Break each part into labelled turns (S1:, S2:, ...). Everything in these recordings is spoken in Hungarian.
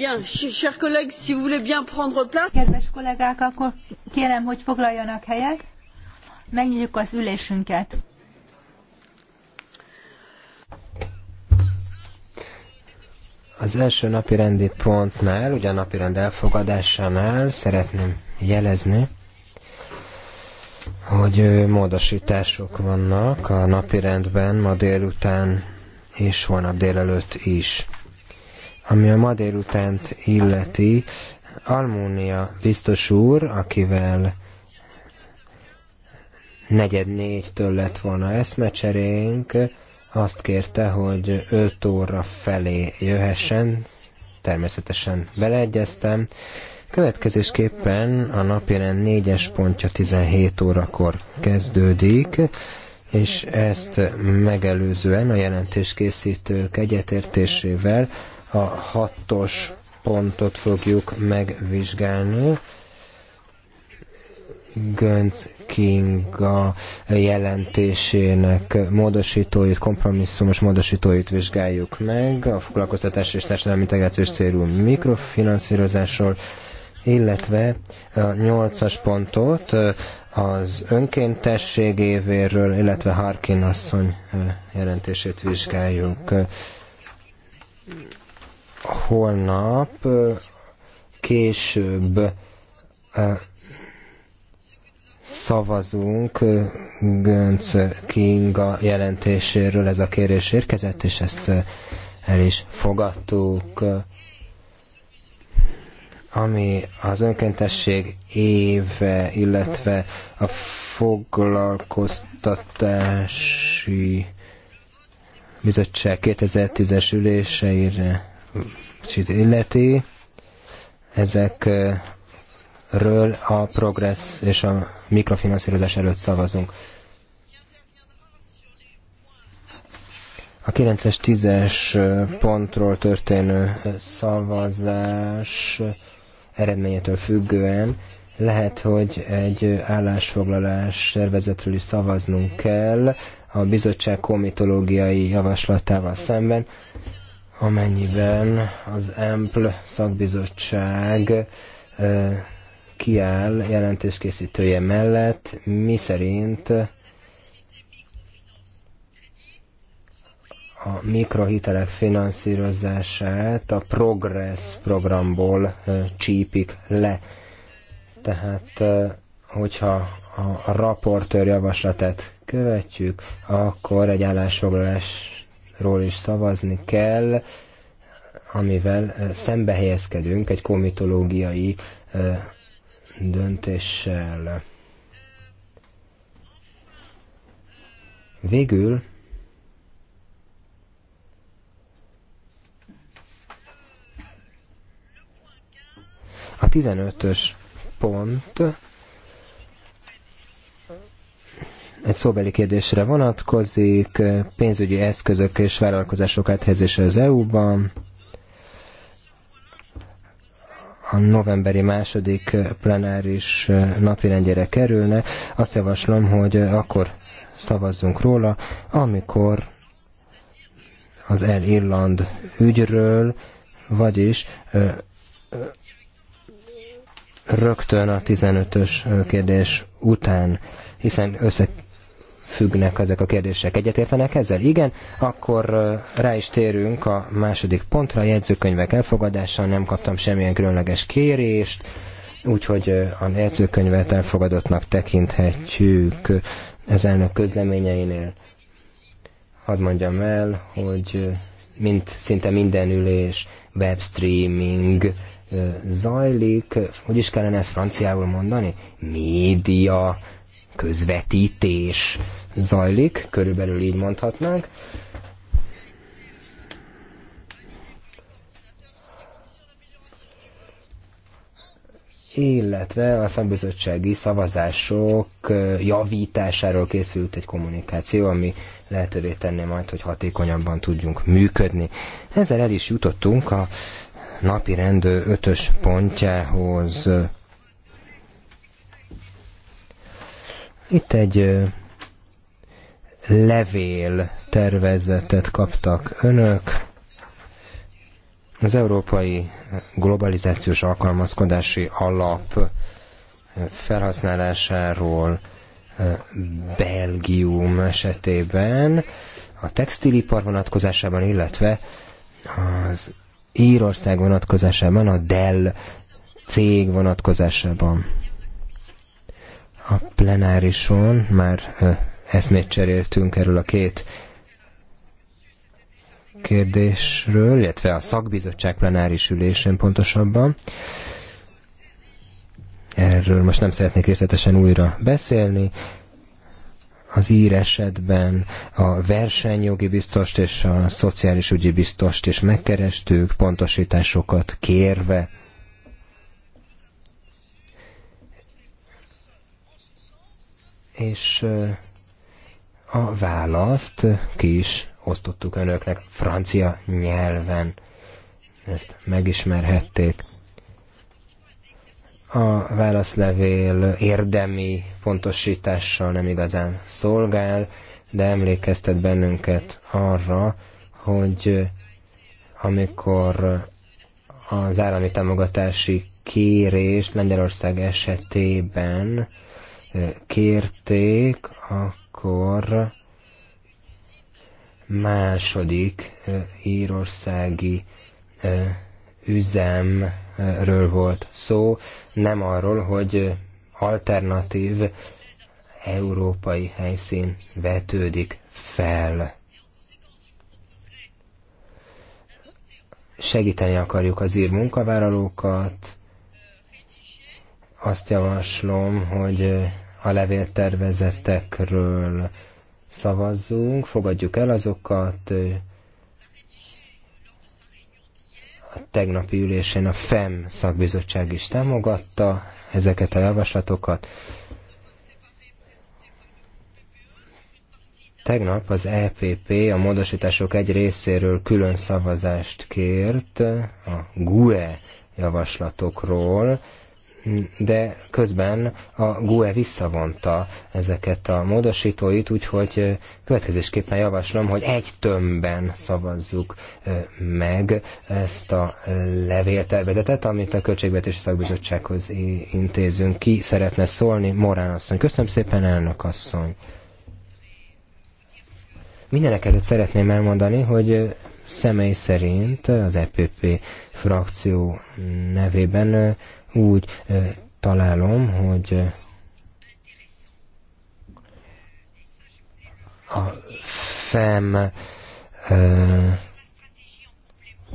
S1: Bien, chers collègues, si vous voulez bien prendre place. Kedves kollégák, akkor kérem, hogy foglaljanak helyet. Megnyitjuk az ülésünket.
S2: Az első napi rendi pontnál, ugye a napi rend elfogadásánál szeretném jelezni, hogy módosítások vannak a napi rendben ma délután és holnap délelőtt is. Ami a ma délutánt illeti, Almónia biztos úr, akivel negyed négytől lett volna eszmecserénk, azt kérte, hogy 5 óra felé jöhessen, természetesen beleegyeztem. Következésképpen a napirend négyes pontja 17 órakor kezdődik, és ezt megelőzően a jelentéskészítők egyetértésével a hatos pontot fogjuk megvizsgálni. Gönc Kinga jelentésének módosítóit, kompromisszumos módosítóit vizsgáljuk meg, a foglalkoztatás és társadalmi integrációs célú mikrofinanszírozásról, illetve a nyolcas pontot az önkéntesség évéről, illetve Harkin asszony jelentését vizsgáljuk holnap később szavazunk Gönc Kinga jelentéséről ez a kérés érkezett, és ezt el is fogadtuk. Ami az önkéntesség éve, illetve a foglalkoztatási bizottság 2010-es üléseire illeti, ezekről a progress és a mikrofinanszírozás előtt szavazunk. A 9-es, 10-es pontról történő szavazás eredményétől függően lehet, hogy egy állásfoglalás tervezetről is szavaznunk kell a bizottság komitológiai javaslatával szemben amennyiben az EMPL szakbizottság eh, kiáll jelentéskészítője mellett, mi szerint a mikrohitelek finanszírozását a Progress programból eh, csípik le. Tehát, eh, hogyha a raportőr javaslatát követjük, akkor egy állásfoglalás ról is szavazni kell, amivel szembe helyezkedünk egy komitológiai döntéssel. Végül a 15-ös pont egy szóbeli kérdésre vonatkozik, pénzügyi eszközök és vállalkozások áthelyezése az EU-ban. A novemberi második plenáris napirendjére kerülne. Azt javaslom, hogy akkor szavazzunk róla, amikor az El Irland ügyről, vagyis rögtön a 15-ös kérdés után, hiszen össze függnek ezek a kérdések. Egyetértenek ezzel? Igen, akkor rá is térünk a második pontra, a jegyzőkönyvek elfogadása, nem kaptam semmilyen különleges kérést, úgyhogy a jegyzőkönyvet elfogadottnak tekinthetjük az elnök közleményeinél. Hadd mondjam el, hogy mint szinte minden ülés, webstreaming zajlik, hogy is kellene ezt franciául mondani? Média, közvetítés zajlik, körülbelül így mondhatnánk. illetve a szakbizottsági szavazások javításáról készült egy kommunikáció, ami lehetővé tenné majd, hogy hatékonyabban tudjunk működni. Ezzel el is jutottunk a napi rendő ötös pontjához. Itt egy levél tervezetet kaptak önök. Az Európai Globalizációs Alkalmazkodási Alap eh, felhasználásáról eh, Belgium esetében, a textilipar vonatkozásában, illetve az Írország vonatkozásában, a Dell cég vonatkozásában. A plenárison már eh, eszmét cseréltünk erről a két kérdésről, illetve a szakbizottság plenáris ülésen pontosabban. Erről most nem szeretnék részletesen újra beszélni. Az ír esetben a versenyjogi biztost és a szociális ügyi biztost is megkerestük, pontosításokat kérve. És a választ ki is osztottuk önöknek francia nyelven. Ezt megismerhették. A válaszlevél érdemi pontosítással nem igazán szolgál, de emlékeztet bennünket arra, hogy amikor az állami támogatási kérést Lengyelország esetében kérték, a akkor második írországi üzemről volt szó, nem arról, hogy alternatív európai helyszín vetődik fel. Segíteni akarjuk az ír munkavállalókat, azt javaslom, hogy a levéltervezetekről szavazzunk, fogadjuk el azokat. A tegnapi ülésén a FEM szakbizottság is támogatta ezeket a javaslatokat. Tegnap az EPP a módosítások egy részéről külön szavazást kért a GUE javaslatokról, de közben a GUE visszavonta ezeket a módosítóit, úgyhogy következésképpen javaslom, hogy egy tömbben szavazzuk meg ezt a levéltervezetet, amit a Költségvetési Szakbizottsághoz intézünk. Ki szeretne szólni? Morán asszony. Köszönöm szépen, elnök asszony. Mindenek előtt szeretném elmondani, hogy személy szerint az EPP frakció nevében úgy találom, hogy a FEM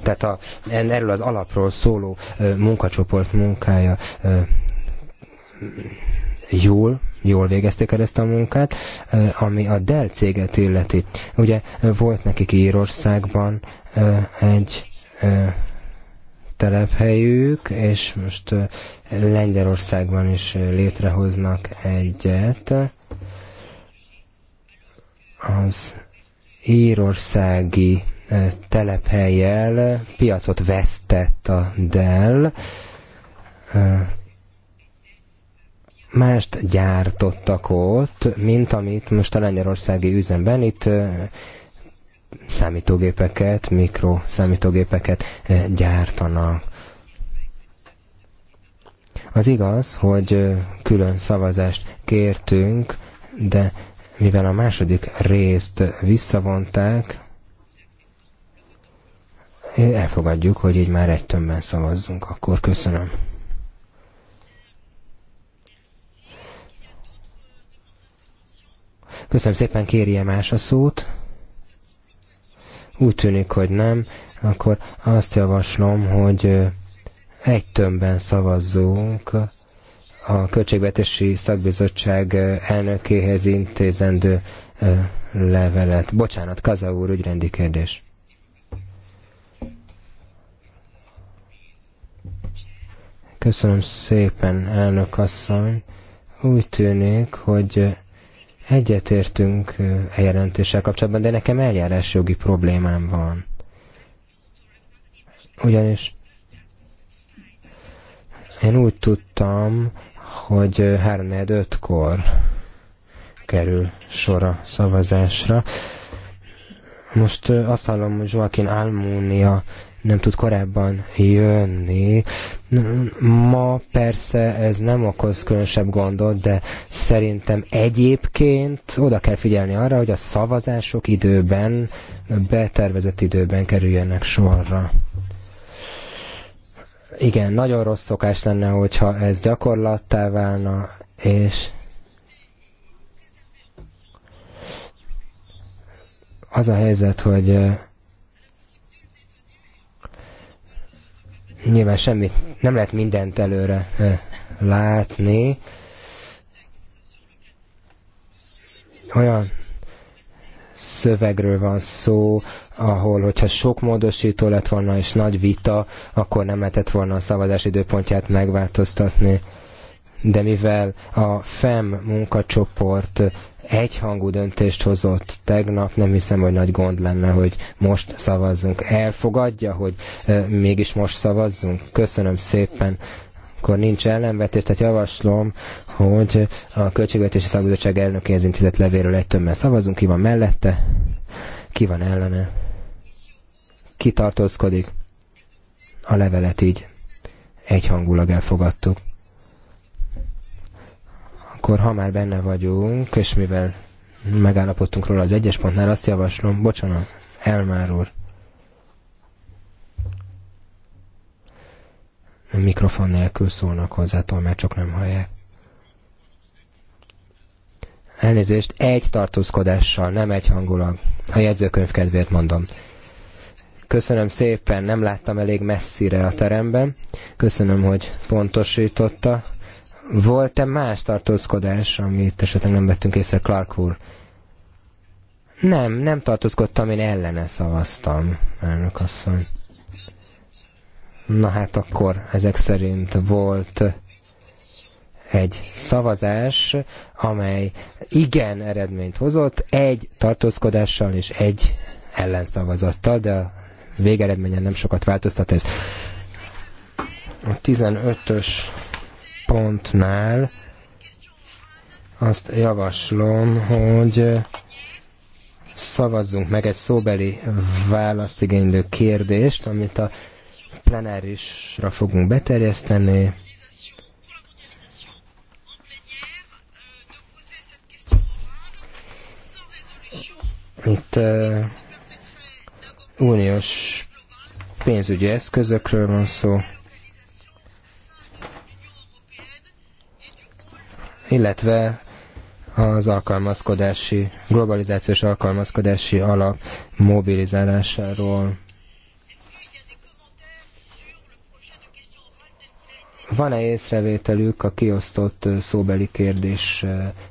S2: tehát a, erről az alapról szóló munkacsoport munkája jól, jól végezték el ezt a munkát, ami a Dell céget illeti. Ugye volt nekik Írországban egy telephelyük, és most Lengyelországban is létrehoznak egyet. Az írországi telephelyel piacot vesztett a Dell, mást gyártottak ott, mint amit most a lengyelországi üzemben. Itt számítógépeket, mikro számítógépeket eh, gyártanak. Az igaz, hogy eh, külön szavazást kértünk, de mivel a második részt visszavonták, eh, elfogadjuk, hogy így már egy tömbben szavazzunk, akkor köszönöm. Köszönöm szépen, kérje más a szót. Úgy tűnik, hogy nem. Akkor azt javaslom, hogy egy tömbben szavazzunk a Költségvetési Szakbizottság elnökéhez intézendő levelet. Bocsánat, Kaza úr, ügyrendi kérdés. Köszönöm szépen, elnök asszony. Úgy tűnik, hogy Egyetértünk a e jelentéssel kapcsolatban, de nekem eljárás jogi problémám van. Ugyanis én úgy tudtam, hogy 3-5-kor kerül sor a szavazásra. Most azt hallom, hogy Joaquin Almunia nem tud korábban jönni. Ma persze ez nem okoz különösebb gondot, de szerintem egyébként oda kell figyelni arra, hogy a szavazások időben, betervezett időben kerüljenek sorra. Igen, nagyon rossz szokás lenne, hogyha ez gyakorlattá válna, és az a helyzet, hogy nyilván semmit nem lehet mindent előre látni. Olyan szövegről van szó, ahol, hogyha sok módosító lett volna és nagy vita, akkor nem lehetett volna a szavazás időpontját megváltoztatni de mivel a FEM munkacsoport egyhangú döntést hozott tegnap, nem hiszem, hogy nagy gond lenne, hogy most szavazzunk. Elfogadja, hogy mégis most szavazzunk? Köszönöm szépen akkor nincs ellenvetés, tehát javaslom, hogy a Költségvetési Szakbizottság elnökéhez intézett levéről egy tömmel szavazunk, ki van mellette, ki van ellene, ki tartózkodik. A levelet így egyhangulag elfogadtuk akkor ha már benne vagyunk, és mivel megállapodtunk róla az egyes pontnál, azt javaslom, bocsánat, Elmár úr. Mikrofon nélkül szólnak hozzá, csak nem hallják. Elnézést, egy tartózkodással, nem egy hangulag. A jegyzőkönyv kedvéért mondom. Köszönöm szépen, nem láttam elég messzire a teremben. Köszönöm, hogy pontosította. Volt-e más tartózkodás, amit esetleg nem vettünk észre, Clark úr? Nem, nem tartózkodtam, én ellene szavaztam, elnök asszony. Na hát akkor ezek szerint volt egy szavazás, amely igen eredményt hozott, egy tartózkodással és egy ellenszavazattal, de a végeredményen nem sokat változtat ez. A 15-ös pontnál azt javaslom, hogy szavazzunk meg egy szóbeli választigénylő kérdést, amit a plenárisra fogunk beterjeszteni. Itt uh, uniós pénzügyi eszközökről van szó. illetve az alkalmazkodási, globalizációs alkalmazkodási alap mobilizálásáról. Van-e észrevételük a kiosztott szóbeli kérdés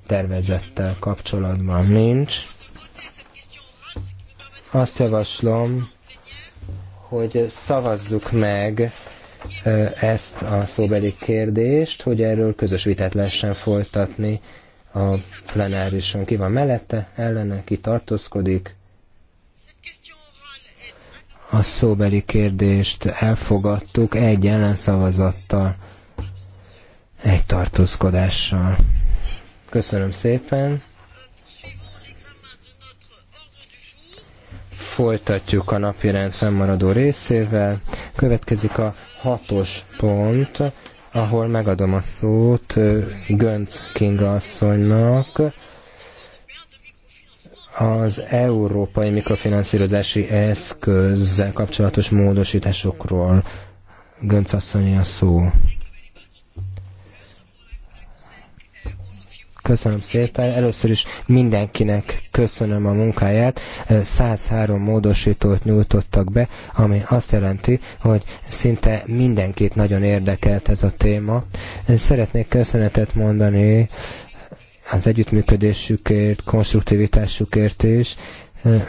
S2: tervezettel kapcsolatban? Nincs. Azt javaslom, hogy szavazzuk meg ezt a szóbeli kérdést, hogy erről közös vitát lehessen folytatni a plenárison. Ki van mellette, ellene, ki tartózkodik? A szóbeli kérdést elfogadtuk egy ellenszavazattal, egy tartózkodással. Köszönöm szépen! folytatjuk a napirend fennmaradó részével. Következik a hatos pont, ahol megadom a szót Gönc Kinga asszonynak, az európai mikrofinanszírozási eszközzel kapcsolatos módosításokról. Gönc asszony a szó. Köszönöm szépen. Először is mindenkinek köszönöm a munkáját. 103 módosítót nyújtottak be, ami azt jelenti, hogy szinte mindenkit nagyon érdekelt ez a téma. Szeretnék köszönetet mondani az együttműködésükért, konstruktivitásukért is.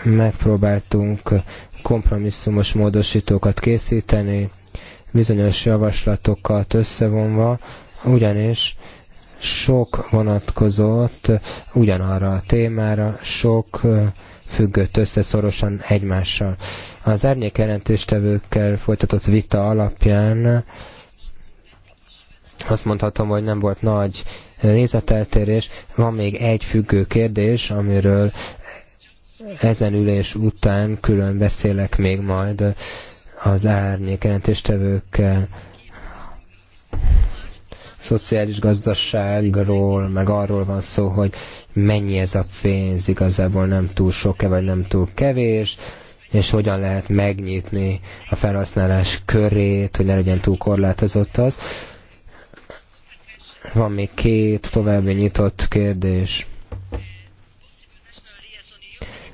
S2: Megpróbáltunk kompromisszumos módosítókat készíteni, bizonyos javaslatokat összevonva, ugyanis sok vonatkozott ugyanarra a témára, sok függött összeszorosan egymással. Az árnyék jelentéstevőkkel folytatott vita alapján azt mondhatom, hogy nem volt nagy nézeteltérés. Van még egy függő kérdés, amiről ezen ülés után külön beszélek még majd az árnyék jelentéstevőkkel szociális gazdaságról, meg arról van szó, hogy mennyi ez a pénz, igazából nem túl sok-e, vagy nem túl kevés, és hogyan lehet megnyitni a felhasználás körét, hogy ne legyen túl korlátozott az. Van még két további nyitott kérdés.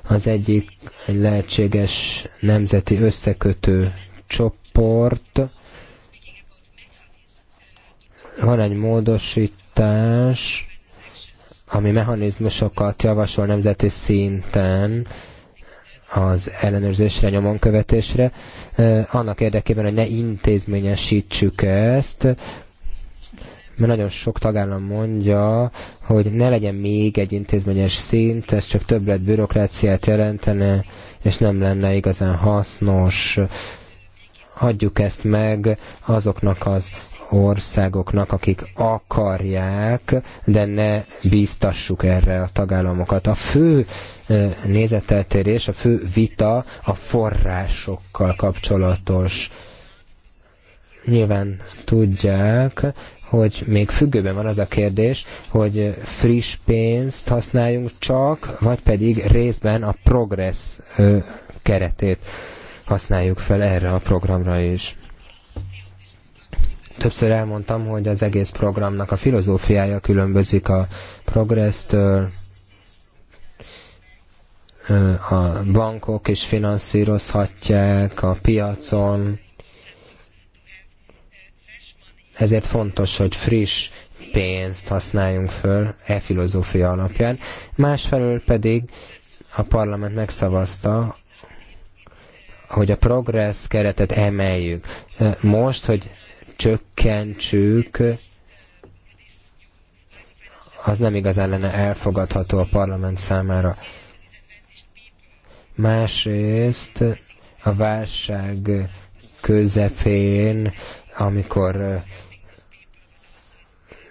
S2: Az egyik egy lehetséges nemzeti összekötő csoport, van egy módosítás, ami mechanizmusokat javasol nemzeti szinten az ellenőrzésre, nyomon követésre, annak érdekében, hogy ne intézményesítsük ezt, mert nagyon sok tagállam mondja, hogy ne legyen még egy intézményes szint, ez csak többlet bürokráciát jelentene, és nem lenne igazán hasznos. Hagyjuk ezt meg azoknak az országoknak, akik akarják, de ne bíztassuk erre a tagállamokat. A fő nézeteltérés, a fő vita a forrásokkal kapcsolatos. Nyilván tudják, hogy még függőben van az a kérdés, hogy friss pénzt használjunk csak, vagy pedig részben a progress keretét használjuk fel erre a programra is. Többször elmondtam, hogy az egész programnak a filozófiája különbözik a progressztől, a bankok is finanszírozhatják a piacon, ezért fontos, hogy friss pénzt használjunk föl e filozófia alapján. Másfelől pedig a parlament megszavazta, hogy a progress keretet emeljük. Most, hogy csökkentsük, az nem igazán lenne elfogadható a parlament számára. Másrészt a válság közepén, amikor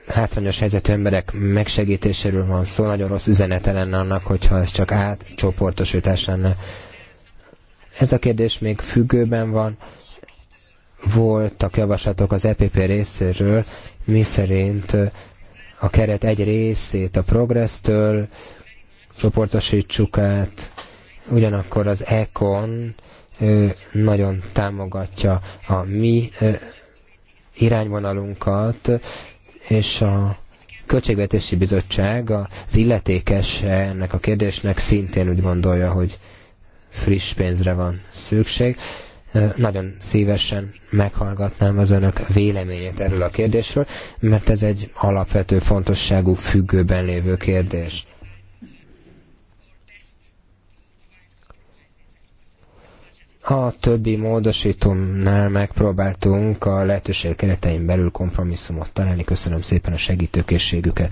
S2: hátrányos helyzetű emberek megsegítéséről van szó, nagyon rossz üzenete lenne annak, hogyha ez csak átcsoportosítás lenne. Ez a kérdés még függőben van, voltak javaslatok az EPP részéről, miszerint a keret egy részét a progresztől csoportosítsuk át, ugyanakkor az ECON nagyon támogatja a mi irányvonalunkat, és a Költségvetési Bizottság az illetékes ennek a kérdésnek szintén úgy gondolja, hogy friss pénzre van szükség. Nagyon szívesen meghallgatnám az önök véleményét erről a kérdésről, mert ez egy alapvető fontosságú függőben lévő kérdés. A többi módosítónál megpróbáltunk a lehetőség keretein belül kompromisszumot találni. Köszönöm szépen a segítőkészségüket.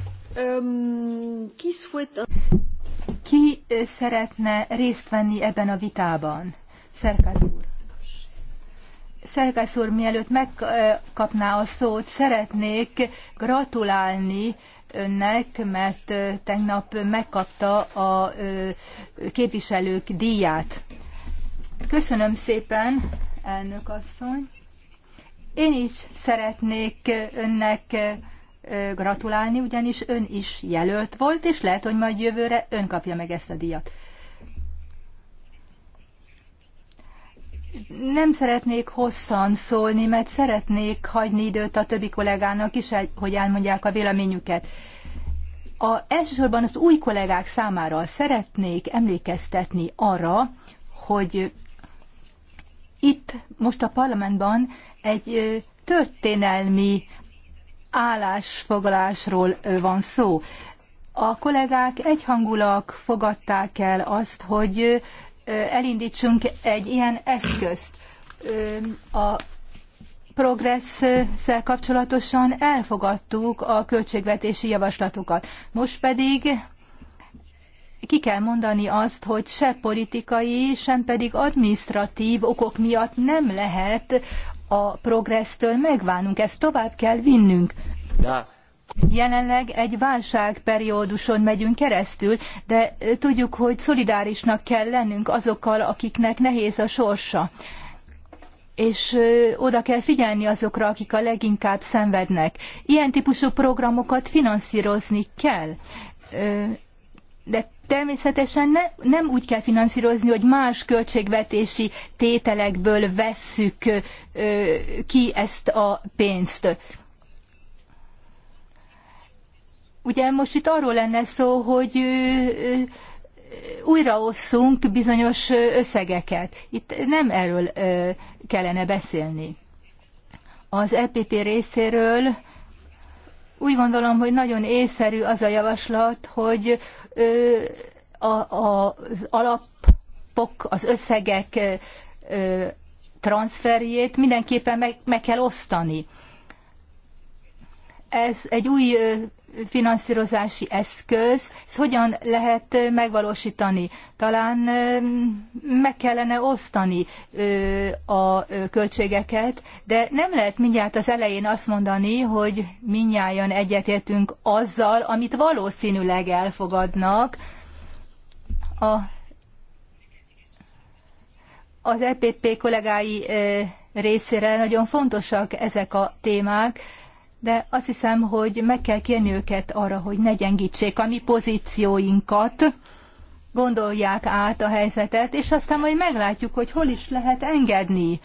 S1: Ki szeretne részt venni ebben a vitában? Szerkáz úr. Szerkász úr, mielőtt megkapná a szót, szeretnék gratulálni önnek, mert tegnap megkapta a képviselők díját. Köszönöm szépen, elnök asszony. Én is szeretnék önnek gratulálni, ugyanis ön is jelölt volt, és lehet, hogy majd jövőre ön kapja meg ezt a díjat. Nem szeretnék hosszan szólni, mert szeretnék hagyni időt a többi kollégának is, hogy elmondják a véleményüket. A, elsősorban az új kollégák számára szeretnék emlékeztetni arra, hogy itt most a parlamentban egy történelmi állásfoglalásról van szó. A kollégák egyhangulak fogadták el azt, hogy elindítsunk egy ilyen eszközt. A progresszel kapcsolatosan elfogadtuk a költségvetési javaslatokat. Most pedig ki kell mondani azt, hogy se politikai, sem pedig administratív okok miatt nem lehet a progressztől megválnunk. Ezt tovább kell vinnünk. Na Jelenleg egy válságperióduson megyünk keresztül, de tudjuk, hogy szolidárisnak kell lennünk azokkal, akiknek nehéz a sorsa. És oda kell figyelni azokra, akik a leginkább szenvednek. Ilyen típusú programokat finanszírozni kell. De természetesen ne, nem úgy kell finanszírozni, hogy más költségvetési tételekből vesszük ki ezt a pénzt. Ugye most itt arról lenne szó, hogy újraosszunk bizonyos összegeket. Itt nem erről kellene beszélni. Az EPP részéről úgy gondolom, hogy nagyon észszerű az a javaslat, hogy a, az alapok, az összegek transferjét mindenképpen meg, meg kell osztani. Ez egy új finanszírozási eszköz, ezt hogyan lehet megvalósítani? Talán meg kellene osztani a költségeket, de nem lehet mindjárt az elején azt mondani, hogy minnyáján egyetértünk azzal, amit valószínűleg elfogadnak. A, az EPP kollégái részére nagyon fontosak ezek a témák, de azt hiszem, hogy meg kell kérni őket arra, hogy ne gyengítsék a mi pozícióinkat, gondolják át a helyzetet, és aztán majd meglátjuk, hogy hol is lehet engedni,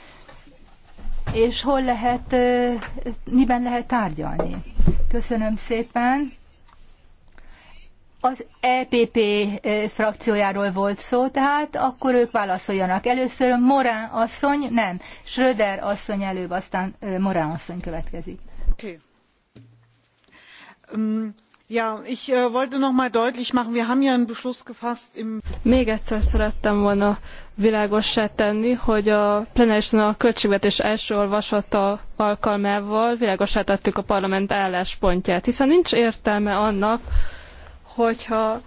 S1: és hol lehet, miben lehet tárgyalni. Köszönöm szépen. Az EPP frakciójáról volt szó, tehát akkor ők válaszoljanak. Először Morán asszony, nem, Schröder asszony előbb, aztán Morán asszony következik.
S3: Még egyszer szerettem volna világossá tenni, hogy a plenárison a költségvetés első olvasata alkalmával világossá tettük a parlament álláspontját, hiszen nincs értelme annak, hogyha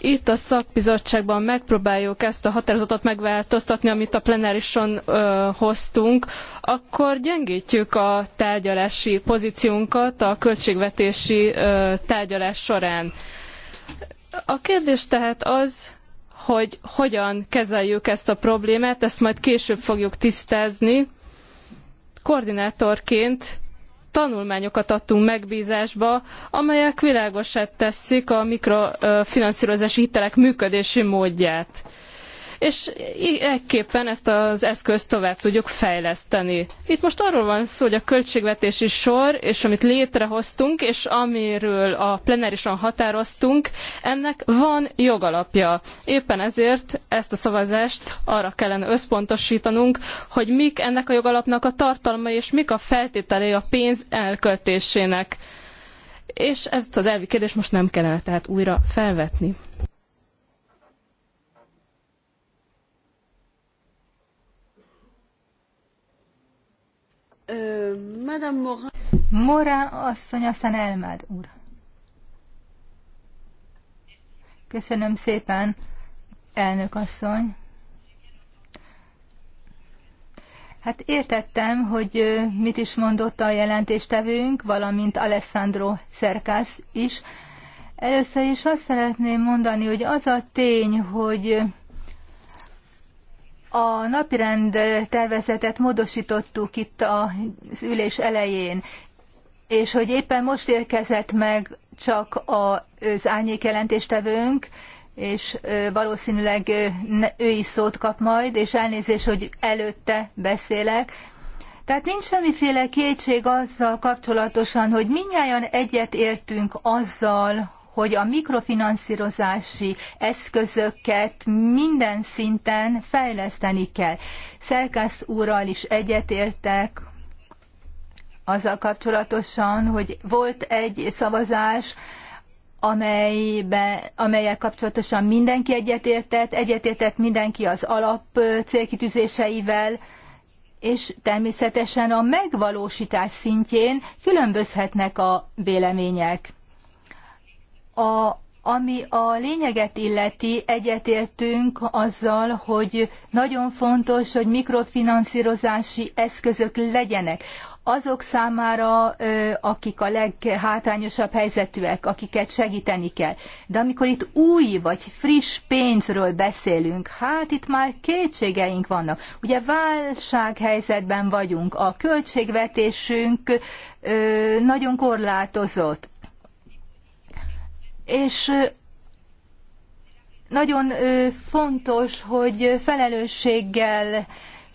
S3: itt a szakbizottságban megpróbáljuk ezt a határozatot megváltoztatni, amit a plenárison ö, hoztunk, akkor gyengítjük a tárgyalási pozíciónkat a költségvetési ö, tárgyalás során. A kérdés tehát az, hogy hogyan kezeljük ezt a problémát, ezt majd később fogjuk tisztázni. Koordinátorként tanulmányokat adtunk megbízásba, amelyek világosát teszik a mikrofinanszírozási hitelek működési módját és ekképpen ezt az eszközt tovább tudjuk fejleszteni. Itt most arról van szó, hogy a költségvetési sor, és amit létrehoztunk, és amiről a plenárison határoztunk, ennek van jogalapja. Éppen ezért ezt a szavazást arra kellene összpontosítanunk, hogy mik ennek a jogalapnak a tartalma, és mik a feltételei a pénz elköltésének. És ezt az elvi kérdést most nem kellene tehát újra felvetni.
S4: Madame Morin.
S1: Mora asszony, aztán Elmer úr. Köszönöm szépen, elnök asszony. Hát értettem, hogy mit is mondott a jelentéstevőnk, valamint Alessandro Szerkász is. Először is azt szeretném mondani, hogy az a tény, hogy a napirend tervezetet módosítottuk itt az ülés elején, és hogy éppen most érkezett meg csak az árnyék jelentéstevőnk, és valószínűleg ő is szót kap majd, és elnézés, hogy előtte beszélek. Tehát nincs semmiféle kétség azzal kapcsolatosan, hogy minnyáján egyet értünk azzal, hogy a mikrofinanszírozási eszközöket minden szinten fejleszteni kell. Szerkász úrral is egyetértek, azzal kapcsolatosan, hogy volt egy szavazás, amelybe, amelyek kapcsolatosan mindenki egyetértett, egyetértett mindenki az alap célkitűzéseivel, és természetesen a megvalósítás szintjén különbözhetnek a vélemények. A, ami a lényeget illeti, egyetértünk azzal, hogy nagyon fontos, hogy mikrofinanszírozási eszközök legyenek azok számára, akik a leghátrányosabb helyzetűek, akiket segíteni kell. De amikor itt új vagy friss pénzről beszélünk, hát itt már kétségeink vannak. Ugye válsághelyzetben vagyunk, a költségvetésünk nagyon korlátozott és nagyon fontos, hogy felelősséggel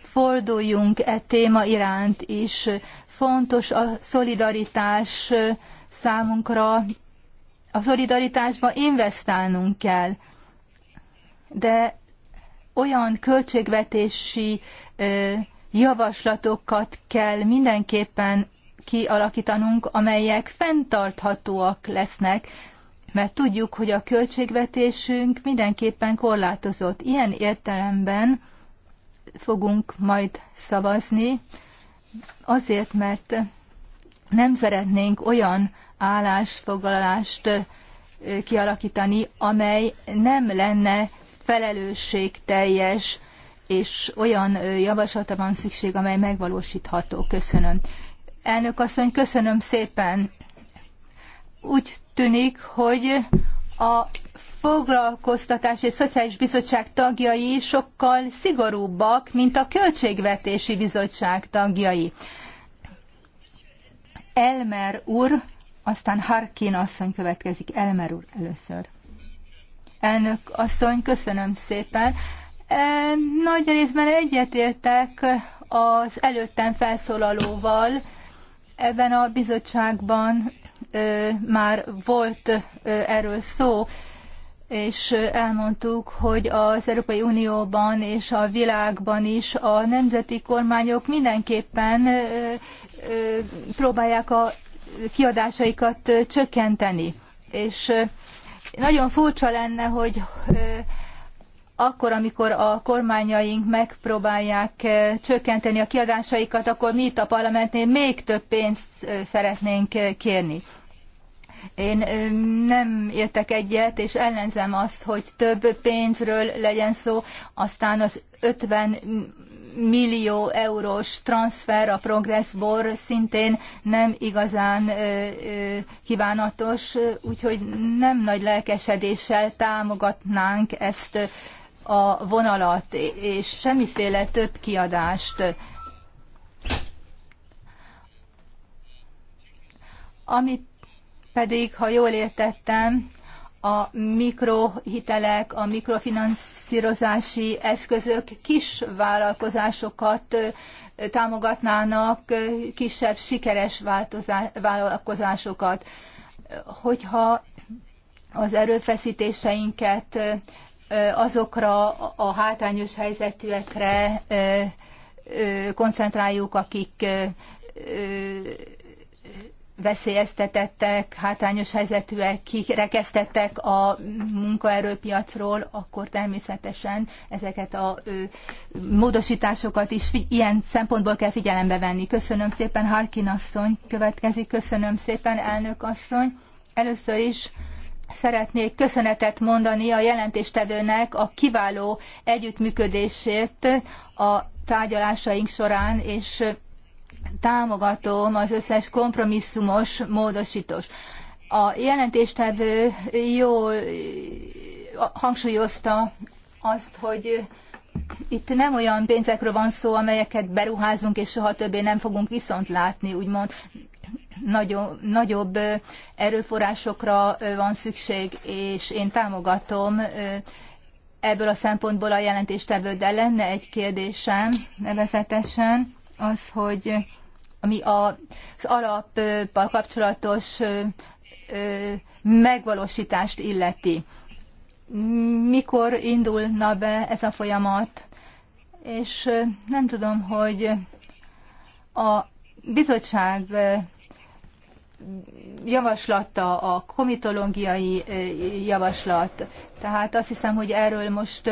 S1: forduljunk e téma iránt is. Fontos a szolidaritás számunkra, a szolidaritásba investálnunk kell, de olyan költségvetési javaslatokat kell mindenképpen kialakítanunk, amelyek fenntarthatóak lesznek, mert tudjuk, hogy a költségvetésünk mindenképpen korlátozott. Ilyen értelemben fogunk majd szavazni, azért, mert nem szeretnénk olyan állásfoglalást kialakítani, amely nem lenne felelősségteljes, és olyan javaslata van szükség, amely megvalósítható. Köszönöm. Elnök asszony, köszönöm szépen úgy tűnik, hogy a foglalkoztatási és szociális bizottság tagjai sokkal szigorúbbak, mint a költségvetési bizottság tagjai. Elmer úr, aztán Harkin asszony következik. Elmer úr először. Elnök asszony, köszönöm szépen. E, nagy részben egyetértek az előttem felszólalóval ebben a bizottságban már volt erről szó, és elmondtuk, hogy az Európai Unióban és a világban is a nemzeti kormányok mindenképpen próbálják a kiadásaikat csökkenteni. És nagyon furcsa lenne, hogy akkor, amikor a kormányaink megpróbálják csökkenteni a kiadásaikat, akkor mi itt a parlamentnél még több pénzt szeretnénk kérni. Én nem értek egyet, és ellenzem azt, hogy több pénzről legyen szó, aztán az 50 millió eurós transfer a progresszból szintén nem igazán kívánatos, úgyhogy nem nagy lelkesedéssel támogatnánk ezt a vonalat, és semmiféle több kiadást. Ami pedig, ha jól értettem, a mikrohitelek, a mikrofinanszírozási eszközök kis vállalkozásokat támogatnának, kisebb sikeres vállalkozásokat. Hogyha az erőfeszítéseinket azokra a hátrányos helyzetűekre koncentráljuk, akik veszélyeztetettek, hátrányos helyzetűek kirekesztettek a munkaerőpiacról, akkor természetesen ezeket a ö, módosításokat is ilyen szempontból kell figyelembe venni. Köszönöm szépen, Harkin asszony következik, köszönöm szépen, elnök asszony. Először is szeretnék köszönetet mondani a jelentéstevőnek a kiváló együttműködésért a tárgyalásaink során, és támogatom az összes kompromisszumos módosítós. A jelentéstevő jól hangsúlyozta azt, hogy itt nem olyan pénzekről van szó, amelyeket beruházunk, és soha többé nem fogunk viszont látni, úgymond nagyobb, nagyobb erőforrásokra van szükség, és én támogatom ebből a szempontból a jelentéstevő, de lenne egy kérdésem nevezetesen, az, hogy ami az alappal kapcsolatos megvalósítást illeti. Mikor indulna be ez a folyamat? És nem tudom, hogy a bizottság javaslata, a komitológiai javaslat tehát azt hiszem, hogy erről most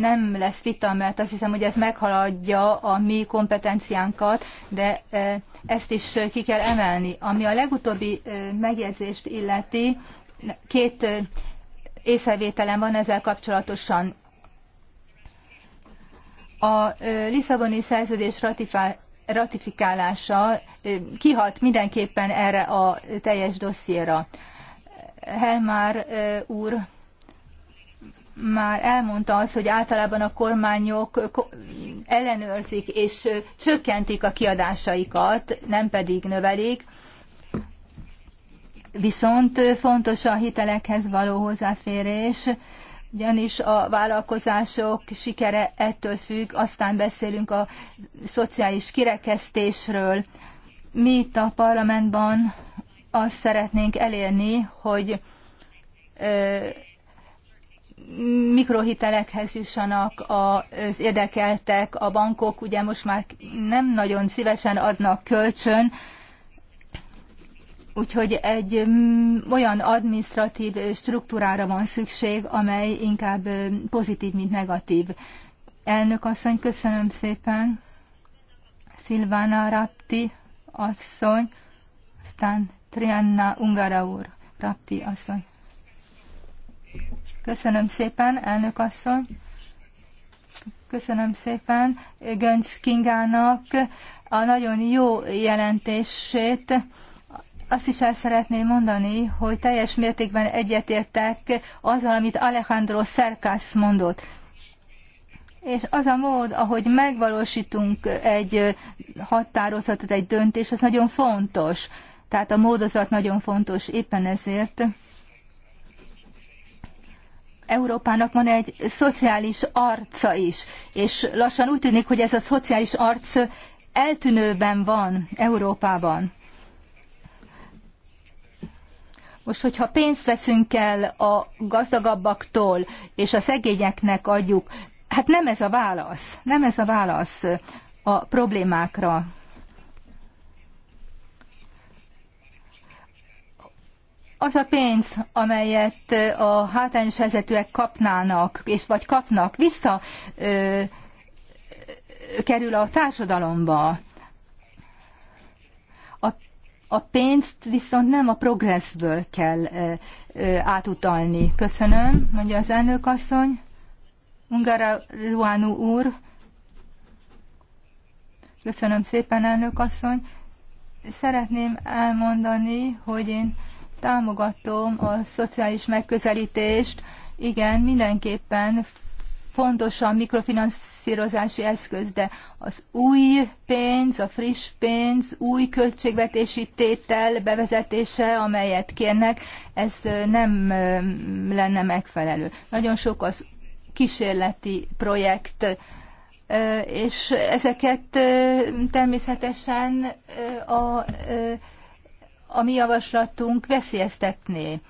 S1: nem lesz vita, mert azt hiszem, hogy ez meghaladja a mi kompetenciánkat, de ezt is ki kell emelni. Ami a legutóbbi megjegyzést illeti, két észrevételem van ezzel kapcsolatosan. A Lisszaboni szerződés ratifá- ratifikálása kihat mindenképpen erre a teljes dossziéra. Helmár úr már elmondta az, hogy általában a kormányok ellenőrzik és csökkentik a kiadásaikat, nem pedig növelik. Viszont fontos a hitelekhez való hozzáférés, ugyanis a vállalkozások sikere ettől függ, aztán beszélünk a szociális kirekesztésről. Mi itt a parlamentban azt szeretnénk elérni, hogy mikrohitelekhez jussanak az érdekeltek, a bankok ugye most már nem nagyon szívesen adnak kölcsön, úgyhogy egy mm, olyan administratív struktúrára van szükség, amely inkább pozitív, mint negatív. Elnök asszony, köszönöm szépen. Szilvána Rapti asszony, aztán Trianna Ungara úr, Rapti asszony. Köszönöm szépen, elnök asszony. Köszönöm szépen Gönc Kingának a nagyon jó jelentését. Azt is el szeretném mondani, hogy teljes mértékben egyetértek azzal, amit Alejandro Szerkász mondott. És az a mód, ahogy megvalósítunk egy határozatot, egy döntést, az nagyon fontos. Tehát a módozat nagyon fontos éppen ezért. Európának van egy szociális arca is, és lassan úgy tűnik, hogy ez a szociális arc eltűnőben van Európában. Most, hogyha pénzt veszünk el a gazdagabbaktól, és a szegényeknek adjuk, hát nem ez a válasz, nem ez a válasz a problémákra. az a pénz, amelyet a hátrányos helyzetűek kapnának, és vagy kapnak, vissza ö, kerül a társadalomba. A, a pénzt viszont nem a progresszből kell ö, ö, átutalni. Köszönöm, mondja az elnök asszony. Ungara Ruánu úr. Köszönöm szépen, elnök asszony. Szeretném elmondani, hogy én támogatom a szociális megközelítést. Igen, mindenképpen fontos a mikrofinanszírozási eszköz, de az új pénz, a friss pénz, új költségvetési tétel bevezetése, amelyet kérnek, ez nem lenne megfelelő. Nagyon sok az kísérleti projekt, és ezeket természetesen a a mi javaslatunk veszélyeztetné.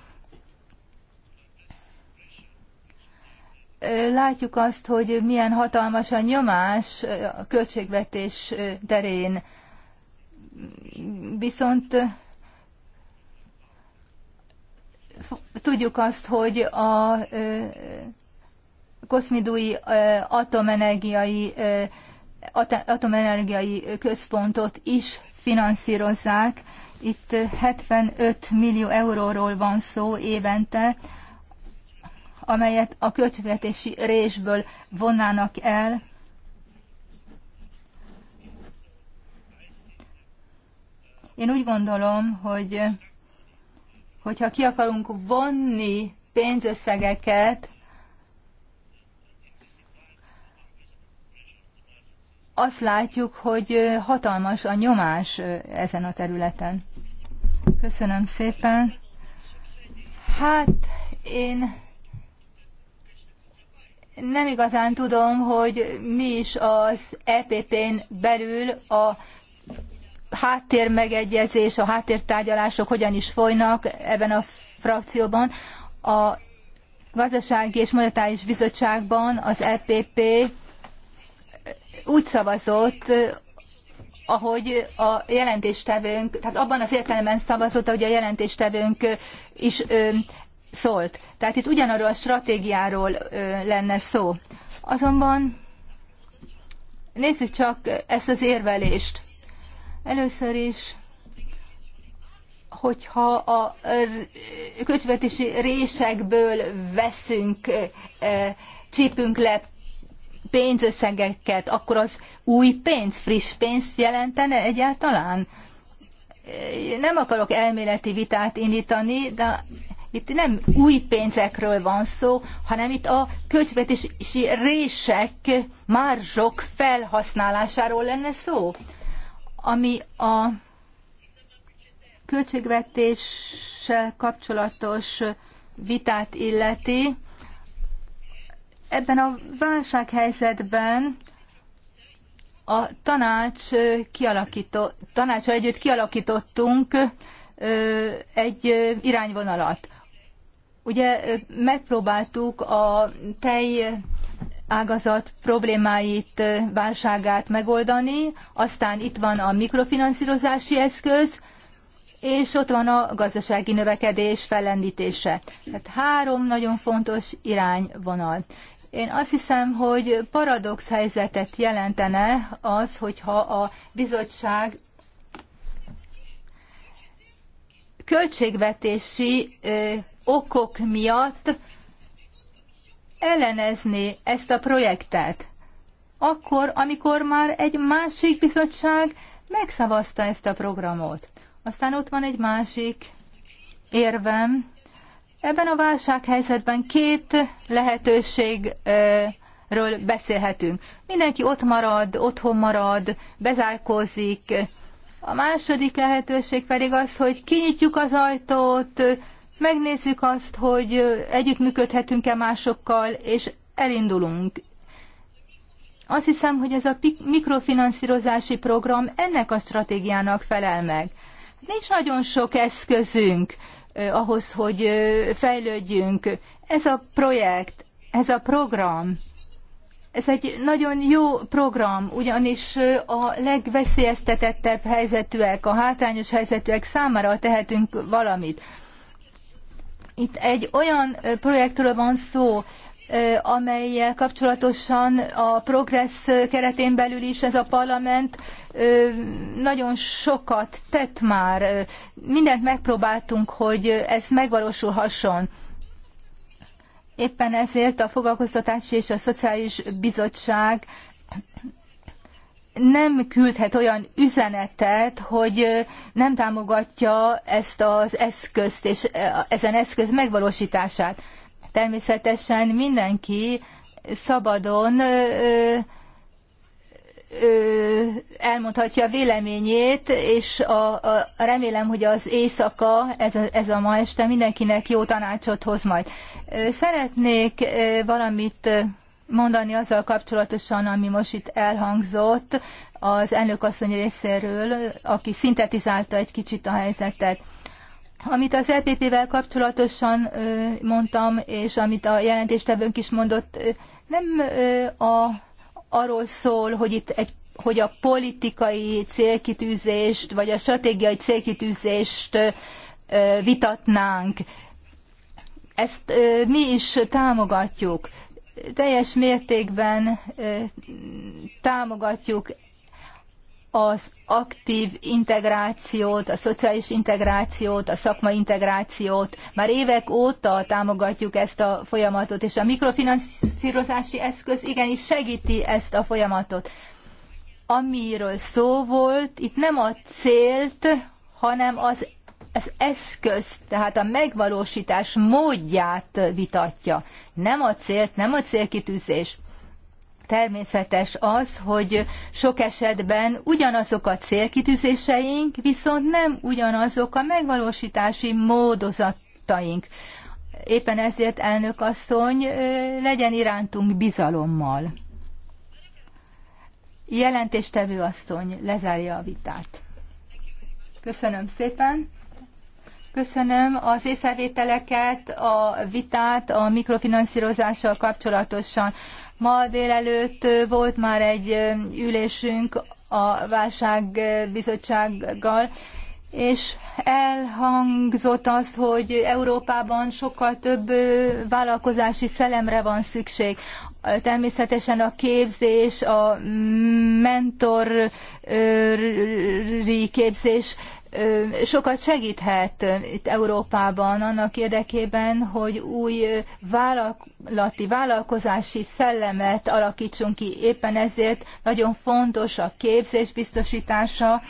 S1: Látjuk azt, hogy milyen hatalmas a nyomás a költségvetés terén. Viszont tudjuk azt, hogy a koszmidúi atomenergiai, atomenergiai központot is finanszírozzák, itt 75 millió euróról van szó évente, amelyet a költségvetési résből vonnának el. Én úgy gondolom, hogy hogyha ki akarunk vonni pénzösszegeket, azt látjuk, hogy hatalmas a nyomás ezen a területen. Köszönöm szépen. Hát én nem igazán tudom, hogy mi is az EPP-n belül a háttérmegegyezés, a háttértárgyalások hogyan is folynak ebben a frakcióban. A Gazdasági és Monetáris Bizottságban az EPP úgy szavazott ahogy a jelentéstevőnk, tehát abban az értelemben szavazott, ahogy a jelentéstevőnk is ö, szólt. Tehát itt ugyanarról a stratégiáról ö, lenne szó. Azonban nézzük csak ezt az érvelést. Először is hogyha a költségvetési résekből veszünk, csípünk le pénzösszegeket, akkor az új pénz, friss pénzt jelentene egyáltalán? Nem akarok elméleti vitát indítani, de itt nem új pénzekről van szó, hanem itt a költségvetési rések, márzsok felhasználásáról lenne szó, ami a költségvetéssel kapcsolatos vitát illeti. Ebben a válsághelyzetben a tanács kialakító, tanácsra együtt kialakítottunk egy irányvonalat. Ugye megpróbáltuk a tej ágazat problémáit, válságát megoldani, aztán itt van a mikrofinanszírozási eszköz, és ott van a gazdasági növekedés fellendítése. Tehát három nagyon fontos irányvonal. Én azt hiszem, hogy paradox helyzetet jelentene az, hogyha a bizottság költségvetési okok miatt ellenezni ezt a projektet. Akkor, amikor már egy másik bizottság megszavazta ezt a programot. Aztán ott van egy másik érvem, Ebben a válsághelyzetben két lehetőségről beszélhetünk. Mindenki ott marad, otthon marad, bezárkózik. A második lehetőség pedig az, hogy kinyitjuk az ajtót, megnézzük azt, hogy együttműködhetünk-e másokkal, és elindulunk. Azt hiszem, hogy ez a mikrofinanszírozási program ennek a stratégiának felel meg. Nincs nagyon sok eszközünk, Eh, ahhoz, hogy eh, fejlődjünk. Ez a projekt, ez a program, ez egy nagyon jó program, ugyanis eh, a legveszélyeztetettebb helyzetűek, a hátrányos helyzetűek számára tehetünk valamit. Itt egy olyan projektről van szó, amelyel kapcsolatosan a progressz keretén belül is ez a parlament nagyon sokat tett már. Mindent megpróbáltunk, hogy ez megvalósulhasson. Éppen ezért a Foglalkoztatási és a Szociális Bizottság nem küldhet olyan üzenetet, hogy nem támogatja ezt az eszközt és ezen eszköz megvalósítását. Természetesen mindenki szabadon elmondhatja véleményét, és a, a, remélem, hogy az éjszaka, ez a, ez a ma este mindenkinek jó tanácsot hoz majd. Szeretnék valamit mondani azzal kapcsolatosan, ami most itt elhangzott az elnökasszony részéről, aki szintetizálta egy kicsit a helyzetet. Amit az epp vel kapcsolatosan mondtam, és amit a jelentéstevőnk is mondott, nem a, arról szól, hogy itt egy hogy a politikai célkitűzést, vagy a stratégiai célkitűzést vitatnánk. Ezt mi is támogatjuk. Teljes mértékben támogatjuk az aktív integrációt, a szociális integrációt, a szakmai integrációt. Már évek óta támogatjuk ezt a folyamatot, és a mikrofinanszírozási eszköz igenis segíti ezt a folyamatot. Amiről szó volt, itt nem a célt, hanem az, az eszköz, tehát a megvalósítás módját vitatja. Nem a célt, nem a célkitűzés. Természetes az, hogy sok esetben ugyanazok a célkitűzéseink, viszont nem ugyanazok a megvalósítási módozataink. Éppen ezért, elnök asszony, legyen irántunk bizalommal. Jelentéstevő asszony lezárja a vitát. Köszönöm szépen. Köszönöm az észrevételeket, a vitát a mikrofinanszírozással kapcsolatosan. Ma délelőtt volt már egy ülésünk a válságbizottsággal, és elhangzott az, hogy Európában sokkal több vállalkozási szelemre van szükség. Természetesen a képzés, a mentori képzés sokat segíthet itt Európában annak érdekében, hogy új vállalati, vállalkozási szellemet alakítsunk ki. Éppen ezért nagyon fontos a képzés biztosítása,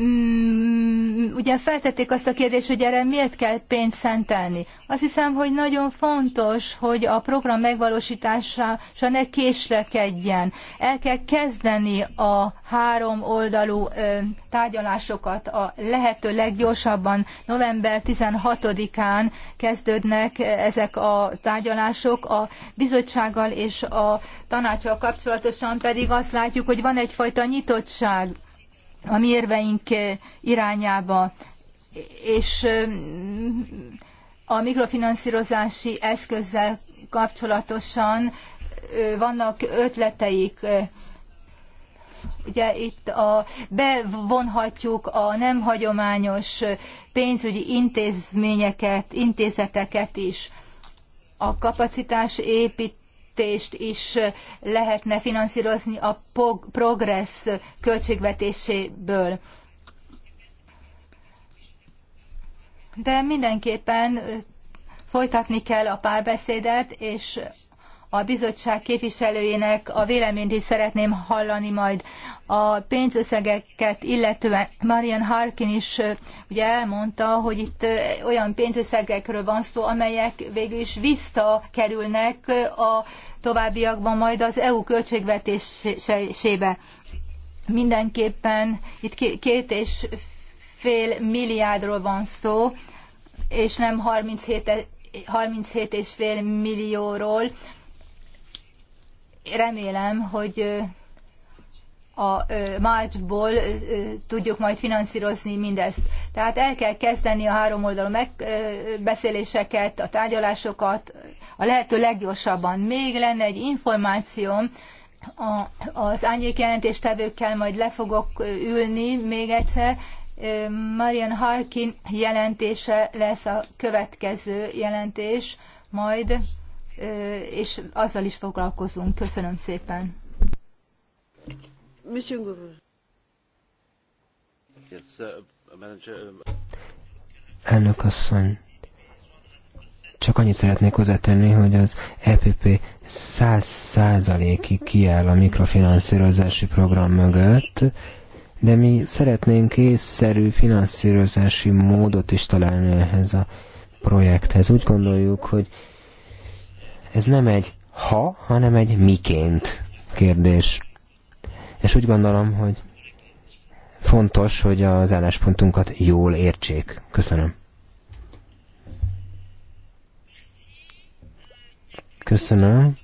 S1: Mm, ugye feltették azt a kérdést, hogy erre miért kell pénzt szentelni. Azt hiszem, hogy nagyon fontos, hogy a program megvalósítása ne késlekedjen. El kell kezdeni a három oldalú ö, tárgyalásokat a lehető leggyorsabban. November 16-án kezdődnek ezek a tárgyalások a bizottsággal és a tanácsal kapcsolatosan pedig azt látjuk, hogy van egyfajta nyitottság a mi érveink eh, irányába, és eh, a mikrofinanszírozási eszközzel kapcsolatosan eh, vannak ötleteik. Ugye itt a, bevonhatjuk a nem hagyományos pénzügyi intézményeket, intézeteket is. A kapacitás épít költségvetést is lehetne finanszírozni a progress költségvetéséből. De mindenképpen folytatni kell a párbeszédet, és a bizottság képviselőjének a véleményt is szeretném hallani majd. A pénzösszegeket illetően Marian Harkin is ugye elmondta, hogy itt olyan pénzösszegekről van szó, amelyek végül is visszakerülnek a továbbiakban majd az EU költségvetésébe. Mindenképpen itt két és fél milliárdról van szó, és nem 37 fél millióról, remélem, hogy a Márcsból tudjuk majd finanszírozni mindezt. Tehát el kell kezdeni a három oldalú megbeszéléseket, a tárgyalásokat a lehető leggyorsabban. Még lenne egy információm, a, az jelentéstevőkkel majd le fogok ülni még egyszer. Marian Harkin jelentése lesz a következő jelentés, majd és azzal is foglalkozunk. Köszönöm szépen.
S4: Uh,
S5: um,
S2: Elnök asszony, csak annyit szeretnék hozzátenni, hogy az EPP száz százalékig kiáll a mikrofinanszírozási program mögött, de mi szeretnénk észszerű finanszírozási módot is találni ehhez a projekthez. Úgy gondoljuk, hogy ez nem egy ha, hanem egy miként kérdés. És úgy gondolom, hogy fontos, hogy az álláspontunkat jól értsék. Köszönöm. Köszönöm.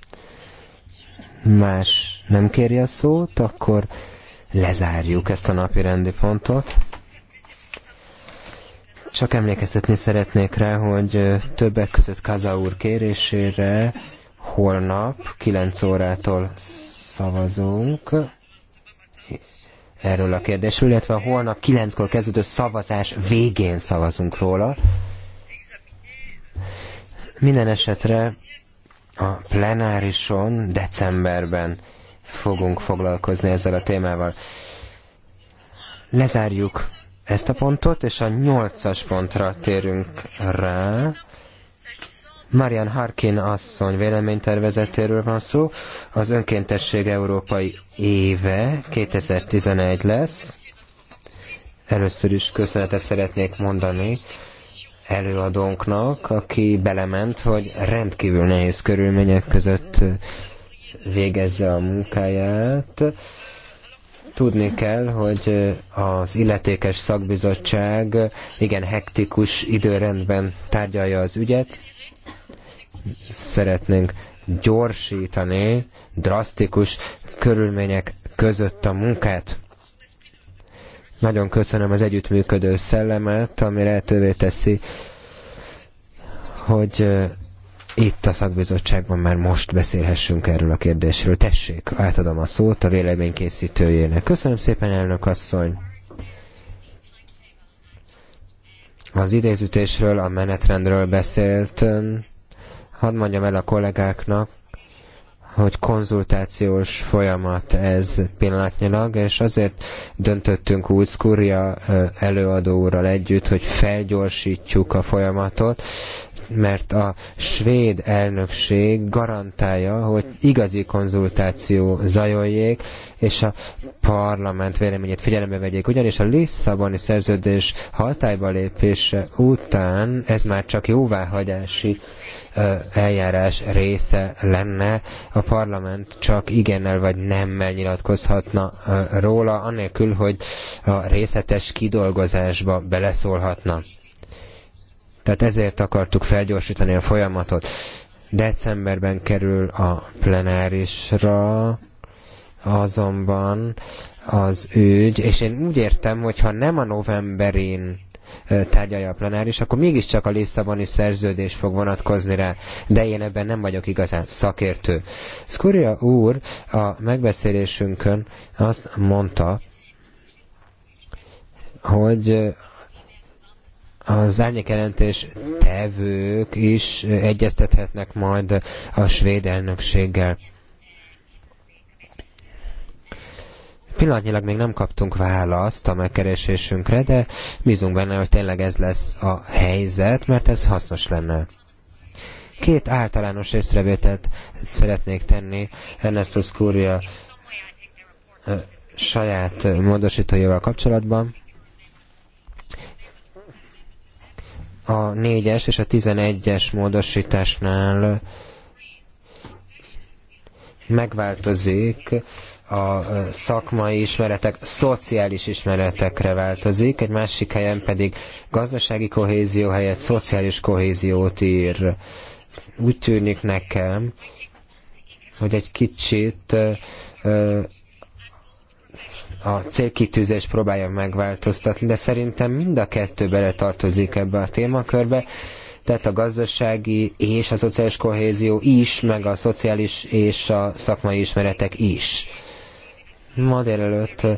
S2: Más nem kéri a szót, akkor lezárjuk ezt a napi rendi pontot. Csak emlékeztetni szeretnék rá, hogy többek között Kaza úr kérésére holnap 9 órától szavazunk erről a kérdésről, illetve holnap 9-kor kezdődő szavazás végén szavazunk róla. Minden esetre a plenárison decemberben fogunk foglalkozni ezzel a témával. Lezárjuk ezt a pontot, és a nyolcas pontra térünk rá. Marian Harkin asszony véleménytervezetéről van szó. Az önkéntesség európai éve 2011 lesz. Először is köszönetet szeretnék mondani előadónknak, aki belement, hogy rendkívül nehéz körülmények között végezze a munkáját. Tudni kell, hogy az illetékes szakbizottság igen hektikus időrendben tárgyalja az ügyet. Szeretnénk gyorsítani drasztikus körülmények között a munkát. Nagyon köszönöm az együttműködő szellemet, ami lehetővé teszi, hogy itt a szakbizottságban már most beszélhessünk erről a kérdésről. Tessék, átadom a szót a véleménykészítőjének. Köszönöm szépen, elnök asszony! Az idézütésről, a menetrendről beszélt. Hadd mondjam el a kollégáknak, hogy konzultációs folyamat ez pillanatnyilag, és azért döntöttünk úgy Skúria előadó úrral együtt, hogy felgyorsítjuk a folyamatot, mert a svéd elnökség garantálja, hogy igazi konzultáció zajoljék, és a parlament véleményét figyelembe vegyék. Ugyanis a Lisszaboni szerződés hatályba lépése után ez már csak jóváhagyási eljárás része lenne, a parlament csak igennel vagy nemmel nyilatkozhatna róla, anélkül, hogy a részletes kidolgozásba beleszólhatna. Tehát ezért akartuk felgyorsítani a folyamatot. Decemberben kerül a plenárisra, azonban az ügy, és én úgy értem, hogy ha nem a novemberén tárgyalja a plenáris, akkor mégiscsak a Lisszaboni szerződés fog vonatkozni rá, de én ebben nem vagyok igazán szakértő. Skuria úr a megbeszélésünkön azt mondta, hogy az árnyékjelentés tevők is egyeztethetnek majd a svéd elnökséggel. Pillanatnyilag még nem kaptunk választ a megkeresésünkre, de bízunk benne, hogy tényleg ez lesz a helyzet, mert ez hasznos lenne. Két általános észrevételt szeretnék tenni Ernesto Scuria saját módosítójával kapcsolatban a 4-es és a 11-es módosításnál megváltozik, a szakmai ismeretek szociális ismeretekre változik, egy másik helyen pedig gazdasági kohézió helyett szociális kohéziót ír. Úgy tűnik nekem, hogy egy kicsit a célkitűzést próbálja megváltoztatni, de szerintem mind a kettő bele tartozik ebbe a témakörbe, tehát a gazdasági és a szociális kohézió is, meg a szociális és a szakmai ismeretek is. Ma délelőtt a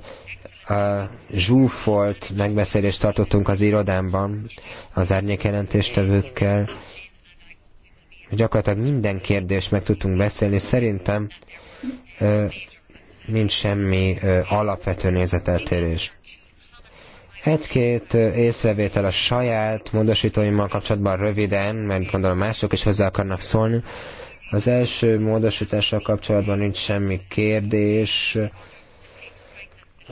S2: uh, zsúfolt megbeszélést tartottunk az irodámban az árnyékjelentéstevőkkel. Gyakorlatilag minden kérdést meg tudtunk beszélni. Szerintem uh, nincs semmi alapvető nézeteltérés. Egy-két észrevétel a saját módosítóimmal kapcsolatban röviden, mert gondolom mások is hozzá akarnak szólni. Az első módosítással kapcsolatban nincs semmi kérdés,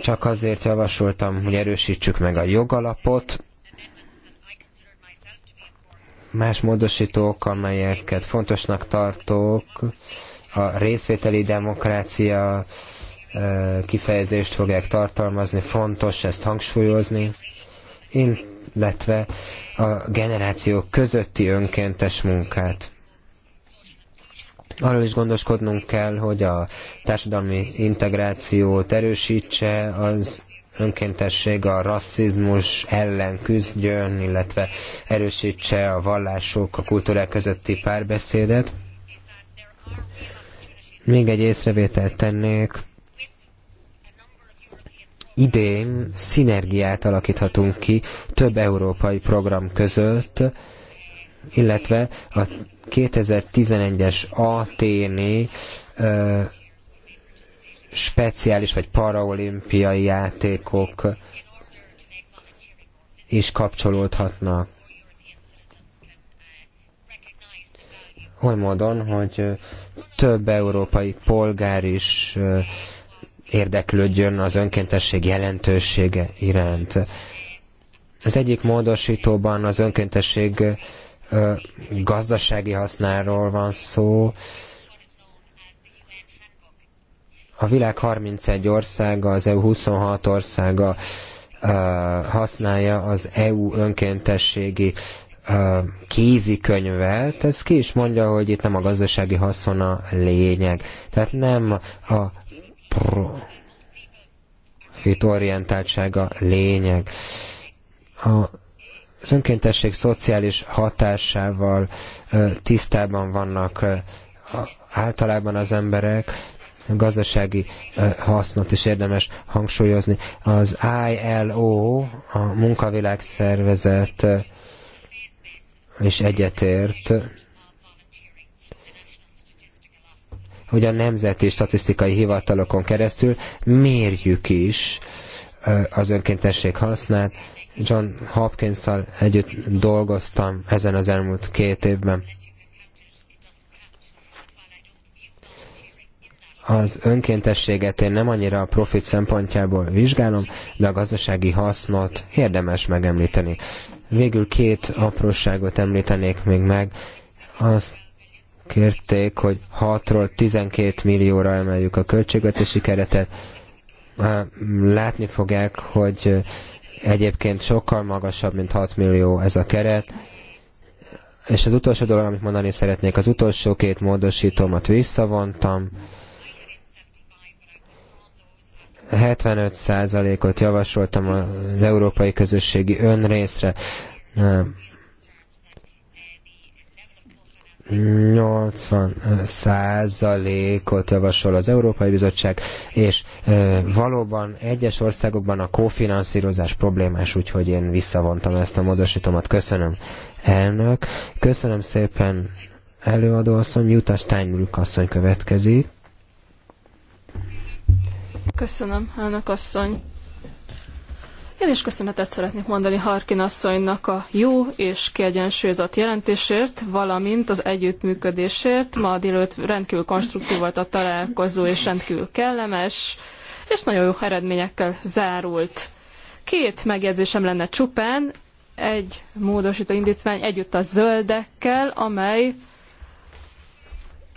S2: csak azért javasoltam, hogy erősítsük meg a jogalapot. Más módosítók, amelyeket fontosnak tartok, a részvételi demokrácia, Eh, kifejezést fogják tartalmazni, fontos ezt hangsúlyozni, illetve a generációk közötti önkéntes munkát. Arról is gondoskodnunk kell, hogy a társadalmi integrációt erősítse, az önkéntesség a rasszizmus ellen küzdjön, illetve erősítse a vallások, a kultúrák közötti párbeszédet. Még egy észrevételt tennék idén szinergiát alakíthatunk ki több európai program között, illetve a 2011-es Aténi speciális vagy paraolimpiai játékok is kapcsolódhatnak. Oly módon, hogy több európai polgár is ö, érdeklődjön az önkéntesség jelentősége iránt. Az egyik módosítóban az önkéntesség gazdasági hasznáról van szó. A világ 31 országa, az EU 26 országa használja az EU önkéntességi kézikönyvet, ez ki is mondja, hogy itt nem a gazdasági haszon a lényeg. Tehát nem a orientáltsága lényeg. A az önkéntesség szociális hatásával tisztában vannak általában az emberek, gazdasági hasznot is érdemes hangsúlyozni. Az ILO, a munkavilágszervezet is egyetért hogy a nemzeti statisztikai hivatalokon keresztül mérjük is az önkéntesség hasznát. John hopkins együtt dolgoztam ezen az elmúlt két évben. az önkéntességet én nem annyira a profit szempontjából vizsgálom, de a gazdasági hasznot érdemes megemlíteni. Végül két apróságot említenék még meg. Azt kérték, hogy 6-ról 12 millióra emeljük a költségvetési keretet. Látni fogják, hogy egyébként sokkal magasabb, mint 6 millió ez a keret. És az utolsó dolog, amit mondani szeretnék, az utolsó két módosítómat visszavontam. 75%-ot javasoltam az európai közösségi önrészre. 80 százalékot javasol az Európai Bizottság, és valóban egyes országokban a kófinanszírozás problémás, úgyhogy én visszavontam ezt a módosítomat. Köszönöm, elnök. Köszönöm szépen, előadó asszony. Jutta Steinbrück asszony következik.
S3: Köszönöm, elnök asszony. Én is köszönetet szeretnék mondani Harkin asszonynak a jó és kiegyensúlyozott jelentésért, valamint az együttműködésért. Ma délőtt rendkívül konstruktív volt a találkozó, és rendkívül kellemes, és nagyon jó eredményekkel zárult. Két megjegyzésem lenne csupán, egy módosító indítvány együtt a zöldekkel, amely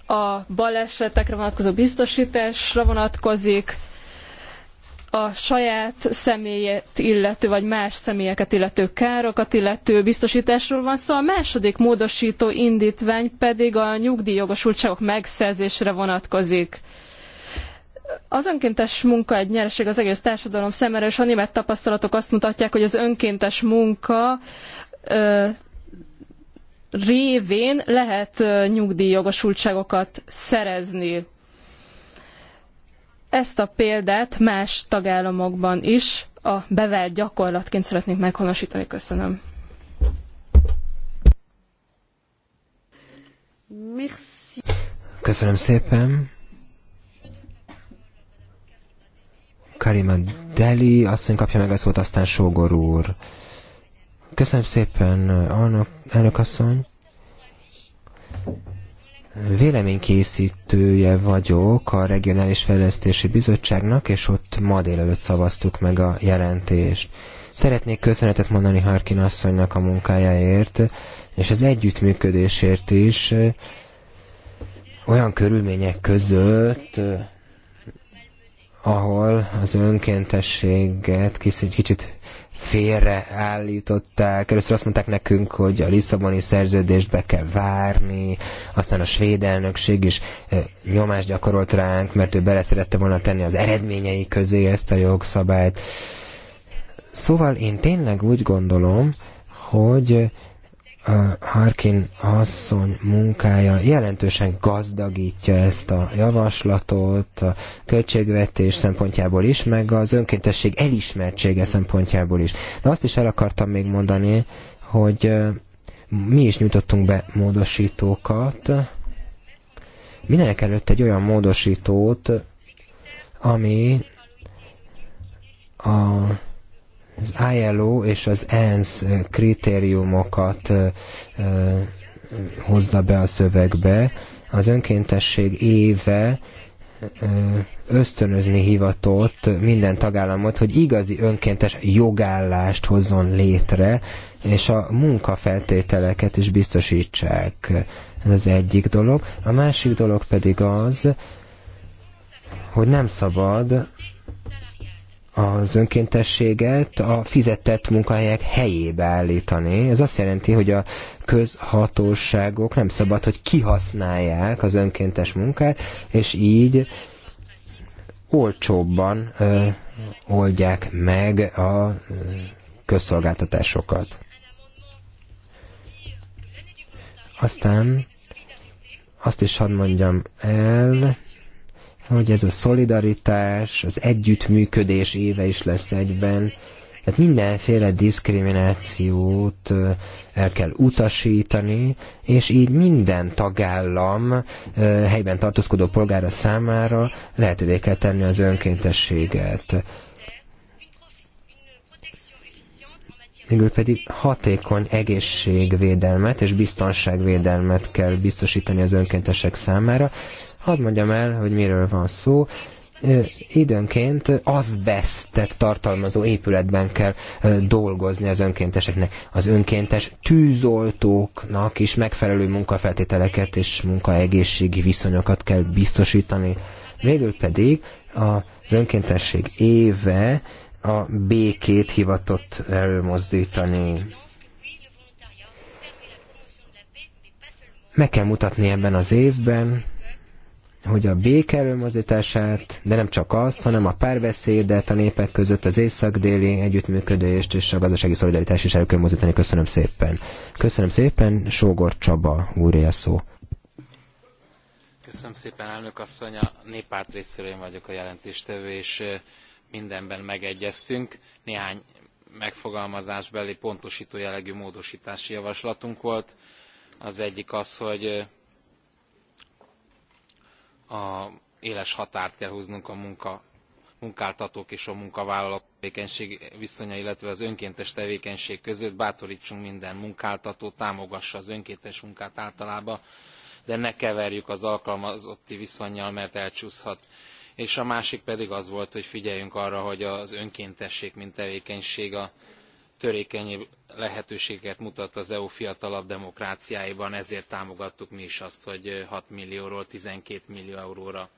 S3: a balesetekre vonatkozó biztosításra vonatkozik, a saját személyet illető, vagy más személyeket illető károkat illető biztosításról van szó. Szóval a második módosító indítvány pedig a nyugdíjjogosultságok megszerzésre vonatkozik. Az önkéntes munka egy nyereség az egész társadalom szemére, és a német tapasztalatok azt mutatják, hogy az önkéntes munka ö, révén lehet ö, nyugdíjjogosultságokat szerezni. Ezt a példát más tagállamokban is a bevált gyakorlatként szeretnék meghonosítani. Köszönöm.
S2: Merci. Köszönöm szépen. Karima Deli asszony kapja meg a szót, aztán Sógor úr. Köszönöm szépen, elnök, elnök asszony véleménykészítője vagyok a Regionális Fejlesztési Bizottságnak, és ott ma délelőtt szavaztuk meg a jelentést. Szeretnék köszönetet mondani Harkin asszonynak a munkájáért, és az együttműködésért is olyan körülmények között, ahol az önkéntességet kicsit félreállították. Először azt mondták nekünk, hogy a Lisszaboni szerződést be kell várni, aztán a svéd elnökség is eh, nyomást gyakorolt ránk, mert ő beleszerette volna tenni az eredményei közé ezt a jogszabályt. Szóval én tényleg úgy gondolom, hogy Harkin asszony munkája jelentősen gazdagítja ezt a javaslatot, a költségvetés szempontjából is, meg az önkéntesség elismertsége szempontjából is. De azt is el akartam még mondani, hogy mi is nyújtottunk be módosítókat. Mindenek előtt egy olyan módosítót, ami a az ILO és az ENSZ kritériumokat hozza be a szövegbe. Az önkéntesség éve ösztönözni hivatott minden tagállamot, hogy igazi önkéntes jogállást hozzon létre, és a munkafeltételeket is biztosítsák. Ez az egyik dolog. A másik dolog pedig az, hogy nem szabad az önkéntességet a fizetett munkahelyek helyébe állítani. Ez azt jelenti, hogy a közhatóságok nem szabad, hogy kihasználják az önkéntes munkát, és így olcsóbban ö, oldják meg a közszolgáltatásokat. Aztán azt is hadd mondjam el, hogy ez a szolidaritás, az együttműködés éve is lesz egyben. Tehát mindenféle diszkriminációt el kell utasítani, és így minden tagállam helyben tartózkodó polgára számára lehetővé kell tenni az önkéntességet. Mégül pedig hatékony egészségvédelmet és biztonságvédelmet kell biztosítani az önkéntesek számára, Hadd mondjam el, hogy miről van szó. Időnként azbesztet tartalmazó épületben kell dolgozni az önkénteseknek. Az önkéntes tűzoltóknak is megfelelő munkafeltételeket és munkaegészségi viszonyokat kell biztosítani. Végül pedig az önkéntesség éve a békét hivatott előmozdítani. Meg kell mutatni ebben az évben, hogy a békelőmozítását, de nem csak azt, hanem a párbeszédet a népek között, az észak-déli együttműködést és a gazdasági szolidaritást is elő kell Köszönöm szépen. Köszönöm szépen, Sógor Csaba úré a szó.
S6: Köszönöm szépen, elnök asszony, a néppárt részéről én vagyok a jelentéstevő, és mindenben megegyeztünk. Néhány megfogalmazásbeli pontosító jellegű módosítási javaslatunk volt. Az egyik az, hogy a éles határt kell húznunk a munka, munkáltatók és a munkavállalók tevékenység viszonya, illetve az önkéntes tevékenység között bátortsunk minden munkáltatót támogassa az önkéntes munkát általában, de ne keverjük az alkalmazotti viszonnyal mert elcsúszhat. És a másik pedig az volt, hogy figyeljünk arra, hogy az önkéntesség, mint tevékenység a törékeny lehetőséget mutat az eu fiatalabb demokráciáiban ezért támogattuk mi is azt hogy six millióról twelve millió euróra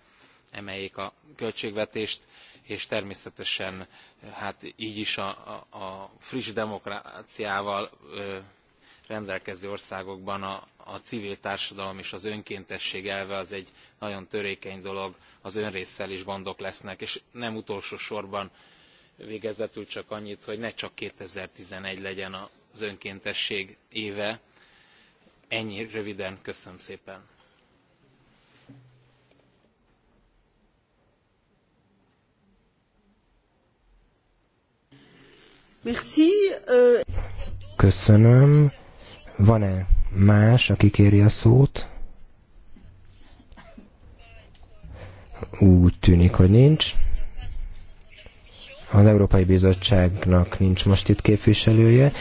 S6: emeljék a költségvetést és természetesen hát gy is a, a, friss demokráciával rendelkező országokban a, a civil társadalom és az önkéntesség elve az egy nagyon törékeny dolog az önrésszel is gondok lesznek és nem utolsó sorban végezetül csak annyit hogy ne csak two thousand and eleven legyen az önkéntesség éve ennyi röviden köszönöm szépen.
S2: Köszönöm. Van-e más, aki kéri a szót? Úgy tűnik, hogy nincs az Európai Bizottságnak nincs most itt képviselője.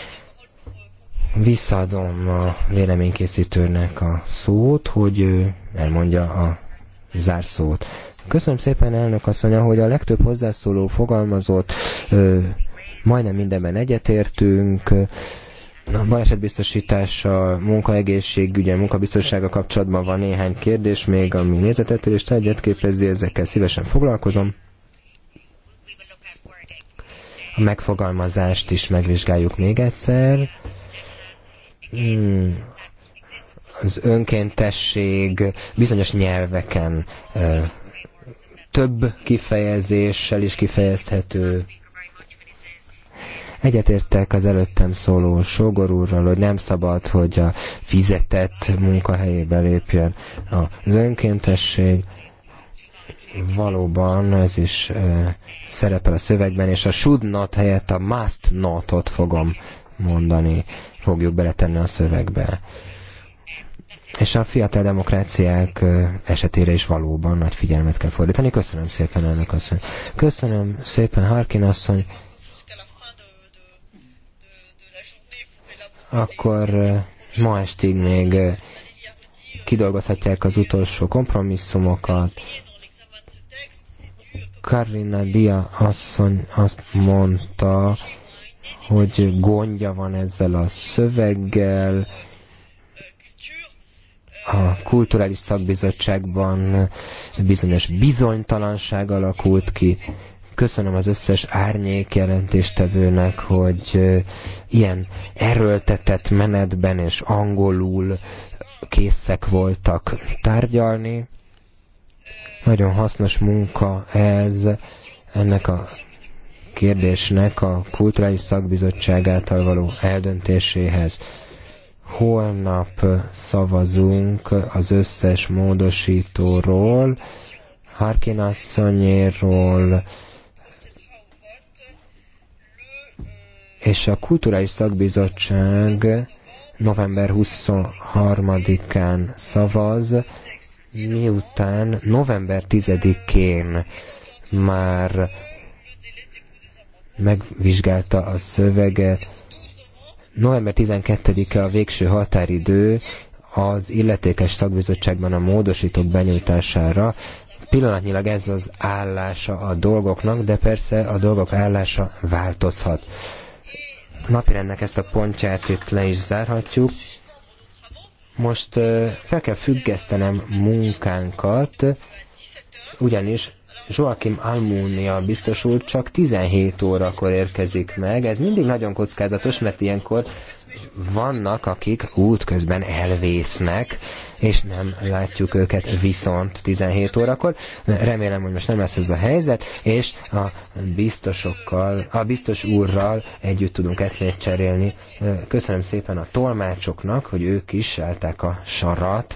S2: Visszaadom a véleménykészítőnek a szót, hogy ő elmondja a zárszót. Köszönöm szépen, elnök asszony, hogy a legtöbb hozzászóló fogalmazott, majdnem mindenben egyetértünk, a balesetbiztosítással, munkaegészségügyen, munkabiztonsága kapcsolatban van néhány kérdés még, ami nézetet és egyet képezi, ezekkel szívesen foglalkozom. A megfogalmazást is megvizsgáljuk még egyszer. Hmm az önkéntesség bizonyos nyelveken több kifejezéssel is kifejezhető. Egyetértek az előttem szóló sógorúrral, hogy nem szabad, hogy a fizetett munkahelyébe lépjen az önkéntesség valóban ez is eh, szerepel a szövegben, és a should not helyett a must notot fogom mondani, fogjuk beletenni a szövegbe. És a fiatal demokráciák eh, esetére is valóban nagy figyelmet kell fordítani. Köszönöm szépen, elnök asszony. Köszönöm szépen, Harkin asszony. Akkor eh, ma estig még kidolgozhatják az utolsó kompromisszumokat, Karina Dia asszony azt mondta, hogy gondja van ezzel a szöveggel, a kulturális szakbizottságban bizonyos bizonytalanság alakult ki. Köszönöm az összes árnyék jelentéstevőnek, hogy ilyen erőltetett menetben és angolul készek voltak tárgyalni nagyon hasznos munka ez ennek a kérdésnek a kulturális szakbizottság által való eldöntéséhez. Holnap szavazunk az összes módosítóról, Harkin asszonyéről, és a Kulturális Szakbizottság november 23-án szavaz, miután november 10-én már megvizsgálta a szöveget, november 12-e a végső határidő az illetékes szakbizottságban a módosítók benyújtására. Pillanatnyilag ez az állása a dolgoknak, de persze a dolgok állása változhat. Napirendnek ezt a pontját itt le is zárhatjuk. Most fel kell függesztenem munkánkat, ugyanis Joachim Almunia biztosult csak 17 órakor érkezik meg. Ez mindig nagyon kockázatos, mert ilyenkor vannak, akik út közben elvésznek, és nem látjuk őket viszont 17 órakor. Remélem, hogy most nem lesz ez a helyzet, és a biztosokkal, a biztos úrral együtt tudunk eszmét cserélni. Köszönöm szépen a tolmácsoknak, hogy ők is állták a sarat.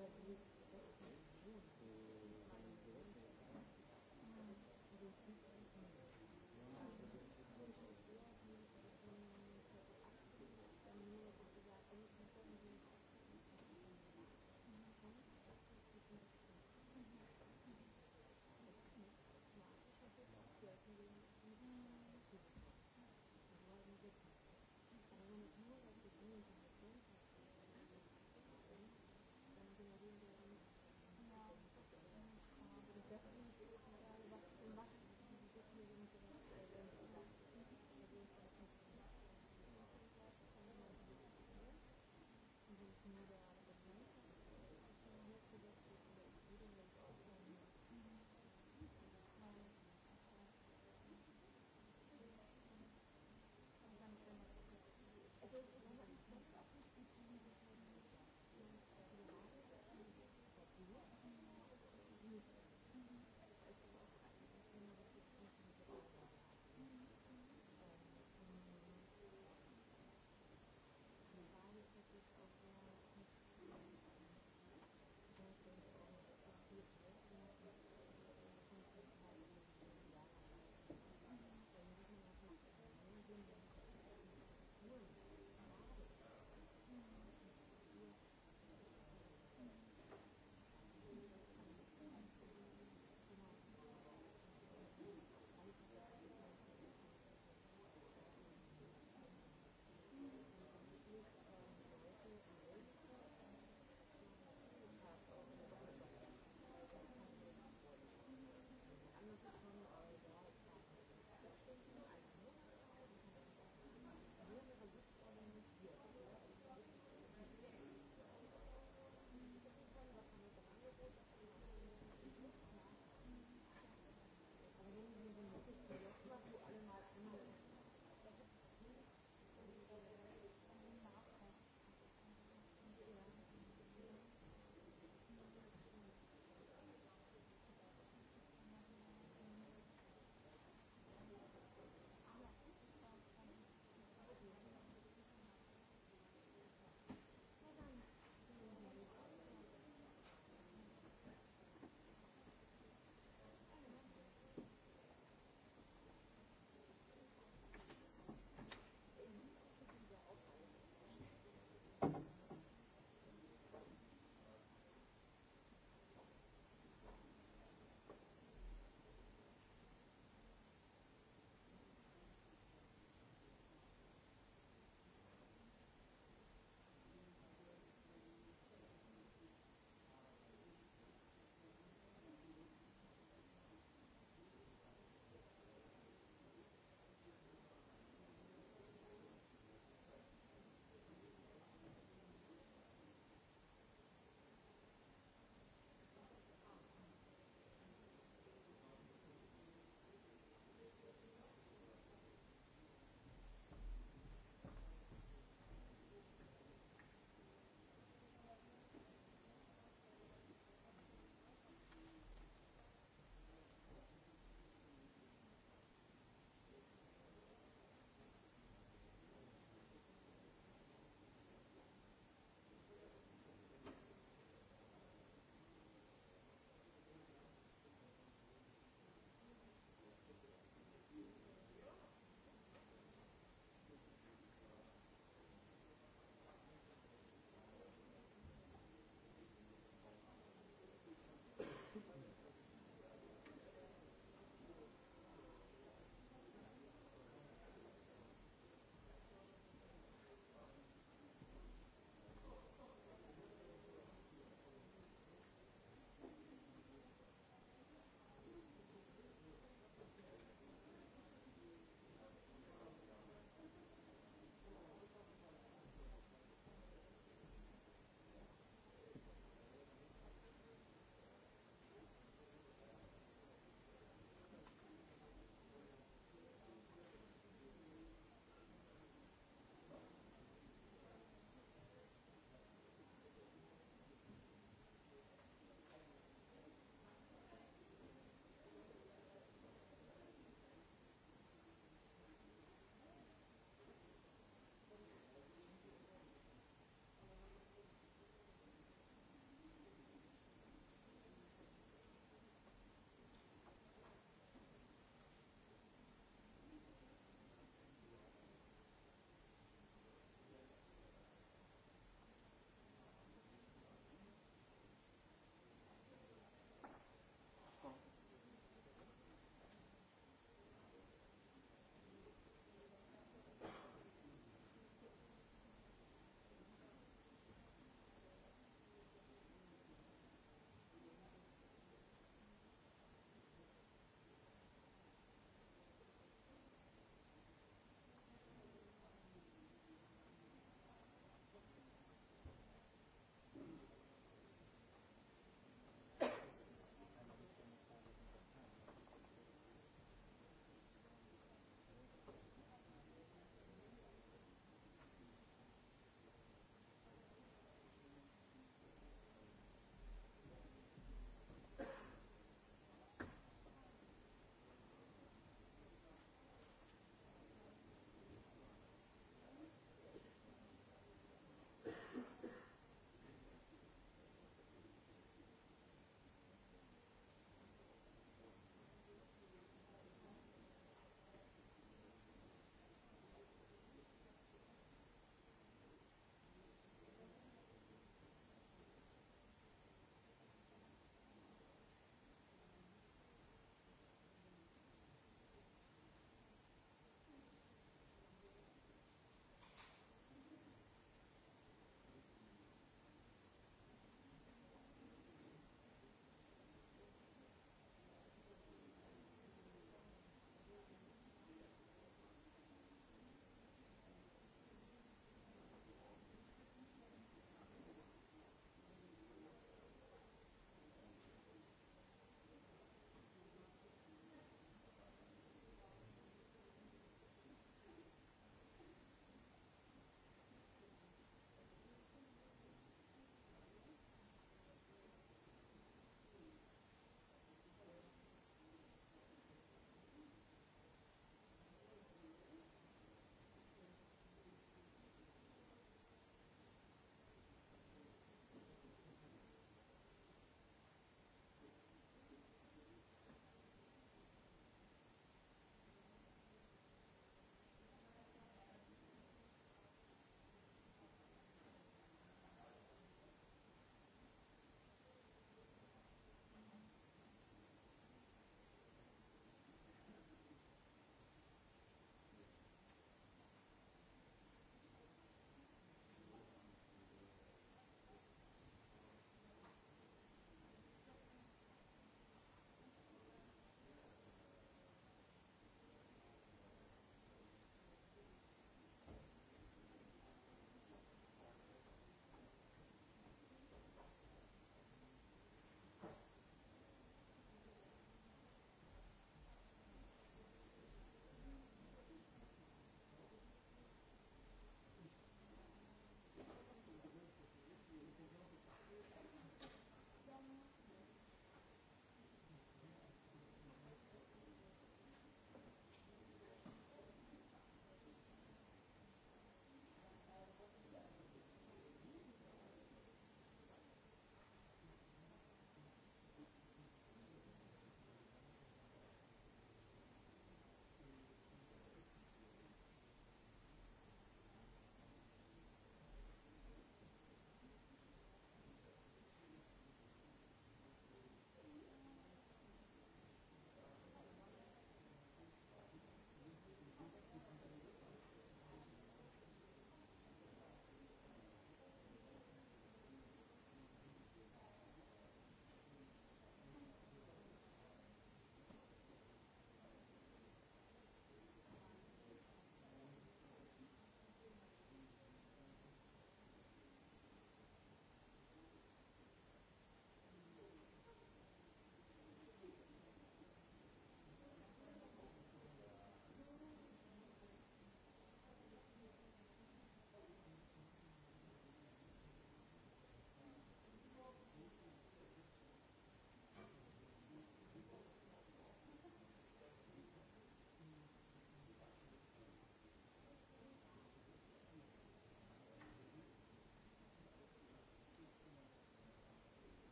S5: Thank you.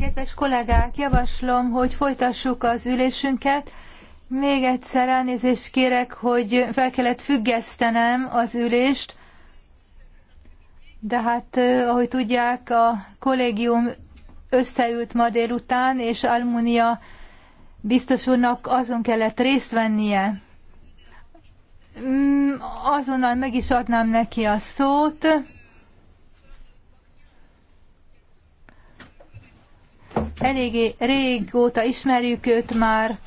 S4: Kedves
S1: kollégák, javaslom, hogy folytassuk az ülésünket. Még egyszer elnézést kérek, hogy fel kellett függesztenem az ülést, de hát, ahogy tudják, a kollégium összeült ma délután, és Almunia biztos úrnak azon kellett részt vennie. Mm, azonnal meg is adnám neki a szót. eléggé régóta ismerjük őt már,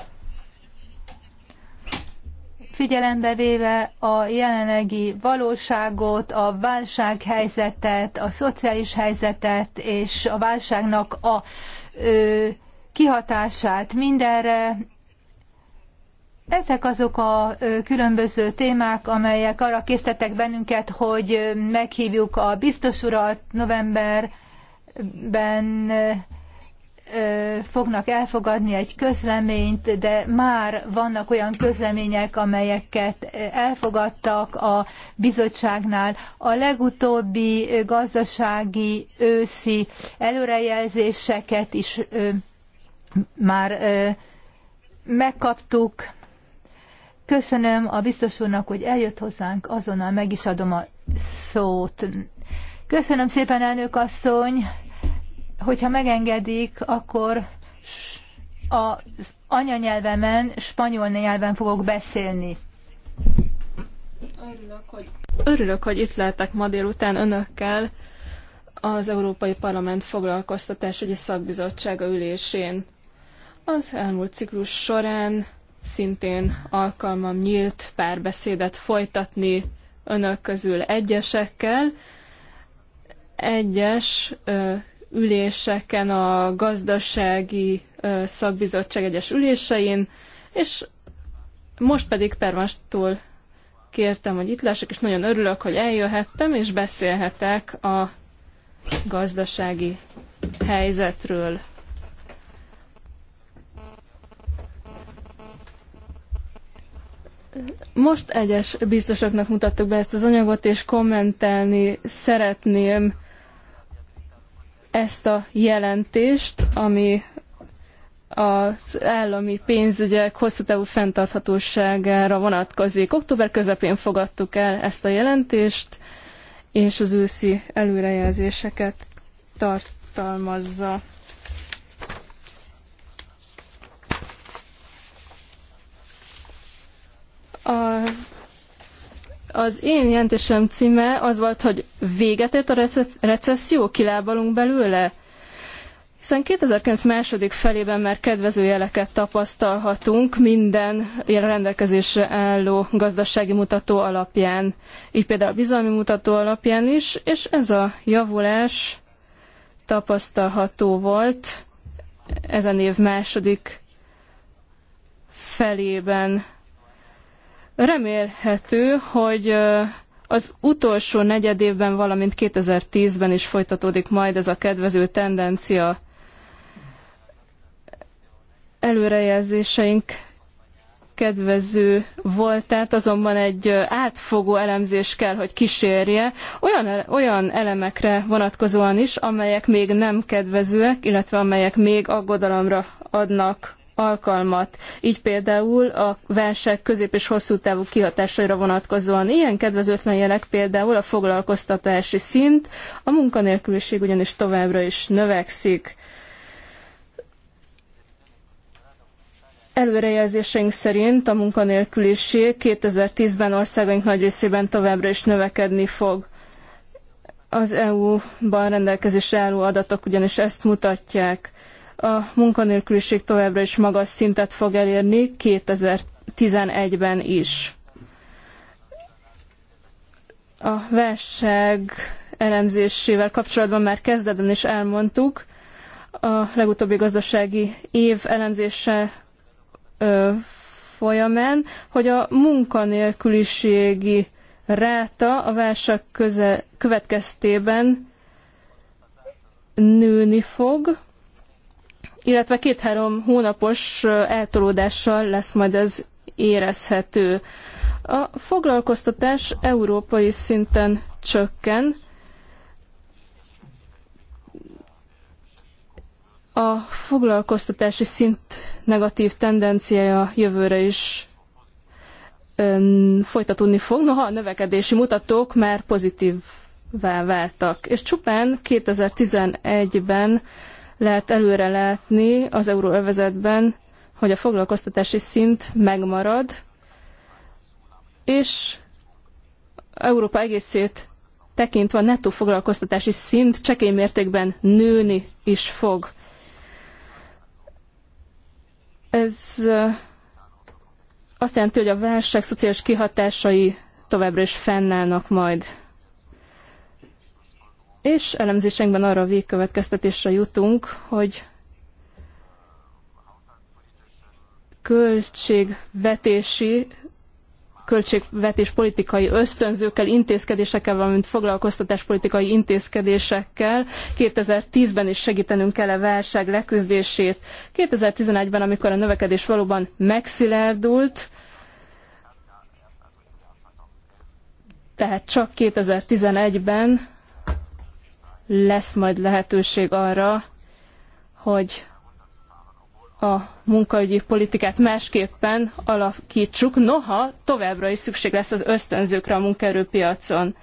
S1: figyelembe véve a jelenlegi valóságot, a válsághelyzetet, a szociális helyzetet és a válságnak a ö, kihatását mindenre. Ezek azok a ö, különböző témák, amelyek arra késztettek bennünket, hogy meghívjuk a biztos urat novemberben fognak elfogadni egy közleményt, de már vannak olyan közlemények, amelyeket elfogadtak a bizottságnál. A legutóbbi gazdasági őszi előrejelzéseket is már megkaptuk. Köszönöm a biztos úrnak, hogy eljött hozzánk, azonnal meg is adom a szót. Köszönöm szépen, elnök asszony! Hogyha megengedik, akkor az anyanyelvemen, spanyol nyelven fogok beszélni. Örülök, hogy, örülök, hogy
S3: itt lehetek ma délután önökkel az Európai Parlament foglalkoztatás egy szakbizottsága ülésén. Az elmúlt ciklus során szintén alkalmam nyílt párbeszédet folytatni önök közül egyesekkel. Egyes ö, üléseken, a gazdasági szakbizottság egyes ülésein, és most pedig Pervastól kértem, hogy itt lássak, és nagyon örülök, hogy eljöhettem, és beszélhetek a gazdasági helyzetről. Most egyes biztosoknak mutattuk be ezt az anyagot, és kommentelni szeretném ezt a jelentést, ami az állami pénzügyek hosszú távú fenntarthatóságára vonatkozik. Október közepén fogadtuk el ezt a jelentést, és az őszi előrejelzéseket tartalmazza. A az én jelentésem címe az volt, hogy véget ért a recesszió, kilábalunk belőle? hiszen 2009 második felében már kedvező jeleket tapasztalhatunk minden rendelkezésre álló gazdasági mutató alapján, így például a bizalmi mutató alapján is, és ez a javulás tapasztalható volt ezen év második felében. Remélhető, hogy az utolsó negyed évben, valamint 2010-ben is folytatódik majd ez a kedvező tendencia. Előrejelzéseink kedvező volt, tehát azonban egy átfogó elemzés kell, hogy kísérje, olyan, olyan elemekre vonatkozóan is, amelyek még nem kedvezőek, illetve amelyek még aggodalomra adnak alkalmat, így például a versek közép- és hosszú távú kihatásaira vonatkozóan. Ilyen kedvezőtlen jelek például a foglalkoztatási szint, a munkanélküliség ugyanis továbbra is növekszik. Előrejelzéseink szerint a munkanélküliség 2010-ben országaink nagy részében továbbra is növekedni fog. Az EU-ban rendelkezésre álló adatok ugyanis ezt mutatják. A munkanélküliség továbbra is magas szintet fog elérni 2011-ben is. A válság elemzésével kapcsolatban már kezdetben is elmondtuk, a legutóbbi gazdasági év elemzése ö, folyamán, hogy a munkanélküliségi ráta a válság köze, következtében nőni fog, illetve két-három hónapos eltolódással lesz majd ez érezhető. A foglalkoztatás európai szinten csökken, a foglalkoztatási szint negatív tendenciája jövőre is folytatódni fog, noha a növekedési mutatók már pozitívvá váltak. És csupán 2011-ben lehet előre látni az euróövezetben, hogy a foglalkoztatási szint megmarad, és Európa egészét tekintve a nettó foglalkoztatási szint csekély mértékben nőni is fog. Ez azt jelenti, hogy a válság szociális kihatásai továbbra is fennállnak majd és elemzésünkben arra a végkövetkeztetésre jutunk, hogy költségvetési költségvetés politikai ösztönzőkkel, intézkedésekkel, valamint politikai intézkedésekkel 2010-ben is segítenünk kell a válság leküzdését. 2011-ben, amikor a növekedés valóban megszilárdult, tehát csak 2011-ben lesz majd lehetőség arra, hogy a munkaügyi politikát másképpen alakítsuk, noha továbbra is szükség lesz az ösztönzőkre a munkaerőpiacon,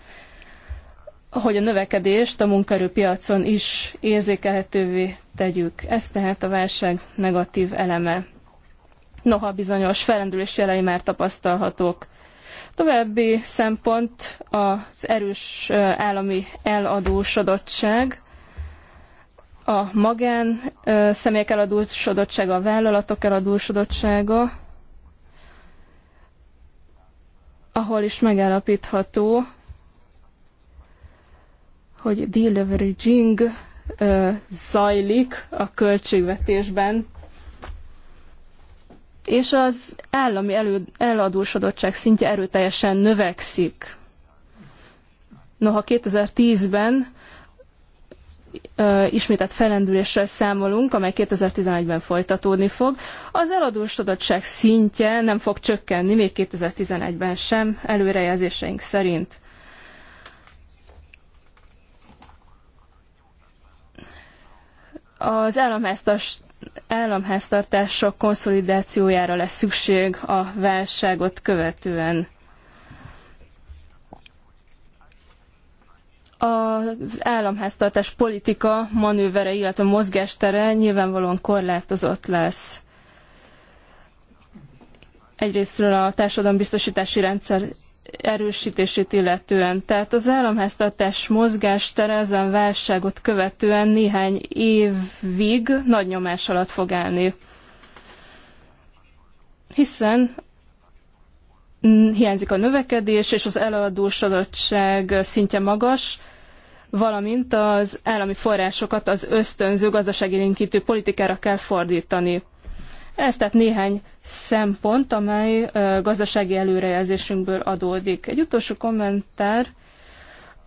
S3: hogy a növekedést a munkaerőpiacon is érzékelhetővé tegyük. Ez tehát a válság negatív eleme. Noha bizonyos felrendülés jelei már tapasztalhatók. További szempont az erős állami eladósodottság, a magán személyek eladósodottsága, a vállalatok eladósodottsága, ahol is megállapítható, hogy deleveraging zajlik a költségvetésben, és az állami elő, eladósodottság szintje erőteljesen növekszik. Noha 2010-ben ismételt felendüléssel számolunk, amely 2011-ben folytatódni fog, az eladósodottság szintje nem fog csökkenni, még 2011-ben sem, előrejelzéseink szerint. Az államháztas államháztartások konszolidációjára lesz szükség a válságot követően. Az államháztartás politika manővere, illetve mozgástere nyilvánvalóan korlátozott lesz. Egyrésztről a társadalombiztosítási rendszer erősítését illetően. Tehát az államháztartás mozgástere ezen válságot követően néhány évig nagy nyomás alatt fog állni. Hiszen hiányzik a növekedés, és az eladósodottság szintje magas, valamint az állami forrásokat az ösztönző gazdasági politikára kell fordítani. Ez tehát néhány szempont, amely gazdasági előrejelzésünkből adódik. Egy utolsó kommentár,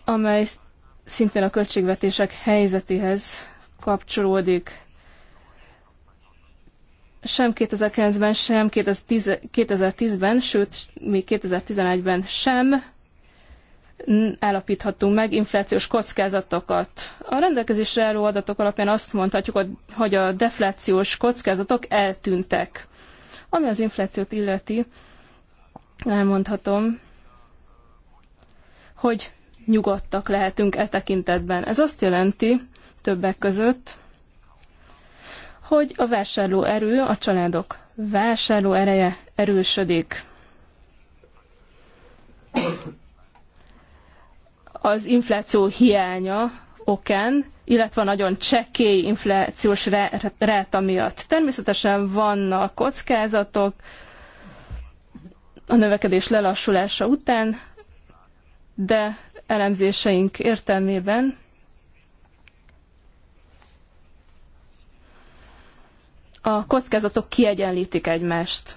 S3: amely szintén a költségvetések helyzetéhez kapcsolódik. Sem 2009-ben, sem 2010-ben, sőt, még 2011-ben sem állapíthatunk meg inflációs kockázatokat. A rendelkezésre álló adatok alapján azt mondhatjuk, hogy a deflációs kockázatok eltűntek. Ami az inflációt illeti, elmondhatom, hogy nyugodtak lehetünk e tekintetben. Ez azt jelenti többek között, hogy a vásárló erő, a családok vásárló ereje erősödik az infláció hiánya okán, illetve nagyon csekély inflációs ráta miatt. Természetesen vannak kockázatok a növekedés lelassulása után, de elemzéseink értelmében a kockázatok kiegyenlítik egymást.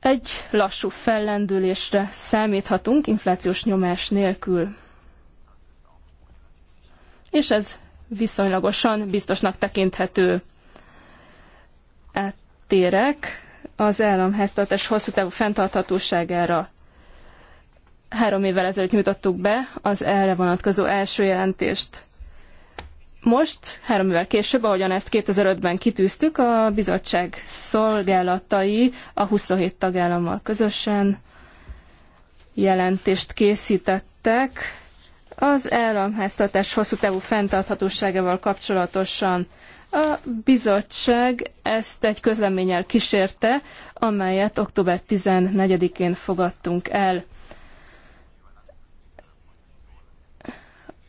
S3: egy lassú fellendülésre számíthatunk inflációs nyomás nélkül. És ez viszonylagosan biztosnak tekinthető. Áttérek az államháztartás hosszú távú fenntarthatóságára. Három évvel ezelőtt nyújtottuk be az erre vonatkozó első jelentést. Most, három évvel később, ahogyan ezt 2005-ben kitűztük, a bizottság szolgálatai a 27 tagállammal közösen jelentést készítettek az államháztartás hosszú távú fenntarthatóságával kapcsolatosan. A bizottság ezt egy közleménnyel kísérte, amelyet október 14-én fogadtunk el.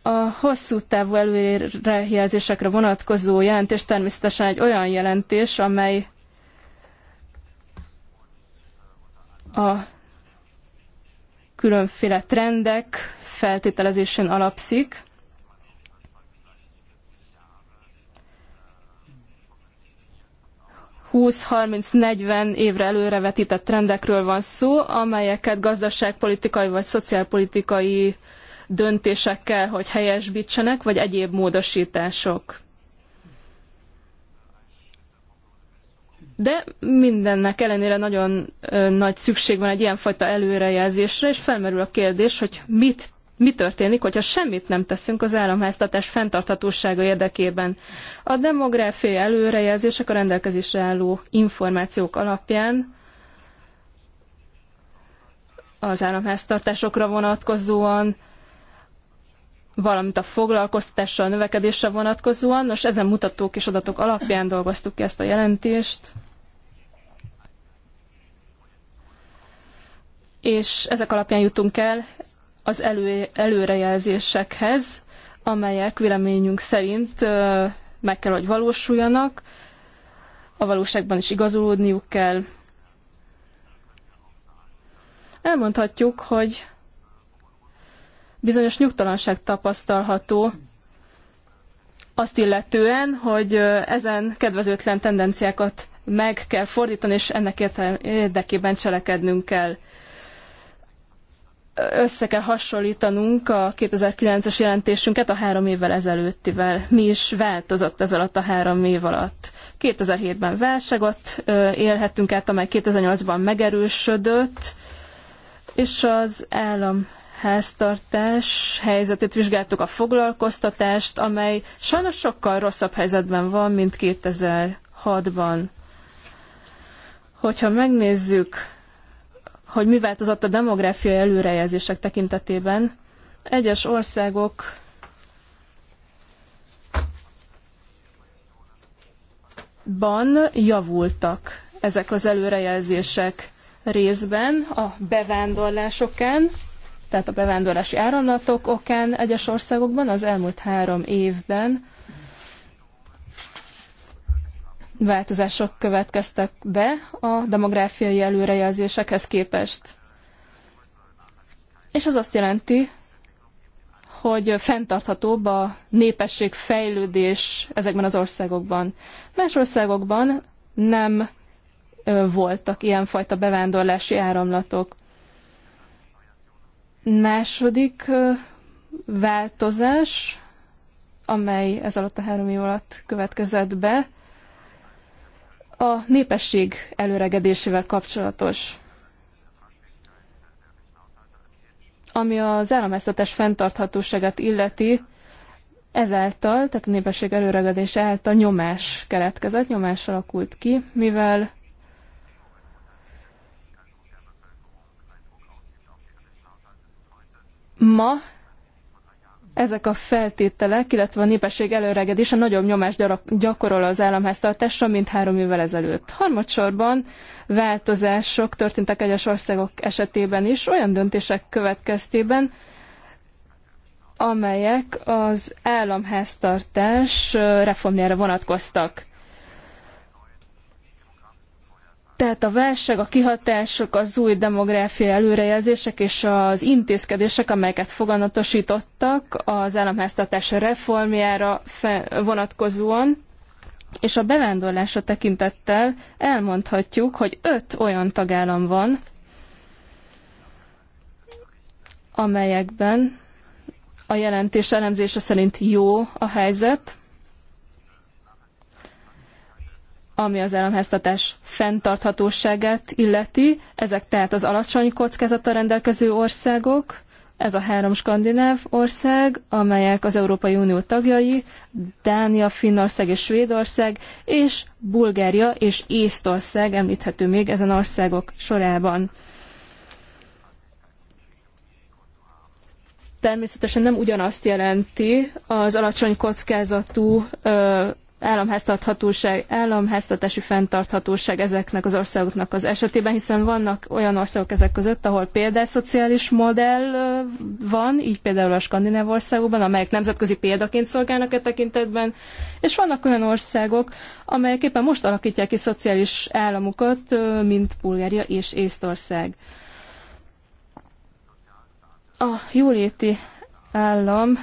S3: A hosszú távú előrejelzésekre vonatkozó jelentés természetesen egy olyan jelentés, amely a különféle trendek feltételezésén alapszik. ...20-30-40 évre előrevetített trendekről van szó, amelyeket gazdaságpolitikai vagy szociálpolitikai döntésekkel, hogy helyesbítsenek, vagy egyéb módosítások. De mindennek ellenére nagyon nagy szükség van egy ilyenfajta előrejelzésre, és felmerül a kérdés, hogy mit mi történik, hogyha semmit nem teszünk az államháztatás fenntarthatósága érdekében. A demográfiai előrejelzések a rendelkezésre álló információk alapján az államháztartásokra vonatkozóan valamint a foglalkoztatással, a növekedésre vonatkozóan. Nos, ezen mutatók és adatok alapján dolgoztuk ki ezt a jelentést. És ezek alapján jutunk el az elő, előrejelzésekhez, amelyek véleményünk szerint meg kell, hogy valósuljanak, a valóságban is igazolódniuk kell. Elmondhatjuk, hogy bizonyos nyugtalanság tapasztalható azt illetően, hogy ezen kedvezőtlen tendenciákat meg kell fordítani, és ennek érdekében cselekednünk kell. Össze kell hasonlítanunk a 2009-es jelentésünket a három évvel ezelőttivel. Mi is változott ez alatt a három év alatt. 2007-ben válságot élhettünk át, amely 2008-ban megerősödött, és az állam háztartás helyzetét vizsgáltuk, a foglalkoztatást, amely sajnos sokkal rosszabb helyzetben van, mint 2006-ban. Hogyha megnézzük, hogy mi változott a demográfiai előrejelzések tekintetében, egyes országok ban javultak ezek az előrejelzések részben a bevándorlásokán, tehát a bevándorlási áramlatok okán egyes országokban az elmúlt három évben változások következtek be a demográfiai előrejelzésekhez képest. És az azt jelenti, hogy fenntarthatóbb a népesség fejlődés ezekben az országokban. Más országokban nem voltak ilyenfajta bevándorlási áramlatok. Második változás, amely ez alatt a három év alatt következett be, a népesség előregedésével kapcsolatos. Ami az államháztatás fenntarthatóságát illeti, ezáltal, tehát a népesség előregedése által nyomás keletkezett, nyomás alakult ki, mivel Ma ezek a feltételek, illetve a népesség előregedése nagyobb nyomást gyakorol az államháztartásra, mint három évvel ezelőtt. Harmadsorban változások történtek egyes országok esetében is, olyan döntések következtében, amelyek az államháztartás reformjára vonatkoztak. Tehát a válság, a kihatások, az új demográfiai előrejelzések és az intézkedések, amelyeket foganatosítottak az államháztartás reformjára vonatkozóan, és a bevándorlásra tekintettel elmondhatjuk, hogy öt olyan tagállam van, amelyekben a jelentés elemzése szerint jó a helyzet, ami az államháztatás fenntarthatóságát illeti. Ezek tehát az alacsony kockázattal rendelkező országok, ez a három skandináv ország, amelyek az Európai Unió tagjai, Dánia, Finnország és Svédország, és Bulgária és Észtország említhető még ezen országok sorában. Természetesen nem ugyanazt jelenti az alacsony kockázatú államháztarthatóság, államháztartási fenntarthatóság ezeknek az országoknak az esetében, hiszen vannak olyan országok ezek között, ahol például szociális modell van, így például a skandináv országokban, amelyek nemzetközi példaként szolgálnak e tekintetben, és vannak olyan országok, amelyek éppen most alakítják ki szociális államukat, mint Bulgária és Észtország. A jóléti állam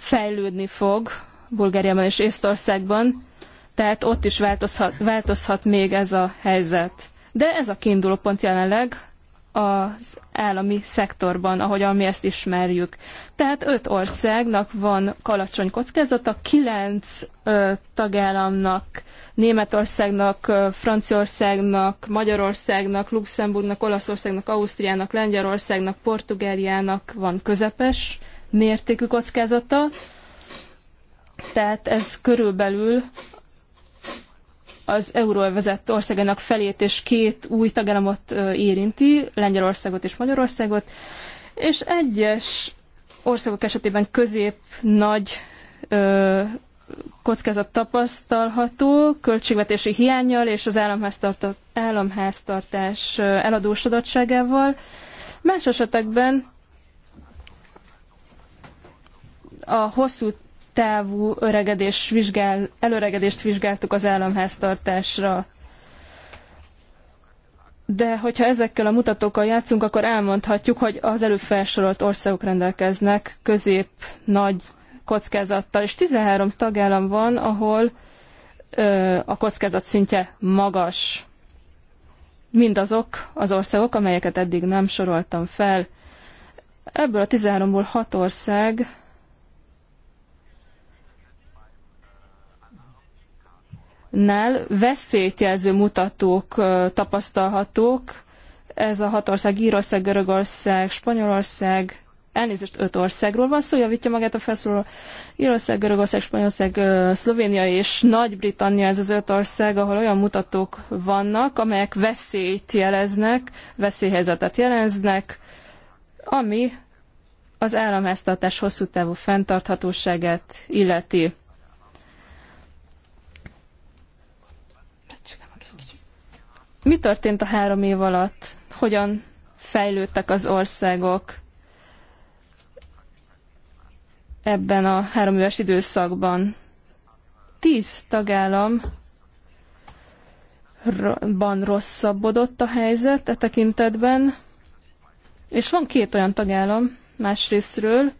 S3: fejlődni fog Bulgáriában és Észtországban, tehát ott is változhat, változhat még ez a helyzet. De ez a kiinduló pont jelenleg az állami szektorban, ahogyan mi ezt ismerjük. Tehát öt országnak van kalacsony kockázata, kilenc ö, tagállamnak, Németországnak, ö, Franciaországnak, Magyarországnak, Luxemburgnak, Olaszországnak, Ausztriának, Lengyelországnak, Portugáliának van közepes mértékű kockázata. Tehát ez körülbelül az euróvezet országának felét és két új tagállamot érinti, Lengyelországot és Magyarországot, és egyes országok esetében közép-nagy kockázat tapasztalható, költségvetési hiányjal és az államháztartás eladósodottságával. Más esetekben a hosszú távú öregedés vizsgál, előregedést vizsgáltuk az államháztartásra. De hogyha ezekkel a mutatókkal játszunk, akkor elmondhatjuk, hogy az előbb felsorolt országok rendelkeznek közép-nagy kockázattal, és 13 tagállam van, ahol ö, a kockázat szintje magas. Mindazok az országok, amelyeket eddig nem soroltam fel. Ebből a 13-ból 6 ország nál veszélyt jelző mutatók tapasztalhatók. Ez a hat ország, Írország, Görögország, Spanyolország, elnézést öt országról van szó, javítja magát a felszólaló. Írország, Görögország, Spanyolország, Szlovénia és Nagy-Britannia ez az öt ország, ahol olyan mutatók vannak, amelyek veszélyt jeleznek, veszélyhelyzetet jeleznek, ami az államháztartás hosszú távú fenntarthatóságát illeti. Mi történt a három év alatt? Hogyan fejlődtek az országok ebben a három éves időszakban? Tíz tagállamban rosszabbodott a helyzet e tekintetben, és van két olyan tagállam másrésztről,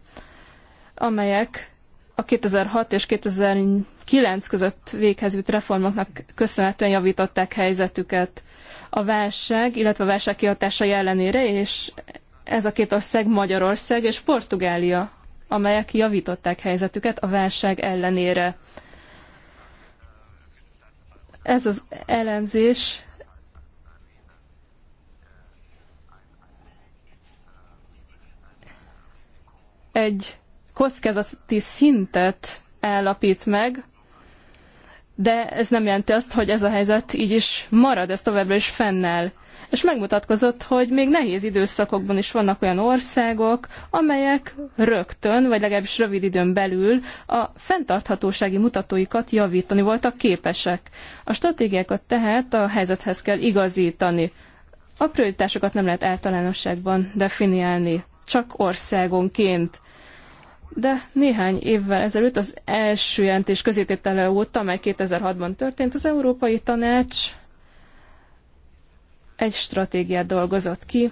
S3: amelyek a 2006 és 2009 között véghezült reformoknak köszönhetően javították helyzetüket a válság, illetve a válság kihatásai ellenére, és ez a két ország Magyarország és Portugália, amelyek javították helyzetüket a válság ellenére. Ez az elemzés egy kockázati szintet állapít meg, de ez nem jelenti azt, hogy ez a helyzet így is marad, ez továbbra is fennáll. És megmutatkozott, hogy még nehéz időszakokban is vannak olyan országok, amelyek rögtön, vagy legalábbis rövid időn belül a fenntarthatósági mutatóikat javítani voltak képesek. A stratégiákat tehát a helyzethez kell igazítani. A prioritásokat nem lehet általánosságban definiálni, csak országonként de néhány évvel ezelőtt az első jelentés közététele óta, amely 2006-ban történt, az Európai Tanács egy stratégiát dolgozott ki,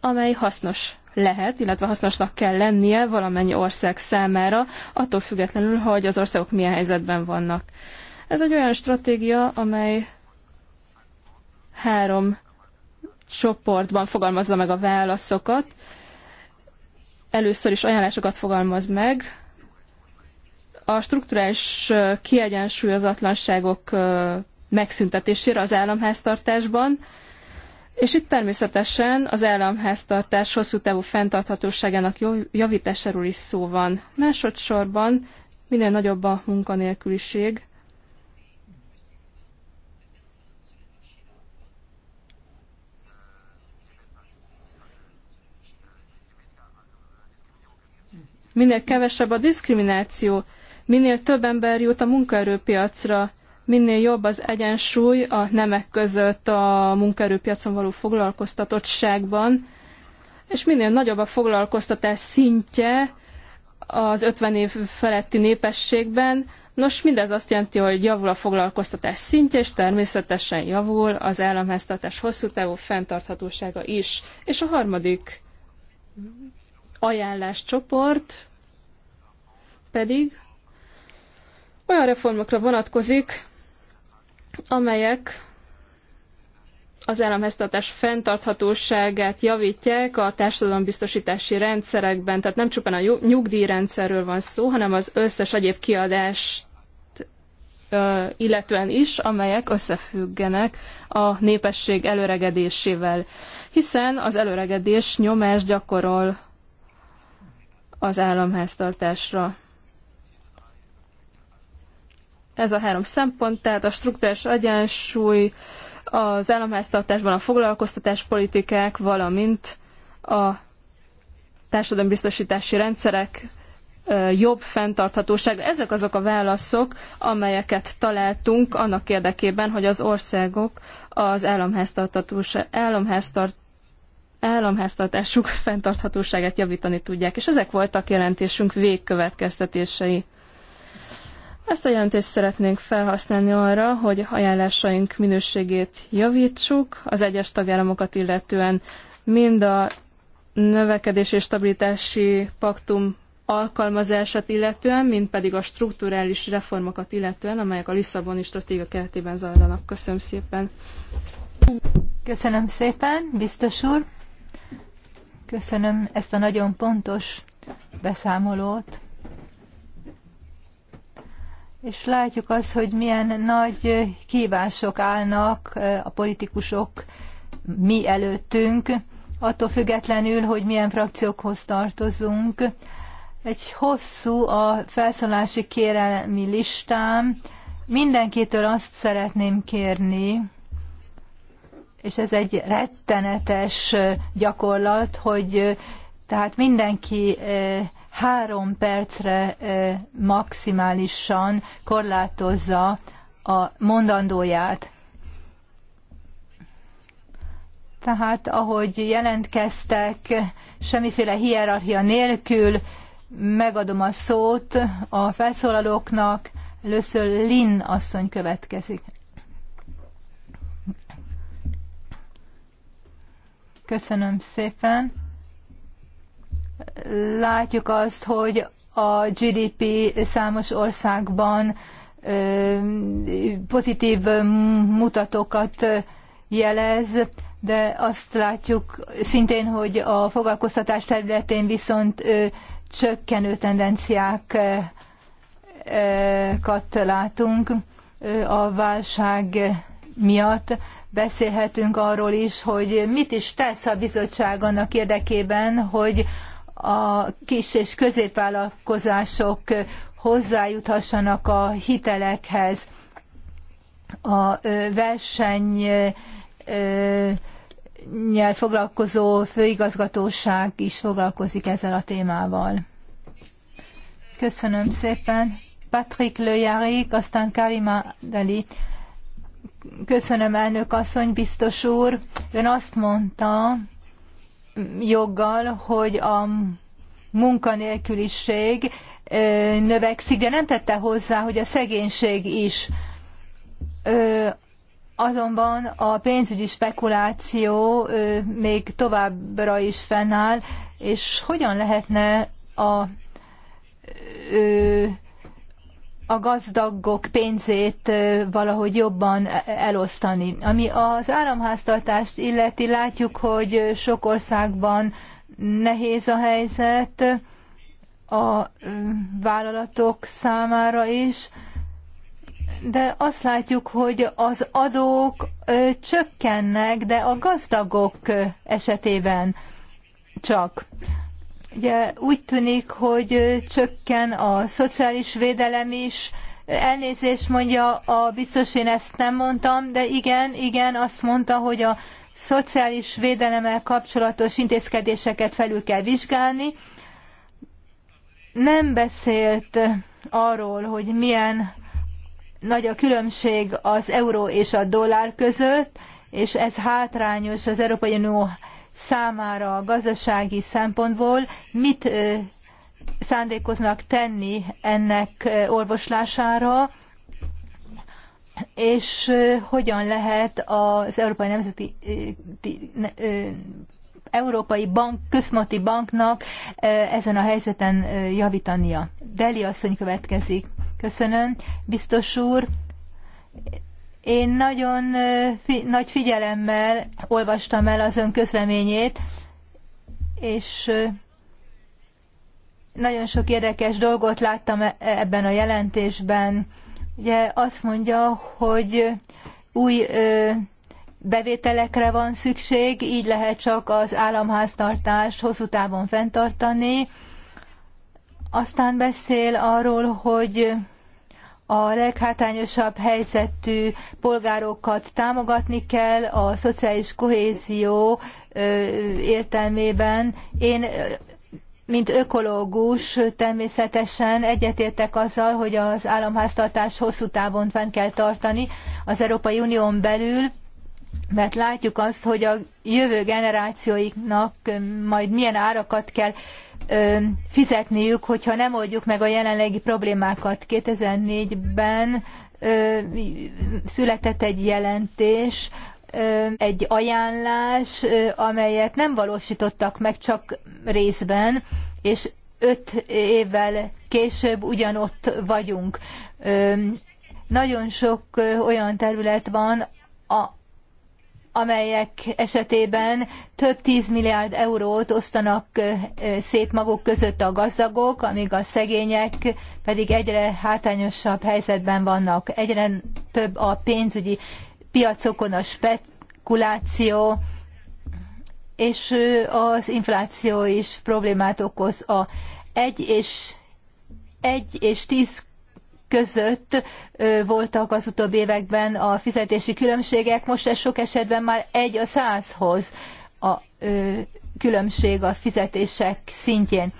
S3: amely hasznos lehet, illetve hasznosnak kell lennie valamennyi ország számára, attól függetlenül, hogy az országok milyen helyzetben vannak. Ez egy olyan stratégia, amely három csoportban fogalmazza meg a válaszokat, először is ajánlásokat fogalmaz meg, a strukturális kiegyensúlyozatlanságok megszüntetésére az államháztartásban, és itt természetesen az államháztartás hosszú távú fenntarthatóságának javításáról is szó van. Másodszorban minél nagyobb a munkanélküliség, minél kevesebb a diszkrimináció, minél több ember jut a munkaerőpiacra, minél jobb az egyensúly a nemek között a munkaerőpiacon való foglalkoztatottságban, és minél nagyobb a foglalkoztatás szintje az 50 év feletti népességben, Nos, mindez azt jelenti, hogy javul a foglalkoztatás szintje, és természetesen javul az államháztartás hosszú távú fenntarthatósága is. És a harmadik ajánláscsoport pedig olyan reformokra vonatkozik, amelyek az államháztartás fenntarthatóságát javítják a társadalombiztosítási rendszerekben, tehát nem csupán a nyugdíjrendszerről van szó, hanem az összes egyéb kiadást illetően is, amelyek összefüggenek a népesség előregedésével, hiszen az előregedés nyomást gyakorol az államháztartásra. Ez a három szempont, tehát a struktúrás egyensúly, az államháztartásban a foglalkoztatás politikák, valamint a társadalombiztosítási rendszerek jobb fenntarthatóság. Ezek azok a válaszok, amelyeket találtunk annak érdekében, hogy az országok az államháztart, államháztartásuk fenntarthatóságát javítani tudják. És ezek voltak jelentésünk végkövetkeztetései. Ezt a jelentést szeretnénk felhasználni arra, hogy ajánlásaink minőségét javítsuk, az egyes tagállamokat illetően mind a növekedés és stabilitási paktum alkalmazását illetően, mint pedig a strukturális reformokat illetően, amelyek a Lisszaboni stratégia keretében
S1: zajlanak. Köszönöm szépen. Köszönöm szépen, biztos úr. Köszönöm ezt a nagyon pontos beszámolót és látjuk azt, hogy milyen nagy kívások állnak a politikusok mi előttünk, attól függetlenül, hogy milyen frakciókhoz tartozunk. Egy hosszú a felszólási kérelmi listám. Mindenkitől azt szeretném kérni, és ez egy rettenetes gyakorlat, hogy tehát mindenki három percre maximálisan korlátozza a mondandóját. Tehát ahogy jelentkeztek, semmiféle hierarchia nélkül megadom a szót a felszólalóknak. Először Lin asszony következik. Köszönöm szépen. Látjuk azt, hogy a GDP számos országban pozitív mutatókat jelez, de azt látjuk szintén, hogy a foglalkoztatás területén viszont csökkenő tendenciákat látunk a válság miatt. Beszélhetünk arról is, hogy mit is tesz a bizottság annak érdekében, hogy a kis és középvállalkozások hozzájuthassanak a hitelekhez. A verseny nyel foglalkozó főigazgatóság is foglalkozik ezzel a témával. Köszönöm szépen. Patrick Löjárék, aztán Karima Deli. Köszönöm, elnök asszony, biztos úr. Ön azt mondta, joggal, hogy a munkanélküliség növekszik, de nem tette hozzá, hogy a szegénység is. Azonban a pénzügyi spekuláció még továbbra is fennáll, és hogyan lehetne a a gazdagok pénzét valahogy jobban elosztani. Ami az államháztartást illeti, látjuk, hogy sok országban nehéz a helyzet a vállalatok számára is, de azt látjuk, hogy az adók csökkennek, de a gazdagok esetében csak. Ugye úgy tűnik, hogy csökken a szociális védelem is, elnézést mondja a biztos, én ezt nem mondtam, de igen, igen, azt mondta, hogy a szociális védelemmel kapcsolatos intézkedéseket felül kell vizsgálni. Nem beszélt arról, hogy milyen nagy a különbség az euró és a dollár között, és ez hátrányos az Európai Unió számára a gazdasági szempontból mit szándékoznak tenni ennek orvoslására, és hogyan lehet az Európai Nemzeti Európai Bank, Központi Banknak ezen a helyzeten javítania. Deli asszony következik. Köszönöm, biztos úr. Én nagyon fi, nagy figyelemmel olvastam el az ön közleményét, és nagyon sok érdekes dolgot láttam e, e, ebben a jelentésben. Ugye azt mondja, hogy új bevételekre van szükség, így lehet csak az államháztartást hosszú távon fenntartani. Aztán beszél arról, hogy a leghátrányosabb helyzetű polgárokat támogatni kell a szociális kohézió értelmében. Én mint ökológus természetesen egyetértek azzal, hogy az államháztartás hosszú távon fenn kell tartani az Európai Unión belül, mert látjuk azt, hogy a jövő generációiknak majd milyen árakat kell fizetniük, hogyha nem oldjuk meg a jelenlegi problémákat. 2004-ben született egy jelentés, egy ajánlás, amelyet nem valósítottak meg csak részben, és öt évvel később ugyanott vagyunk. Nagyon sok olyan terület van, amelyek esetében több 10 milliárd eurót osztanak szét maguk között a gazdagok, amíg a szegények pedig egyre hátrányosabb helyzetben vannak. Egyre több a pénzügyi piacokon a spekuláció, és az infláció is problémát okoz. A egy és egy és tíz között voltak az utóbbi években a fizetési különbségek, most ez sok esetben már egy a százhoz a különbség a fizetések szintjén.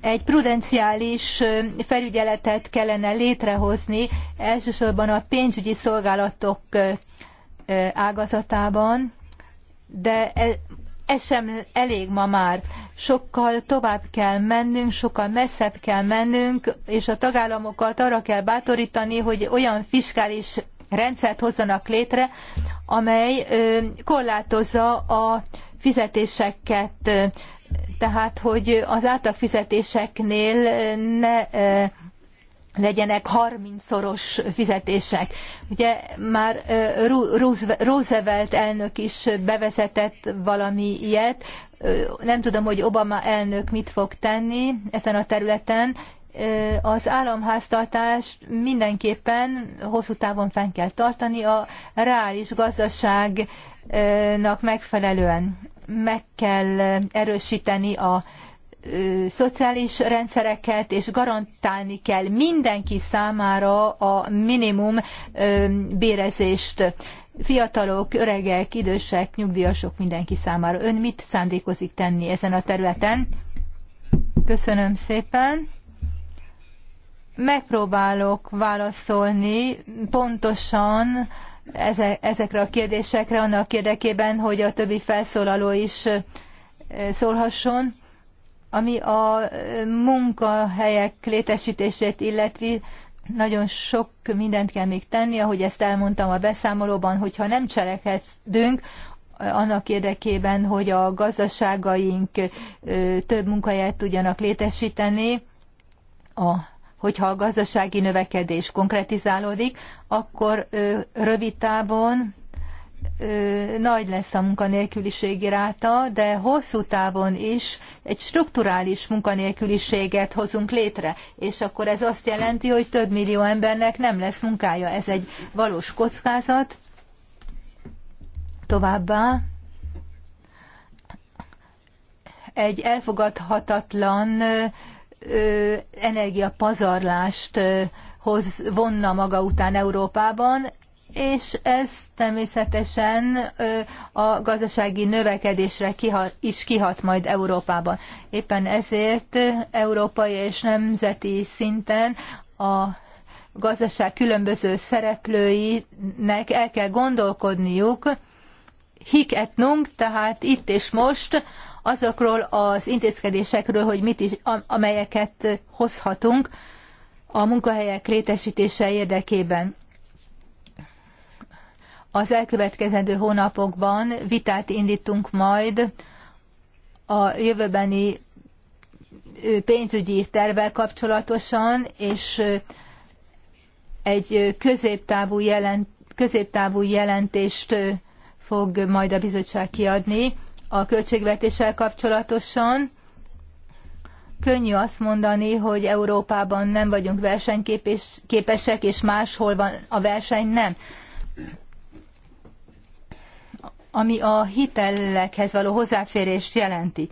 S1: Egy prudenciális felügyeletet kellene létrehozni, elsősorban a pénzügyi szolgálatok ágazatában, de e, ez sem elég ma már. Sokkal tovább kell mennünk, sokkal messzebb kell mennünk, és a tagállamokat arra kell bátorítani, hogy olyan fiskális rendszert hozzanak létre, amely korlátozza a fizetéseket, tehát hogy az átlagfizetéseknél ne legyenek 30-szoros fizetések. Ugye már Roosevelt elnök is bevezetett valami ilyet, nem tudom, hogy Obama elnök mit fog tenni ezen a területen. Az államháztartást mindenképpen hosszú távon fenn kell tartani a reális gazdaságnak megfelelően. Meg kell erősíteni a szociális rendszereket, és garantálni kell mindenki számára a minimum bérezést. Fiatalok, öregek, idősek, nyugdíjasok mindenki számára. Ön mit szándékozik tenni ezen a területen? Köszönöm szépen. Megpróbálok válaszolni pontosan ezekre a kérdésekre annak érdekében, hogy a többi felszólaló is szólhasson. Ami a munkahelyek létesítését illeti, nagyon sok mindent kell még tenni, ahogy ezt elmondtam a beszámolóban, hogyha nem cselekedünk, annak érdekében, hogy a gazdaságaink több munkahelyet tudjanak létesíteni, a, hogyha a gazdasági növekedés konkretizálódik, akkor rövid távon nagy lesz a munkanélküliségi ráta, de hosszú távon is egy strukturális munkanélküliséget hozunk létre, és akkor ez azt jelenti, hogy több millió embernek nem lesz munkája. Ez egy valós kockázat. Továbbá egy elfogadhatatlan energiapazarlást hoz, vonna maga után Európában és ez természetesen a gazdasági növekedésre is kihat majd Európában. Éppen ezért európai és nemzeti szinten a gazdaság különböző szereplőinek el kell gondolkodniuk, hik etnunk, tehát itt és most azokról az intézkedésekről, hogy mit is, amelyeket hozhatunk a munkahelyek létesítése érdekében. Az elkövetkezendő hónapokban vitát indítunk majd a jövőbeni pénzügyi tervvel kapcsolatosan, és egy középtávú, jelent, középtávú jelentést fog majd a bizottság kiadni a költségvetéssel kapcsolatosan. Könnyű azt mondani, hogy Európában nem vagyunk versenyképesek, és máshol van a verseny, nem ami a hitellekhez való hozzáférést jelenti.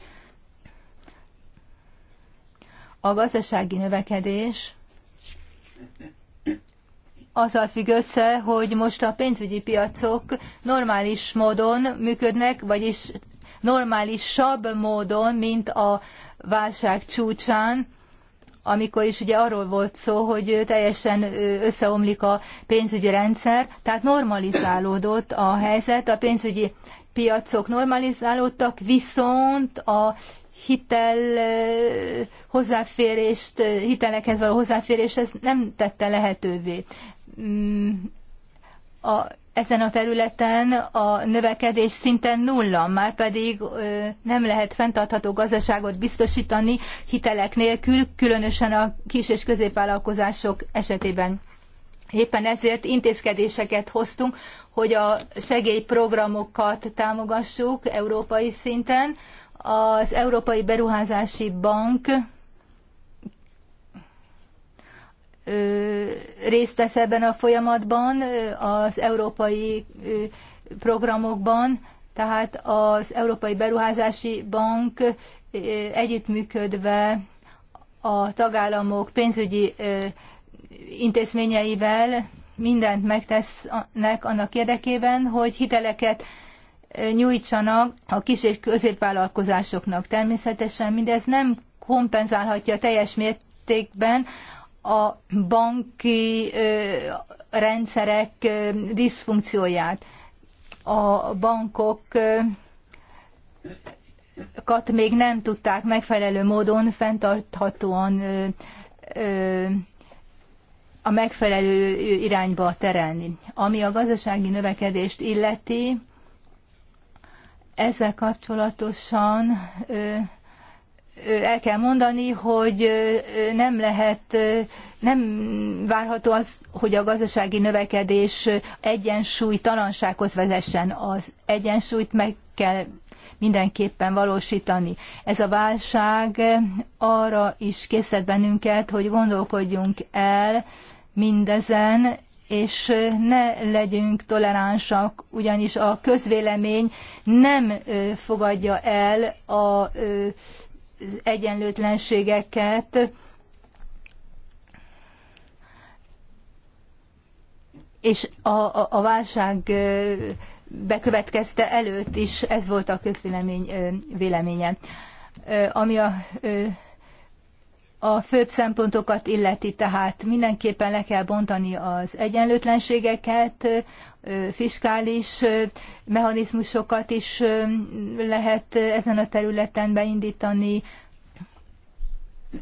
S1: A gazdasági növekedés azzal függ össze, hogy most a pénzügyi piacok normális módon működnek, vagyis normálisabb módon, mint a válság csúcsán amikor is ugye arról volt szó, hogy teljesen összeomlik a pénzügyi rendszer, tehát normalizálódott a helyzet, a pénzügyi piacok normalizálódtak, viszont a hitel hozzáférést, hitelekhez való hozzáférés ezt nem tette lehetővé. Mm, a ezen a területen a növekedés szinte nulla, már pedig nem lehet fenntartható gazdaságot biztosítani hitelek nélkül, különösen a kis és középvállalkozások esetében. Éppen ezért intézkedéseket hoztunk, hogy a segélyprogramokat támogassuk európai szinten. Az Európai Beruházási Bank részt vesz ebben a folyamatban, az európai programokban, tehát az Európai Beruházási Bank együttműködve a tagállamok pénzügyi intézményeivel mindent megtesznek annak érdekében, hogy hiteleket nyújtsanak a kis és középvállalkozásoknak. Természetesen mindez nem kompenzálhatja teljes mértékben a banki rendszerek diszfunkcióját. A bankokat még nem tudták megfelelő módon fenntarthatóan a megfelelő irányba terelni. Ami a gazdasági növekedést illeti, ezzel kapcsolatosan el kell mondani, hogy nem lehet, nem várható az, hogy a gazdasági növekedés egyensúlytalansághoz vezessen. Az egyensúlyt meg kell mindenképpen valósítani. Ez a válság arra is készít bennünket, hogy gondolkodjunk el mindezen, és ne legyünk toleránsak, ugyanis a közvélemény nem fogadja el a egyenlőtlenségeket, és a, a, a válság bekövetkezte előtt is ez volt a közvélemény véleménye. Ami a, a főbb szempontokat illeti, tehát mindenképpen le kell bontani az egyenlőtlenségeket, fiskális mechanizmusokat is lehet ezen a területen beindítani,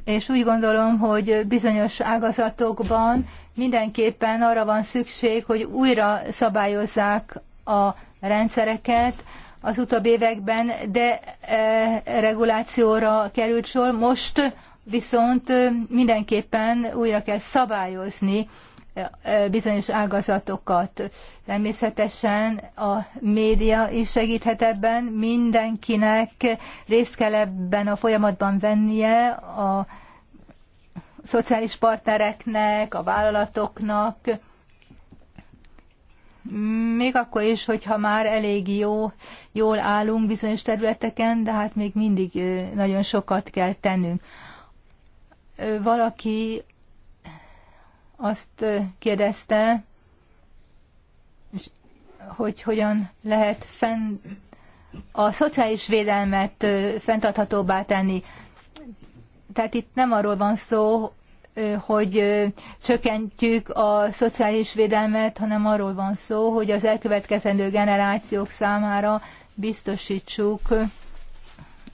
S1: és úgy gondolom, hogy bizonyos ágazatokban mindenképpen arra van szükség, hogy újra szabályozzák a rendszereket, az utóbbi években regulációra került sor, most viszont mindenképpen újra kell szabályozni bizonyos ágazatokat. Természetesen a média is segíthet ebben, mindenkinek részt kell ebben a folyamatban vennie, a szociális partnereknek, a vállalatoknak, még akkor is, hogyha már elég jó, jól állunk bizonyos területeken, de hát még mindig nagyon sokat kell tennünk. Valaki azt kérdezte, hogy hogyan lehet fenn a szociális védelmet fenntarthatóbbá tenni. Tehát itt nem arról van szó, hogy csökkentjük a szociális védelmet, hanem arról van szó, hogy az elkövetkezendő generációk számára biztosítsuk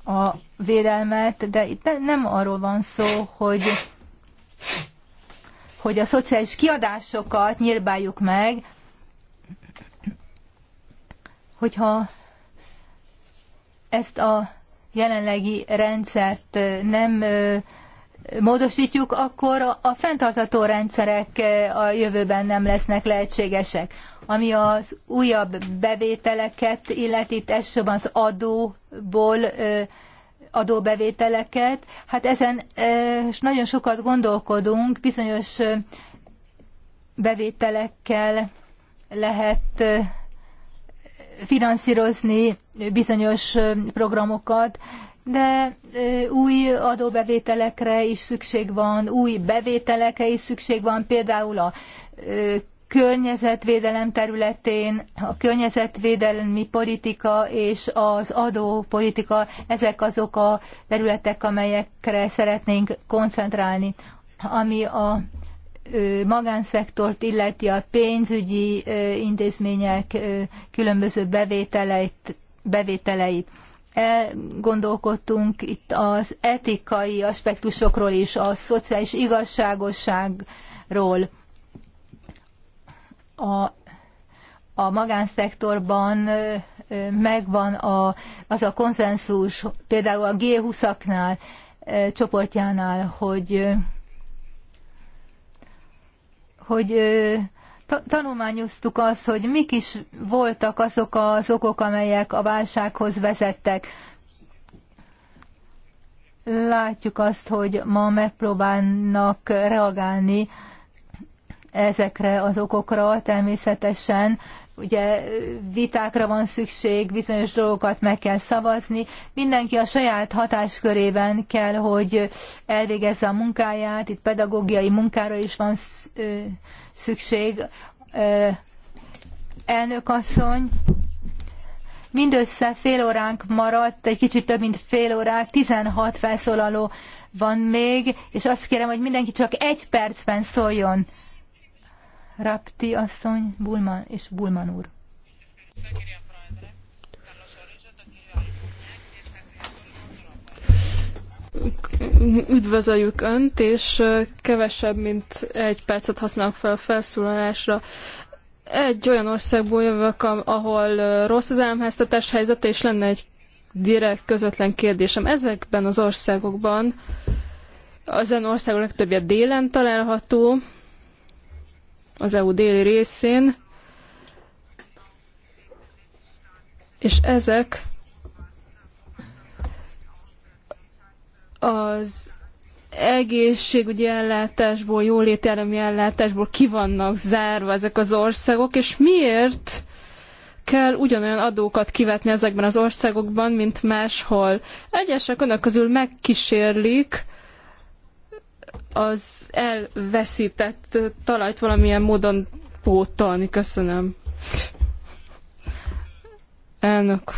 S1: a védelmet, de itt nem arról van szó, hogy hogy a szociális kiadásokat nyírbáljuk meg, hogyha ezt a jelenlegi rendszert nem módosítjuk, akkor a fenntartató rendszerek a jövőben nem lesznek lehetségesek. Ami az újabb bevételeket illeti, elsősorban az adóból adóbevételeket. Hát ezen és nagyon sokat gondolkodunk, bizonyos bevételekkel lehet finanszírozni bizonyos programokat, de új adóbevételekre is szükség van, új bevételekre is szükség van, például a környezetvédelem területén, a környezetvédelmi politika és az adópolitika, ezek azok a területek, amelyekre szeretnénk koncentrálni. Ami a magánszektort illeti a pénzügyi intézmények különböző bevételeit, bevételeit. Elgondolkodtunk itt az etikai aspektusokról is, a szociális igazságosságról a, a magánszektorban megvan a, az a konszenzus, például a G20-aknál, csoportjánál, hogy hogy tanulmányoztuk azt, hogy mik is voltak azok az okok, amelyek a válsághoz vezettek. Látjuk azt, hogy ma megpróbálnak reagálni ezekre az okokra természetesen. Ugye vitákra van szükség, bizonyos dolgokat meg kell szavazni. Mindenki a saját hatáskörében kell, hogy elvégezze a munkáját. Itt pedagógiai munkára is van szükség. Elnök asszony, mindössze fél óránk maradt, egy kicsit több mint fél órák, 16 felszólaló van még, és azt kérem, hogy mindenki csak egy percben szóljon. Rapti asszony, Bulman és Bulman úr.
S3: Üdvözöljük Önt, és kevesebb, mint egy percet használok fel a felszólalásra. Egy olyan országból jövök, ahol rossz az elmháztatás helyzete, és lenne egy direkt, közvetlen kérdésem. Ezekben az országokban, az országok legtöbbje délen található, az EU déli részén, és ezek az egészségügyi ellátásból, állami ellátásból ki vannak zárva ezek az országok, és miért kell ugyanolyan adókat kivetni ezekben az országokban, mint máshol. Egyesek önök közül megkísérlik, az elveszített talajt valamilyen módon pótolni. Köszönöm. Elnök.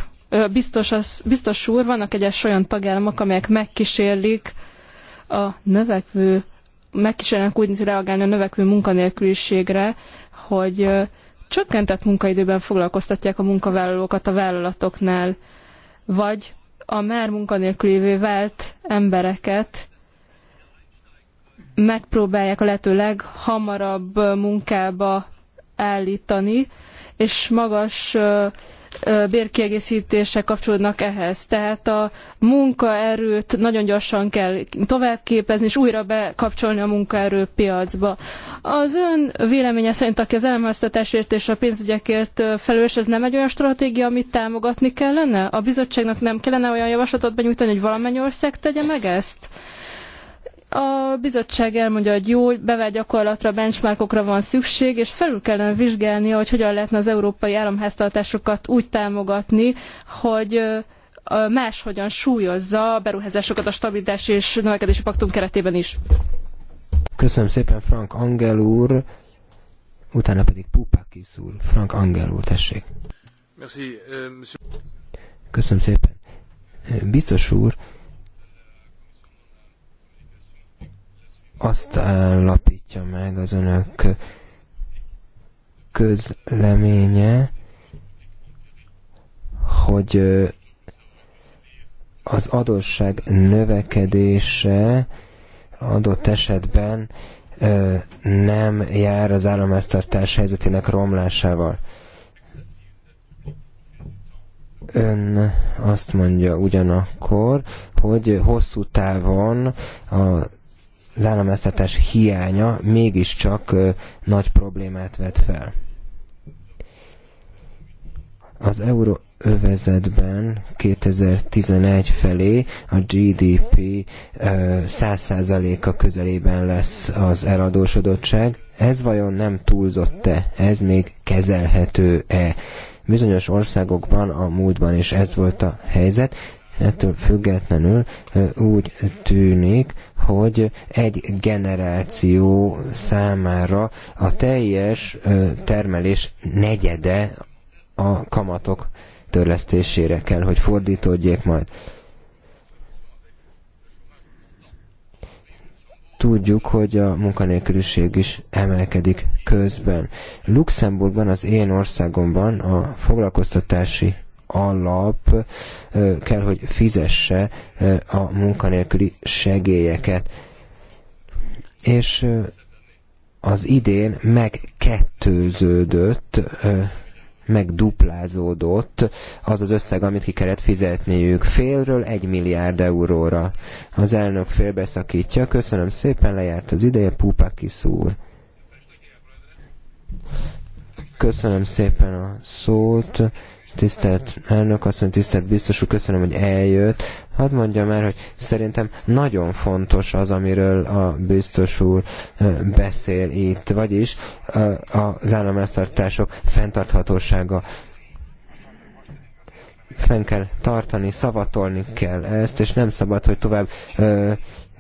S3: Biztos, az, biztos úr, vannak egyes olyan tagállamok, amelyek megkísérlik a növekvő, megkísérlenek úgy reagálni a növekvő munkanélküliségre, hogy csökkentett munkaidőben foglalkoztatják a munkavállalókat a vállalatoknál, vagy a már munkanélkülévé vált embereket megpróbálják a lehető leghamarabb munkába állítani, és magas bérkiegészítések kapcsolódnak ehhez. Tehát a munkaerőt nagyon gyorsan kell továbbképezni, és újra bekapcsolni a munkaerőpiacba. Az ön véleménye szerint, aki az elemháztatásért és a pénzügyekért felelős, ez nem egy olyan stratégia, amit támogatni kellene? A bizottságnak nem kellene olyan javaslatot benyújtani, hogy valamennyi ország tegye meg ezt? A bizottság elmondja, hogy jó, bevált gyakorlatra, benchmarkokra van szükség, és felül kellene vizsgálnia, hogy hogyan lehetne az európai államháztartásokat úgy támogatni, hogy máshogyan súlyozza a beruházásokat a stabilitási és növekedési paktum keretében is.
S2: Köszönöm szépen Frank Angel úr, utána pedig Pupakis úr. Frank Angel úr, tessék. Euh, Köszönöm szépen. Biztos úr, azt állapítja meg az önök közleménye, hogy az adósság növekedése adott esetben nem jár az államháztartás helyzetének romlásával. Ön azt mondja ugyanakkor, hogy hosszú távon a az államáztatás hiánya mégiscsak nagy problémát vet fel. Az euró övezetben 2011 felé a GDP 100%-a közelében lesz az eladósodottság. Ez vajon nem túlzott-e? Ez még kezelhető-e? Bizonyos országokban a múltban is ez volt a helyzet, ettől függetlenül úgy tűnik, hogy egy generáció számára a teljes termelés negyede a kamatok törlesztésére kell, hogy fordítódjék majd. Tudjuk, hogy a munkanélküliség is emelkedik közben. Luxemburgban, az én országomban a foglalkoztatási alap kell, hogy fizesse a munkanélküli segélyeket. És az idén megkettőződött, megduplázódott az az összeg, amit ki kellett fizetniük. Félről egy milliárd euróra. Az elnök félbeszakítja. Köszönöm szépen, lejárt az ideje, Pupakis úr. Köszönöm szépen a szót. Tisztelt elnök asszony, tisztelt biztos úr, köszönöm, hogy eljött. Hadd mondjam el, hogy szerintem nagyon fontos az, amiről a biztos úr beszél itt, vagyis az államháztartások fenntarthatósága fenn kell tartani, szavatolni kell ezt, és nem szabad, hogy tovább ö,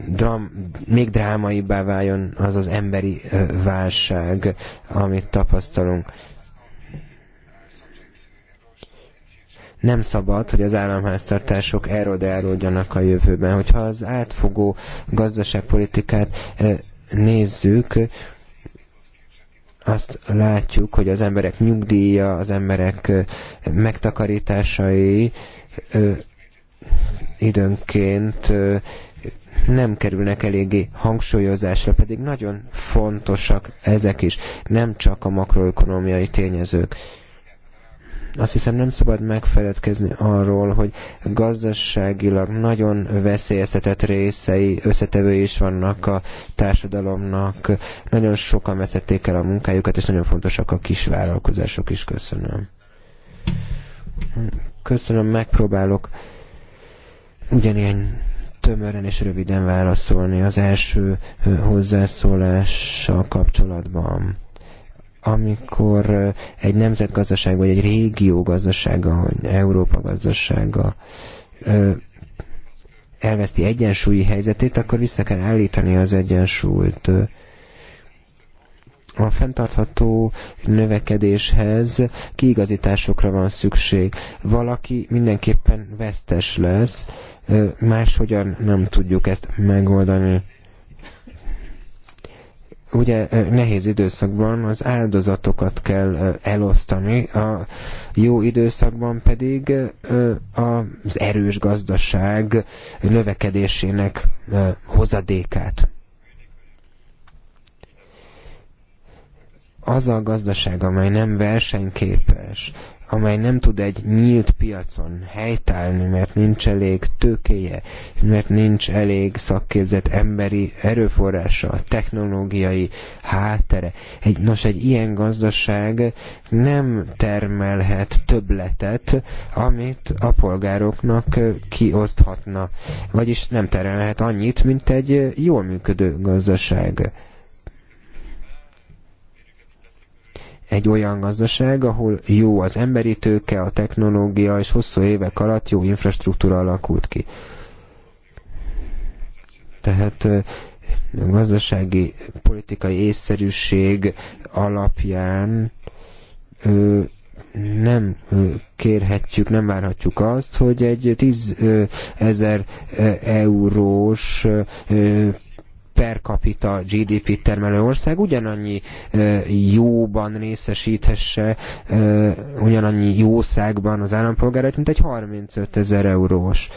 S2: dram, még drámaibbá váljon az az emberi ö, válság, amit tapasztalunk. Nem szabad, hogy az államháztartások erodálódjanak a jövőben. Hogyha az átfogó gazdaságpolitikát eh, nézzük, azt látjuk, hogy az emberek nyugdíja, az emberek eh, megtakarításai eh, időnként nem kerülnek eléggé hangsúlyozásra, pedig nagyon fontosak ezek is, nem csak a makroökonomiai tényezők. Azt hiszem nem szabad megfeledkezni arról, hogy gazdaságilag nagyon veszélyeztetett részei, összetevői is vannak a társadalomnak. Nagyon sokan vesztették el a munkájukat, és nagyon fontosak a kisvállalkozások is. Köszönöm. Köszönöm, megpróbálok ugyanilyen tömören és röviden válaszolni az első hozzászólással kapcsolatban amikor egy nemzetgazdaság, vagy egy régió gazdasága, vagy Európa gazdasága elveszti egyensúlyi helyzetét, akkor vissza kell állítani az egyensúlyt. A fenntartható növekedéshez kiigazításokra van szükség. Valaki mindenképpen vesztes lesz, máshogyan nem tudjuk ezt megoldani ugye eh, nehéz időszakban az áldozatokat kell eh, elosztani, a jó időszakban pedig eh, az erős gazdaság növekedésének hozadékát. Az a gazdaság, amely nem versenyképes, amely nem tud egy nyílt piacon helytállni, mert nincs elég tőkéje, mert nincs elég szakképzett emberi erőforrása, technológiai háttere. Egy, nos, egy ilyen gazdaság nem termelhet többletet, amit a polgároknak kioszthatna, vagyis nem termelhet annyit, mint egy jól működő gazdaság. egy olyan gazdaság, ahol jó az emberi tőke, a technológia, és hosszú évek alatt jó infrastruktúra alakult ki. Tehát a gazdasági politikai észszerűség alapján ö, nem kérhetjük, nem várhatjuk azt, hogy egy 10 ezer eurós per capita GDP termelő ország ugyanannyi jóban részesíthesse, ugyanannyi jószágban az állampolgárait, mint egy 35 ezer eurós.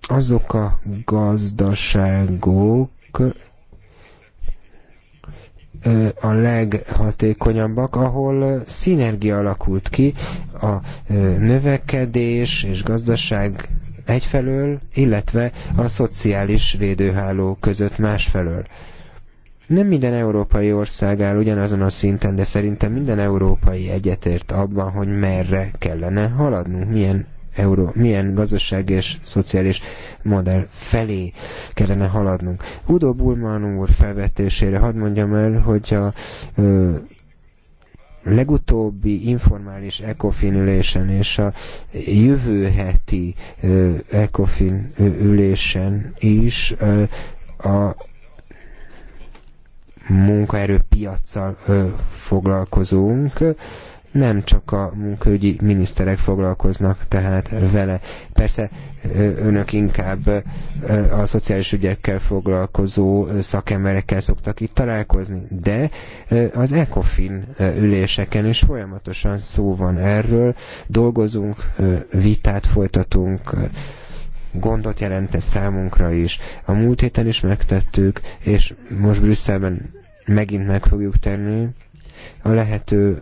S2: Azok a gazdaságok, a leghatékonyabbak, ahol szinergia alakult ki a növekedés és gazdaság egyfelől, illetve a szociális védőháló között másfelől. Nem minden európai ország áll ugyanazon a szinten, de szerintem minden európai egyetért abban, hogy merre kellene haladnunk, milyen euró, milyen gazdaság és szociális modell felé kellene haladnunk. Udo Bulman úr felvetésére hadd mondjam el, hogy a ö, legutóbbi informális ECOFIN ülésen és a jövő heti ECOFIN ülésen is a munkaerőpiacsal foglalkozunk nem csak a munkaügyi miniszterek foglalkoznak tehát vele. Persze önök inkább a szociális ügyekkel foglalkozó szakemberekkel szoktak itt találkozni, de az ECOFIN üléseken is folyamatosan szó van erről, dolgozunk, vitát folytatunk, gondot jelent ez számunkra is. A múlt héten is megtettük, és most Brüsszelben megint meg fogjuk tenni a lehető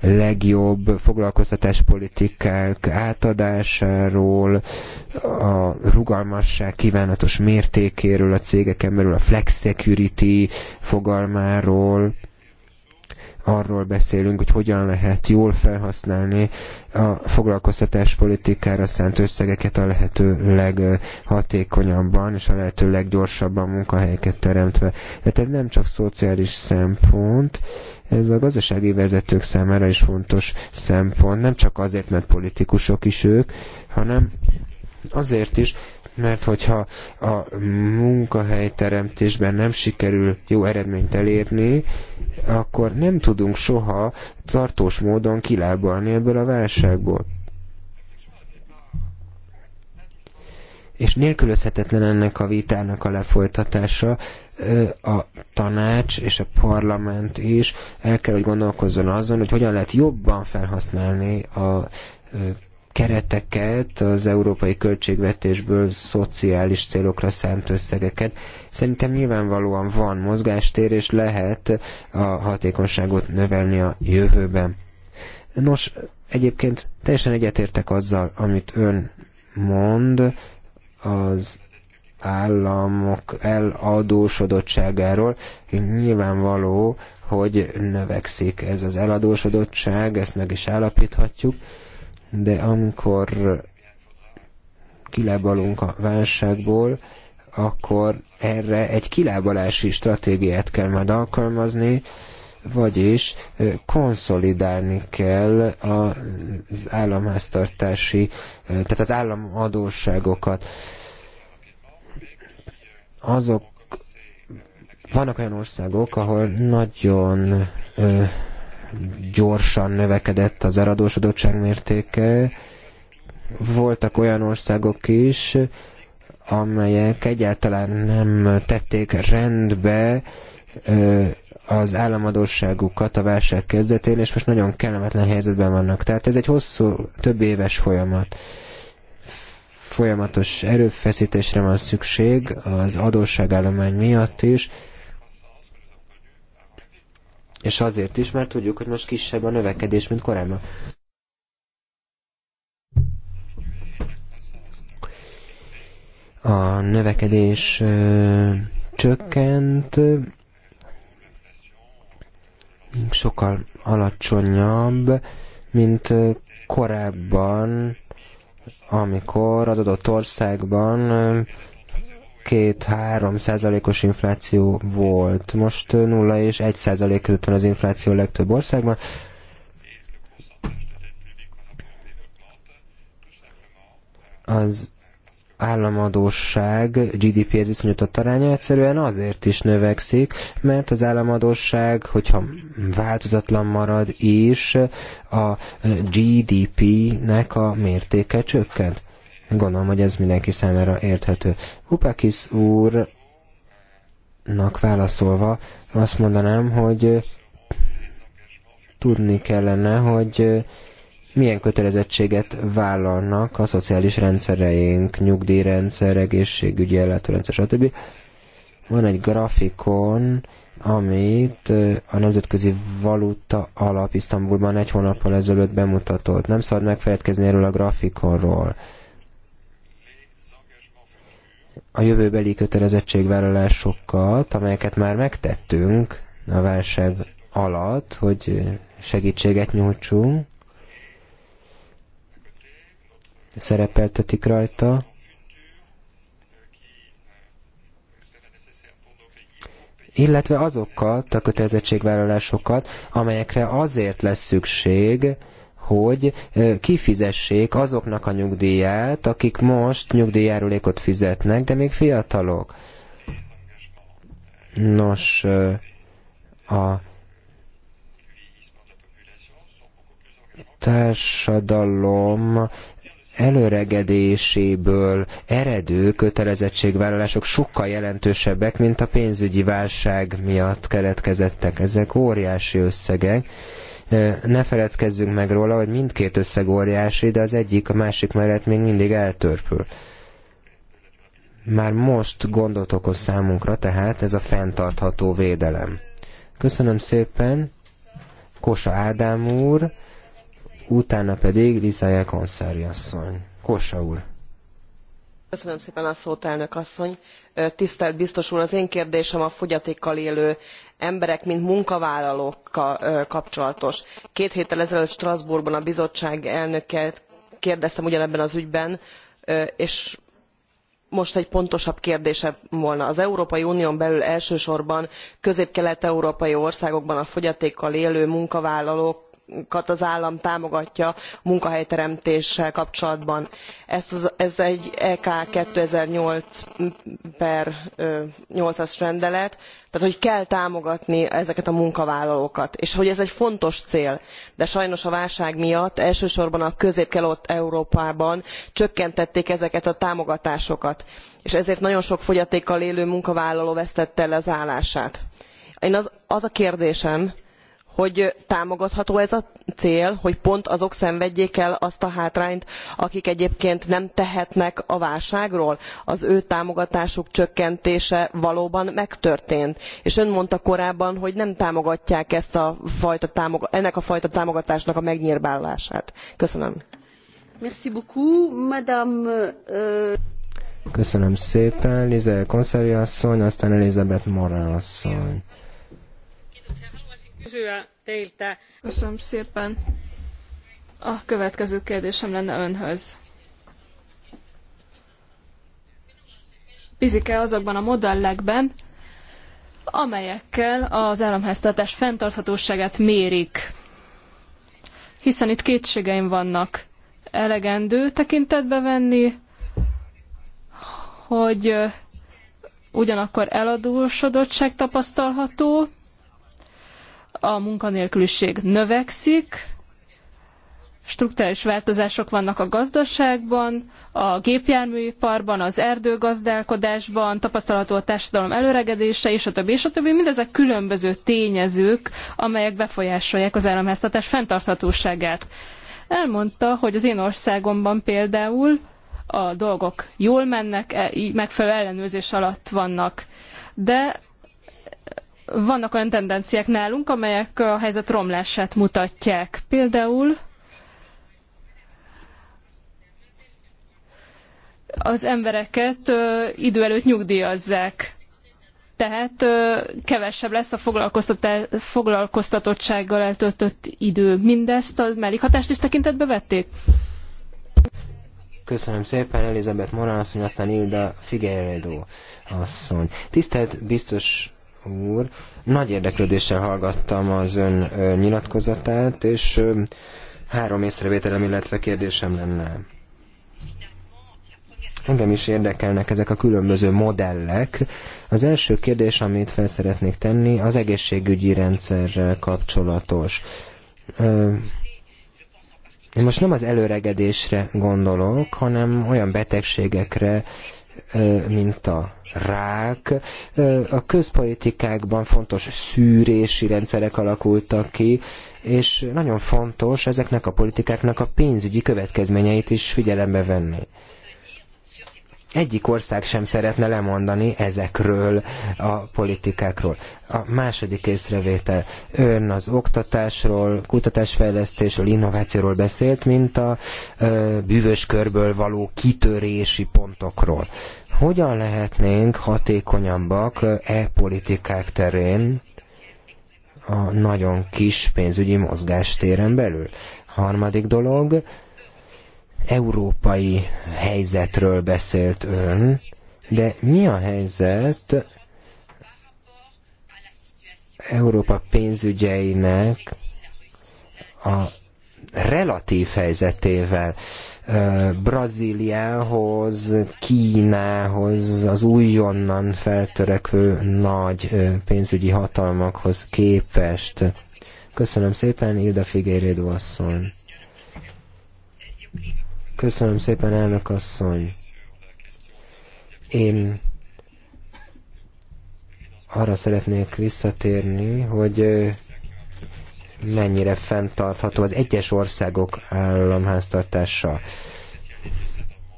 S2: legjobb foglalkoztatáspolitikák átadásáról, a rugalmasság kívánatos mértékéről a cégeken belül, a flex security fogalmáról, arról beszélünk, hogy hogyan lehet jól felhasználni a foglalkoztatáspolitikára szánt összegeket a lehető leghatékonyabban és a lehető leggyorsabban munkahelyeket teremtve. Tehát ez nem csak szociális szempont, ez a gazdasági vezetők számára is fontos szempont, nem csak azért, mert politikusok is ők, hanem azért is, mert hogyha a munkahelyteremtésben nem sikerül jó eredményt elérni, akkor nem tudunk soha tartós módon kilábalni ebből a válságból. És nélkülözhetetlen ennek a vitának a lefolytatása, a tanács és a parlament is el kell, hogy gondolkozzon azon, hogy hogyan lehet jobban felhasználni a kereteket, az európai költségvetésből szociális célokra szánt összegeket. Szerintem nyilvánvalóan van mozgástér, és lehet a hatékonyságot növelni a jövőben. Nos, egyébként teljesen egyetértek azzal, amit ön mond, az államok eladósodottságáról. Nyilvánvaló, hogy növekszik ez az eladósodottság, ezt meg is állapíthatjuk, de amikor kilábalunk a válságból, akkor erre egy kilábalási stratégiát kell majd alkalmazni, vagyis konszolidálni kell az államháztartási, tehát az államadóságokat azok vannak olyan országok, ahol nagyon ö, gyorsan növekedett az eladósodottság mértéke. Voltak olyan országok is, amelyek egyáltalán nem tették rendbe ö, az államadóságukat a válság kezdetén, és most nagyon kellemetlen helyzetben vannak. Tehát ez egy hosszú, több éves folyamat. Ö, folyamatos erőfeszítésre van szükség az adósságállomány miatt is, és azért is, mert tudjuk, hogy most kisebb a növekedés, mint korábban. A növekedés ö, csökkent, sokkal alacsonyabb, mint korábban amikor az adott országban 2-3 százalékos infláció volt. Most 0 és 1 százalék között van az infláció a legtöbb országban. Az államadóság GDP-hez viszonyított aránya egyszerűen azért is növekszik, mert az államadóság, hogyha változatlan marad is, a GDP-nek a mértéke csökkent. Gondolom, hogy ez mindenki számára érthető. Hupakis úrnak válaszolva azt mondanám, hogy tudni kellene, hogy milyen kötelezettséget vállalnak a szociális rendszereink, nyugdíjrendszer, egészségügyi ellátórendszer, stb. Van egy grafikon, amit eh, a Nemzetközi Valuta Alap Isztambulban egy hónappal ezelőtt bemutatott. Nem szabad megfeledkezni erről a grafikonról. A jövőbeli kötelezettségvállalásokat, amelyeket már megtettünk a válság alatt, hogy segítséget nyújtsunk, szerepeltetik rajta. illetve azokat a kötelezettségvállalásokat, amelyekre azért lesz szükség, hogy kifizessék azoknak a nyugdíját, akik most nyugdíjjárulékot fizetnek, de még fiatalok. Nos, a társadalom előregedéséből eredő kötelezettségvállalások sokkal jelentősebbek, mint a pénzügyi válság miatt keletkezettek. Ezek óriási összegek. Ne feledkezzünk meg róla, hogy mindkét összeg óriási, de az egyik a másik mellett még mindig eltörpül. Már most gondot okoz számunkra, tehát ez a fenntartható védelem. Köszönöm szépen, Kosa Ádám úr, utána pedig Lizája Konszári asszony. Kossa úr.
S4: Köszönöm szépen a szót, elnök asszony. Tisztelt biztos úr, az én kérdésem a fogyatékkal élő emberek, mint munkavállalókkal kapcsolatos. Két héttel ezelőtt Strasbourgban a bizottság elnöket kérdeztem ugyanebben az ügyben, és most egy pontosabb kérdése volna az európai unión belül elsősorban közép kelet európai országokban a fogyatékkal élő munkavállalók azokat az állam támogatja munkahelyteremtéssel kapcsolatban. ez egy ek two thousand and eight per eight as rendelet tehát hogy kell támogatni ezeket a munkavállalókat és hogy ez egy fontos cél de sajnos a válság miatt elsősorban a közép kelet európában csökkentették ezeket a támogatásokat és ezért nagyon sok fogyatékkal élő munkavállaló vesztette el az állását. az, az a kérdésem hogy támogatható ez a cél, hogy pont azok szenvedjék el azt a hátrányt, akik egyébként nem tehetnek a válságról? Az ő támogatásuk csökkentése valóban megtörtént. És ön mondta korábban, hogy nem támogatják ezt a fajta támogat- ennek a fajta támogatásnak a megnyírbálását. Köszönöm. Merci beaucoup, Madame, euh,
S2: Köszönöm szépen, Lize Konszeri asszony, aztán Elizabeth Morán asszony.
S3: Köszönöm szépen. A következő kérdésem lenne önhöz. Bizike azokban a modellekben, amelyekkel az államháztartás fenntarthatóságát mérik. Hiszen itt kétségeim vannak. Elegendő tekintetbe venni, hogy ugyanakkor eladósodottság tapasztalható, a munkanélküliség növekszik, strukturális változások vannak a gazdaságban, a gépjárműiparban, az erdőgazdálkodásban, tapasztalható a társadalom előregedése, és a többi, és a többi. Mindezek különböző tényezők, amelyek befolyásolják az államháztatás fenntarthatóságát. Elmondta, hogy az én országomban például a dolgok jól mennek, e, megfelelő ellenőrzés alatt vannak. De vannak olyan tendenciák nálunk, amelyek a helyzet romlását mutatják. Például az embereket idő előtt nyugdíjazzák. Tehát kevesebb lesz a foglalkoztatottsággal eltöltött idő. Mindezt a mellékhatást is tekintetbe vették?
S2: Köszönöm szépen, Elizabeth Morán asszony, aztán Ilda Figueiredo asszony. Tisztelt biztos úr. Nagy érdeklődéssel hallgattam az ön nyilatkozatát, és három észrevételem, illetve kérdésem lenne. Engem is érdekelnek ezek a különböző modellek. Az első kérdés, amit fel szeretnék tenni, az egészségügyi rendszerrel kapcsolatos. Én most nem az előregedésre gondolok, hanem olyan betegségekre, mint a rák. A közpolitikákban fontos szűrési rendszerek alakultak ki, és nagyon fontos ezeknek a politikáknak a pénzügyi következményeit is figyelembe venni. Egyik ország sem szeretne lemondani ezekről a politikákról. A második észrevétel. Ön az oktatásról, kutatásfejlesztésről, innovációról beszélt, mint a ö, bűvös körből való kitörési pontokról. Hogyan lehetnénk hatékonyabbak e politikák terén, a nagyon kis pénzügyi mozgástéren belül. Harmadik dolog, európai helyzetről beszélt ön, de mi a helyzet Európa pénzügyeinek a relatív helyzetével Brazíliához, Kínához, az újonnan feltörekvő nagy pénzügyi hatalmakhoz képest. Köszönöm szépen, Ilda Figueiredo asszony. Köszönöm szépen, elnök asszony. Én arra szeretnék visszatérni, hogy mennyire fenntartható az egyes országok államháztartása.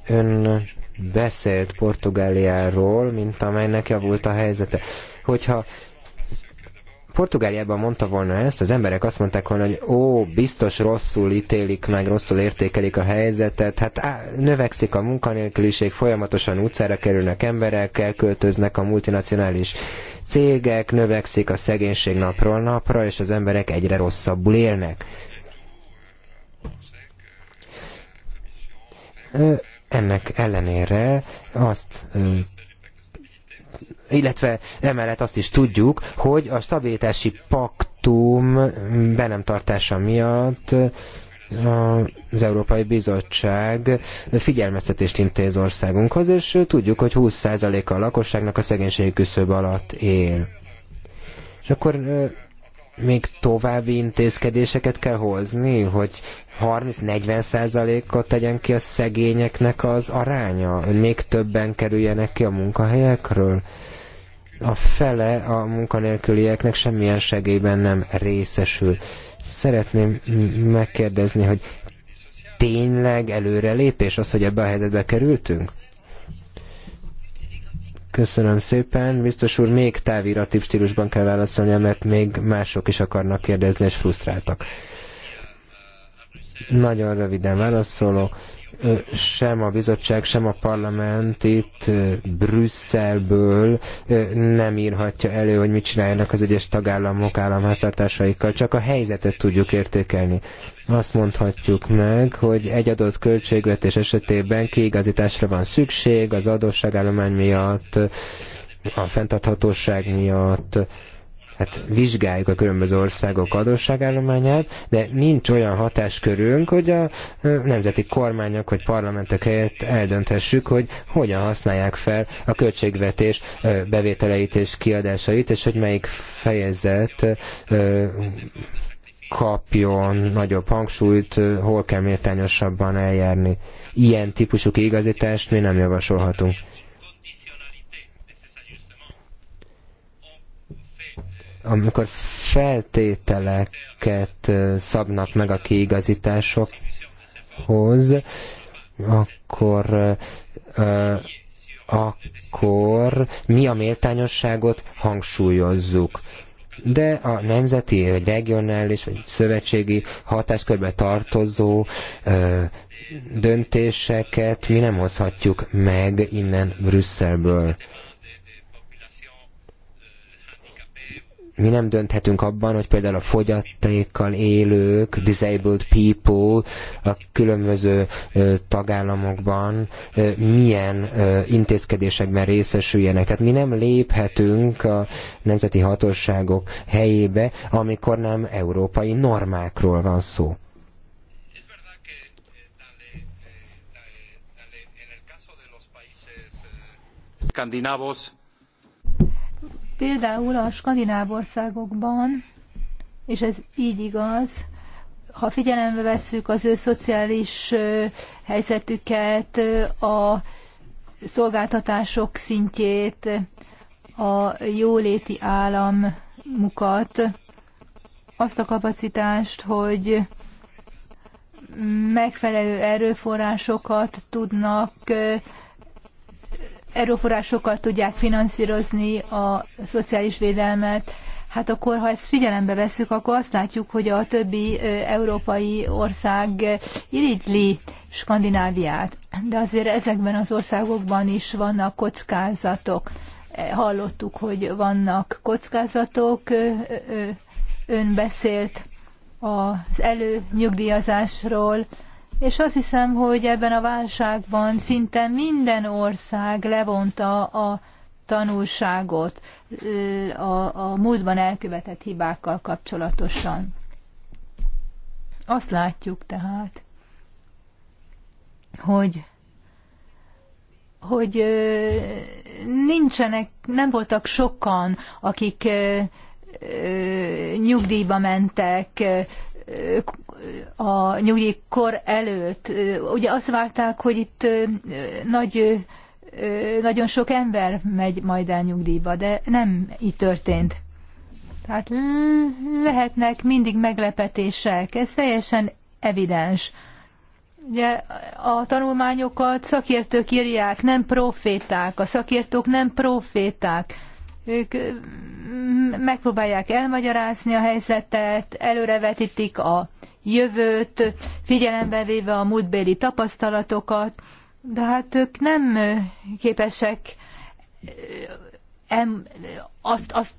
S2: Ön beszélt Portugáliáról, mint amelynek javult a helyzete. Hogyha Portugáliában mondta volna ezt, az emberek azt mondták volna, hogy ó, biztos rosszul ítélik meg, rosszul értékelik a helyzetet, hát á, növekszik a munkanélküliség, folyamatosan utcára kerülnek emberek, elköltöznek a multinacionális cégek, növekszik a szegénység napról napra, és az emberek egyre rosszabbul élnek. Ennek ellenére azt illetve emellett azt is tudjuk, hogy a stabilitási paktum be nem tartása miatt az Európai Bizottság figyelmeztetést intéz országunkhoz, és tudjuk, hogy 20%-a a lakosságnak a szegénységi küszöb alatt él. És akkor még további intézkedéseket kell hozni, hogy 30-40%-ot tegyen ki a szegényeknek az aránya, hogy még többen kerüljenek ki a munkahelyekről a fele a munkanélkülieknek semmilyen segélyben nem részesül. Szeretném megkérdezni, hogy tényleg előrelépés az, hogy ebbe a helyzetbe kerültünk? Köszönöm szépen. Biztos úr, még táviratív stílusban kell válaszolni, mert még mások is akarnak kérdezni, és frusztráltak. Nagyon röviden válaszolok sem a bizottság, sem a parlament itt Brüsszelből nem írhatja elő, hogy mit csináljanak az egyes tagállamok államháztartásaikkal, csak a helyzetet tudjuk értékelni. Azt mondhatjuk meg, hogy egy adott költségvetés esetében kiigazításra van szükség az adósságállomány miatt, a fenntarthatóság miatt, hát vizsgáljuk a különböző országok adósságállományát, de nincs olyan hatáskörünk, hogy a nemzeti kormányok vagy parlamentek helyett eldönthessük, hogy hogyan használják fel a költségvetés bevételeit és kiadásait, és hogy melyik fejezet kapjon nagyobb hangsúlyt, hol kell méltányosabban eljárni. Ilyen típusú kiigazítást mi nem javasolhatunk. amikor feltételeket szabnak meg a kiigazításokhoz, akkor akkor mi a méltányosságot hangsúlyozzuk de a nemzeti, vagy regionális, vagy szövetségi hatáskörbe tartozó ö, döntéseket mi nem hozhatjuk meg innen Brüsszelből. mi nem dönthetünk abban, hogy például a fogyatékkal élők, disabled people a különböző tagállamokban milyen intézkedésekben részesüljenek. Tehát mi nem léphetünk a nemzeti hatóságok helyébe, amikor nem európai normákról van szó.
S6: Skandinávos
S1: Például a skandináv országokban, és ez így igaz, ha figyelembe vesszük az ő szociális helyzetüket, a szolgáltatások szintjét, a jóléti államukat, azt a kapacitást, hogy megfelelő erőforrásokat tudnak erőforrásokkal tudják finanszírozni a szociális védelmet, hát akkor, ha ezt figyelembe veszük, akkor azt látjuk, hogy a többi európai ország irigyli Skandináviát. De azért ezekben az országokban is vannak kockázatok. E, hallottuk, hogy vannak kockázatok, ön beszélt az előnyugdíjazásról, és azt hiszem, hogy ebben a válságban szinte minden ország levonta a tanulságot a, a múltban elkövetett hibákkal kapcsolatosan. Azt látjuk tehát, hogy hogy nincsenek, nem voltak sokan, akik nyugdíjba mentek, a nyugdíjkor előtt. Ugye azt várták, hogy itt nagy, nagyon sok ember megy majd el nyugdíjba, de nem így történt. Tehát lehetnek mindig meglepetések, ez teljesen evidens. Ugye a tanulmányokat szakértők írják, nem proféták, a szakértők nem proféták. Ők megpróbálják elmagyarázni a helyzetet, előrevetítik a jövőt, figyelembe véve a múltbéli tapasztalatokat, de hát ők nem képesek azt, azt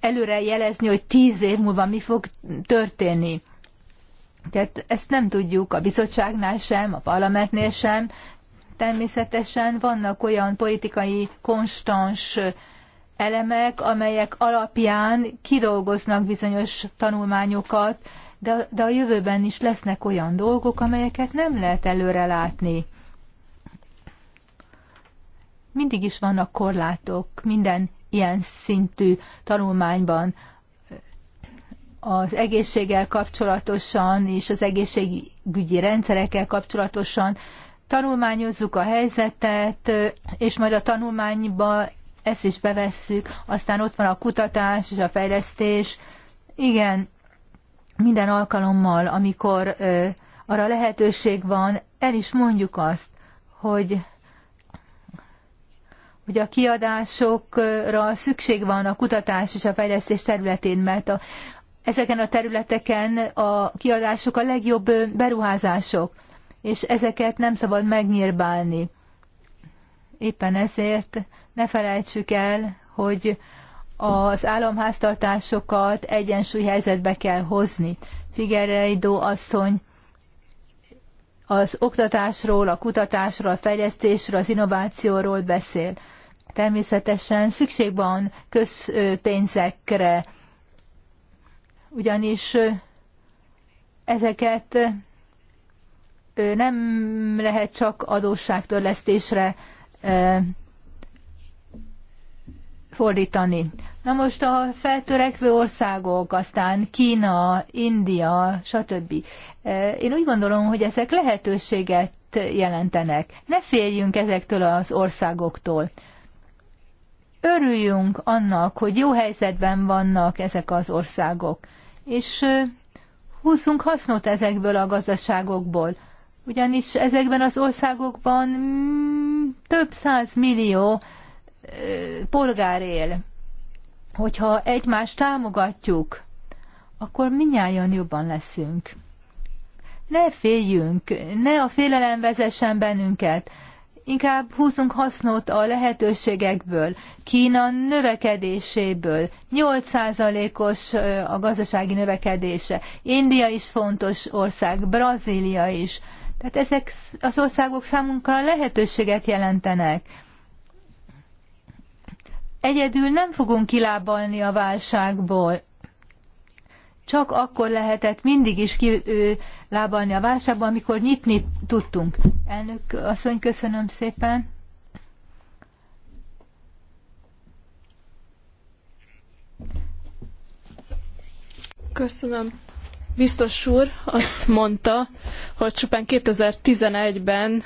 S1: előre jelezni, hogy tíz év múlva mi fog történni. Tehát ezt nem tudjuk a bizottságnál sem, a parlamentnél sem. Természetesen vannak olyan politikai konstans elemek, amelyek alapján kidolgoznak bizonyos tanulmányokat, de, de a jövőben is lesznek olyan dolgok, amelyeket nem lehet előre látni. Mindig is vannak korlátok minden ilyen szintű tanulmányban, az egészséggel kapcsolatosan és az egészségügyi rendszerekkel kapcsolatosan tanulmányozzuk a helyzetet, és majd a tanulmányba ezt is bevesszük, aztán ott van a kutatás és a fejlesztés. Igen, minden alkalommal, amikor arra lehetőség van, el is mondjuk azt, hogy hogy a kiadásokra szükség van a kutatás és a fejlesztés területén, mert a, ezeken a területeken a kiadások a legjobb beruházások, és ezeket nem szabad megnyírbálni. Éppen ezért ne felejtsük el, hogy az államháztartásokat egyensúlyhelyzetbe kell hozni. Figueiredo asszony az oktatásról, a kutatásról, a fejlesztésről, az innovációról beszél. Természetesen szükség van közpénzekre, ugyanis ezeket nem lehet csak adósságtörlesztésre eh, fordítani. Na most a feltörekvő országok, aztán Kína, India, stb. E, én úgy gondolom, hogy ezek lehetőséget jelentenek. Ne féljünk ezektől az országoktól. Örüljünk annak, hogy jó helyzetben vannak ezek az országok, és e, húzzunk hasznot ezekből a gazdaságokból. Ugyanis ezekben az országokban mm, több száz millió polgár él, hogyha egymást támogatjuk, akkor minnyáján jobban leszünk. Ne féljünk, ne a félelem vezessen bennünket, inkább húzunk hasznot a lehetőségekből, Kína növekedéséből, 8%-os a gazdasági növekedése, India is fontos ország, Brazília is. Tehát ezek az országok számunkra lehetőséget jelentenek. Egyedül nem fogunk kilábalni a válságból. Csak akkor lehetett mindig is kilábalni a válságból, amikor nyitni tudtunk. Elnök asszony, köszönöm szépen.
S3: Köszönöm. Biztos úr azt mondta, hogy csupán 2011-ben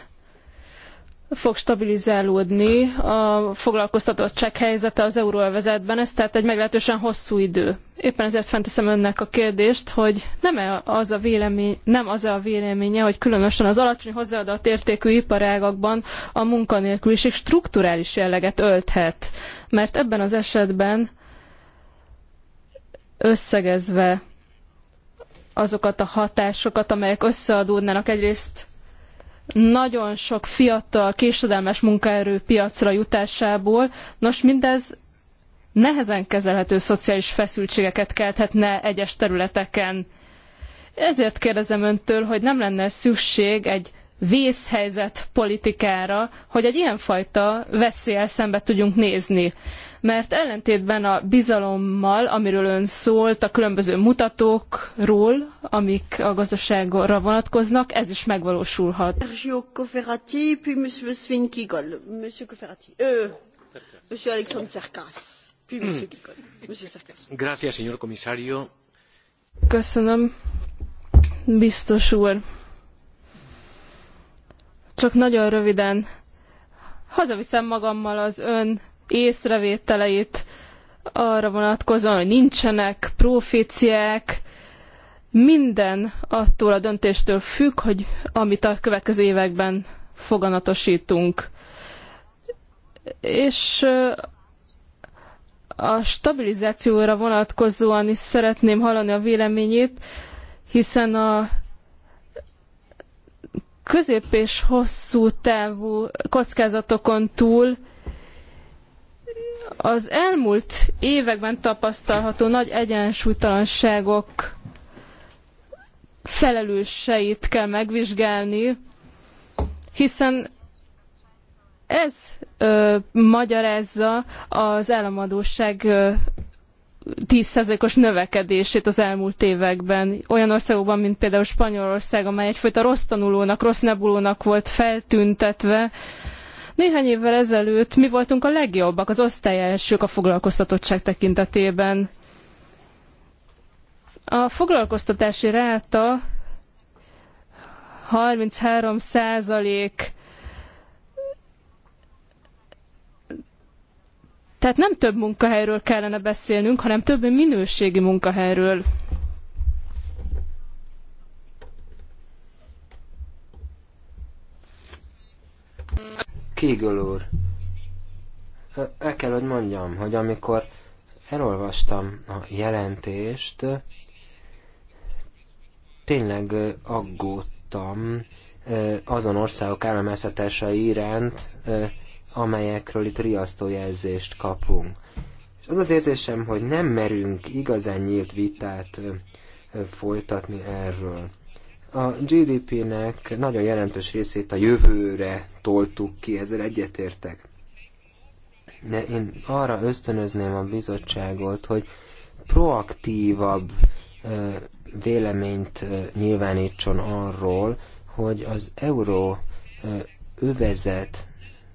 S3: fog stabilizálódni a foglalkoztatottság helyzete az euróvezetben, ez tehát egy meglehetősen hosszú idő. Éppen ezért fenteszem önnek a kérdést, hogy nem -e az a vélemény, nem az -e a véleménye, hogy különösen az alacsony hozzáadott értékű iparágakban a munkanélküliség strukturális jelleget ölthet. Mert ebben az esetben összegezve azokat a hatásokat, amelyek összeadódnának egyrészt nagyon sok fiatal, késedelmes munkaerő piacra jutásából. Nos, mindez nehezen kezelhető szociális feszültségeket kelthetne egyes területeken. Ezért kérdezem öntől, hogy nem lenne szükség egy vészhelyzet politikára, hogy egy ilyenfajta veszélyel szembe tudjunk nézni mert ellentétben a bizalommal, amiről ön szólt, a különböző mutatókról, amik a gazdaságra vonatkoznak, ez is megvalósulhat.
S4: Sergio Monsieur Monsieur euh, Monsieur Alexandre Monsieur
S6: señor comisario.
S3: Köszönöm, biztos úr. Csak nagyon röviden hazaviszem magammal az ön észrevételeit arra vonatkozóan, hogy nincsenek proféciák, minden attól a döntéstől függ, hogy amit a következő években foganatosítunk. És a stabilizációra vonatkozóan is szeretném hallani a véleményét, hiszen a közép és hosszú távú kockázatokon túl az elmúlt években tapasztalható nagy egyensúlytalanságok felelőseit kell megvizsgálni, hiszen ez ö, magyarázza az államadóság ö, 10%-os növekedését az elmúlt években. Olyan országokban, mint például Spanyolország, amely egyfajta rossz tanulónak, rossz nebulónak volt feltüntetve, ö, néhány évvel ezelőtt mi voltunk a legjobbak, az osztályelsők a foglalkoztatottság tekintetében. A foglalkoztatási ráta 33 százalék Tehát nem több munkahelyről kellene beszélnünk, hanem több minőségi munkahelyről.
S2: Kégöl úr, el kell, hogy mondjam, hogy amikor elolvastam a jelentést, tényleg aggódtam azon országok államháztatásai iránt, amelyekről itt jelzést kapunk. És az az érzésem, hogy nem merünk igazán nyílt vitát folytatni erről. A GDP-nek nagyon jelentős részét a jövőre toltuk ki, ezzel egyetértek. De én arra ösztönözném a bizottságot, hogy proaktívabb véleményt nyilvánítson arról, hogy az euró övezet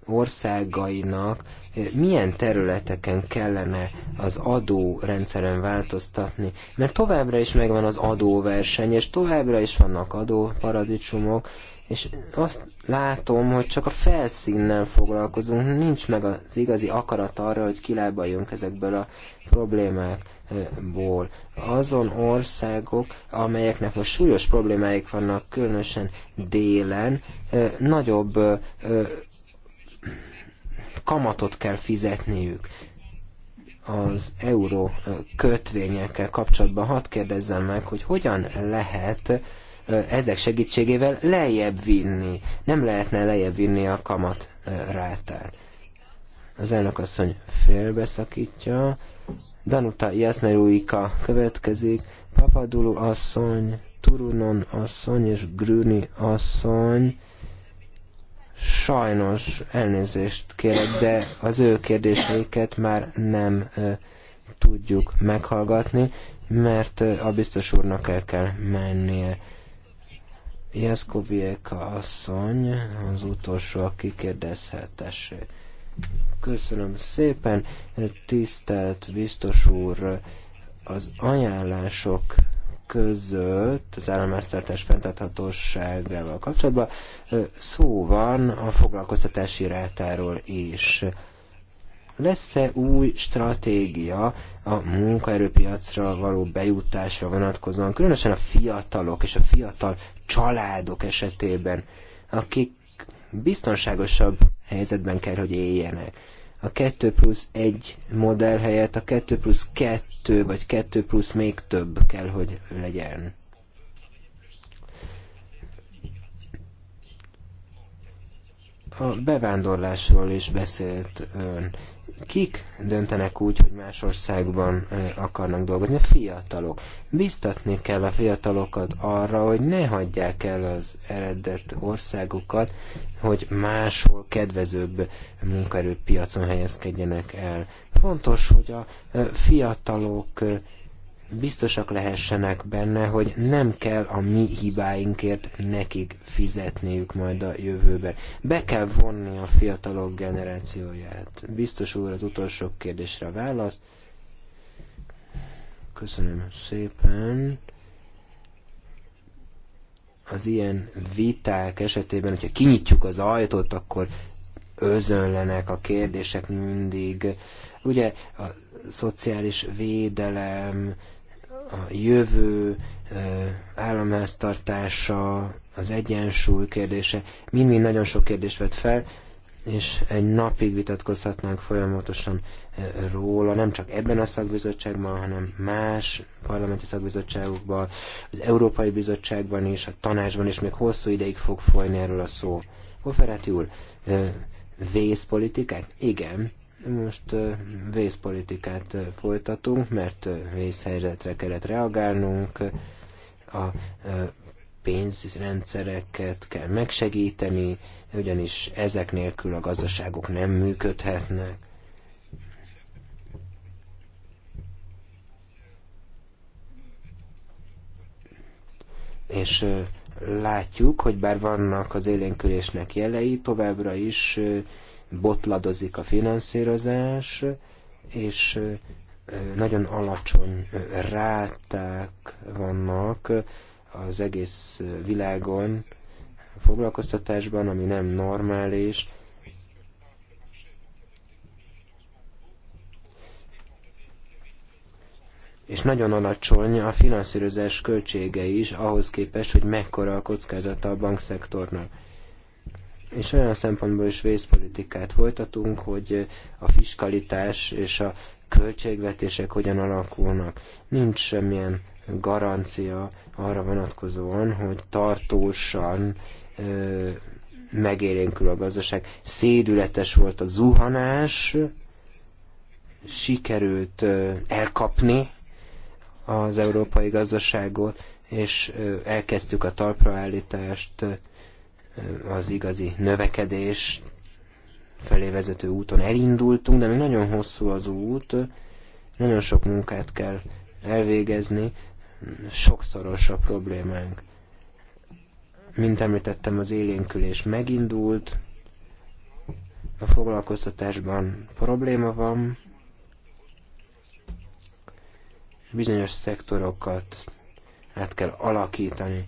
S2: országainak milyen területeken kellene az adórendszeren változtatni, mert továbbra is megvan az adóverseny, és továbbra is vannak adóparadicsomok, és azt látom, hogy csak a felszínnel foglalkozunk, nincs meg az igazi akarat arra, hogy kilábaljunk ezekből a problémákból. Azon országok, amelyeknek most súlyos problémáik vannak, különösen délen, nagyobb kamatot kell fizetniük. Az euró kötvényekkel kapcsolatban hadd kérdezzem meg, hogy hogyan lehet ezek segítségével lejjebb vinni. Nem lehetne lejjebb vinni a kamat rátát. Az elnök asszony félbeszakítja. Danuta Jasneruika következik. Papadulu asszony, Turunon asszony és Grüni asszony Sajnos elnézést kérek, de az ő kérdéseiket már nem tudjuk meghallgatni, mert a biztos úrnak el kell mennie. Jeszkovieka asszony az utolsó, aki kérdezhetesse. Köszönöm szépen, tisztelt biztos úr, az ajánlások között az államháztartás fenntarthatóságával kapcsolatban szó van a foglalkoztatási rátáról is. Lesz-e új stratégia a munkaerőpiacra való bejutásra vonatkozóan, különösen a fiatalok és a fiatal családok esetében, akik biztonságosabb helyzetben kell, hogy éljenek a 2 plusz 1 modell helyett a 2 plusz 2 vagy 2 plusz még több kell, hogy legyen. A bevándorlásról is beszélt ön. Kik döntenek úgy, hogy más országban akarnak dolgozni? A fiatalok. Biztatni kell a fiatalokat arra, hogy ne hagyják el az eredet országukat, hogy máshol kedvezőbb munkaerőpiacon helyezkedjenek el. Fontos, hogy a fiatalok biztosak lehessenek benne, hogy nem kell a mi hibáinkért nekik fizetniük majd a jövőben. Be kell vonni a fiatalok generációját. Biztos úr az utolsó kérdésre válasz. Köszönöm szépen. Az ilyen viták esetében, hogyha kinyitjuk az ajtót, akkor özönlenek a kérdések mindig. Ugye a szociális védelem, a jövő államháztartása, az egyensúly kérdése, mind-mind nagyon sok kérdést vett fel, és egy napig vitatkozhatnánk folyamatosan róla, nem csak ebben a szakbizottságban, hanem más parlamenti szakbizottságokban, az Európai Bizottságban is, a tanácsban is még hosszú ideig fog folyni erről a szó. Koferáti úr, vészpolitikák? Igen, most vészpolitikát folytatunk, mert vészhelyzetre kellett reagálnunk, a pénzrendszereket kell megsegíteni, ugyanis ezek nélkül a gazdaságok nem működhetnek. És látjuk, hogy bár vannak az élénkülésnek jelei, továbbra is botladozik a finanszírozás, és nagyon alacsony ráták vannak az egész világon a foglalkoztatásban, ami nem normális, és nagyon alacsony a finanszírozás költsége is ahhoz képest, hogy mekkora a kockázata a bankszektornak és olyan szempontból is vészpolitikát folytatunk, hogy a fiskalitás és a költségvetések hogyan alakulnak. Nincs semmilyen garancia arra vonatkozóan, hogy tartósan ö, megélénkül a gazdaság. Szédületes volt a zuhanás, sikerült ö, elkapni az európai gazdaságot, és ö, elkezdtük a talpraállítást, az igazi növekedés felé vezető úton elindultunk, de még nagyon hosszú az út, nagyon sok munkát kell elvégezni, sokszoros a problémánk. Mint említettem, az élénkülés megindult, a foglalkoztatásban probléma van, bizonyos szektorokat át kell alakítani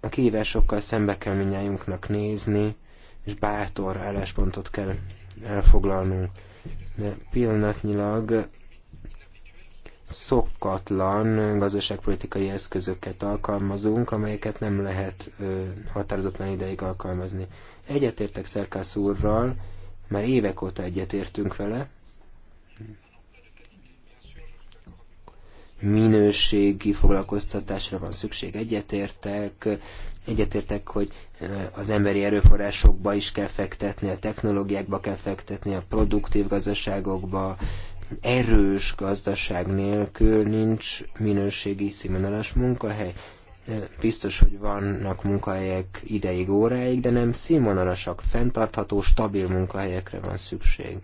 S2: a kihívásokkal szembe kell minnyájunknak nézni, és bátor álláspontot kell elfoglalnunk. De pillanatnyilag szokatlan gazdaságpolitikai eszközöket alkalmazunk, amelyeket nem lehet ö, határozatlan ideig alkalmazni. Egyetértek Szerkász úrral, már évek óta egyetértünk vele, minőségi foglalkoztatásra van szükség. Egyetértek, egyetértek, hogy eh, az emberi erőforrásokba is kell fektetni, a technológiákba kell fektetni, a produktív gazdaságokba, erős gazdaság nélkül nincs minőségi színvonalas munkahely. Eh, biztos, hogy vannak munkahelyek ideig, óráig, de nem színvonalasak, fenntartható, stabil munkahelyekre van szükség.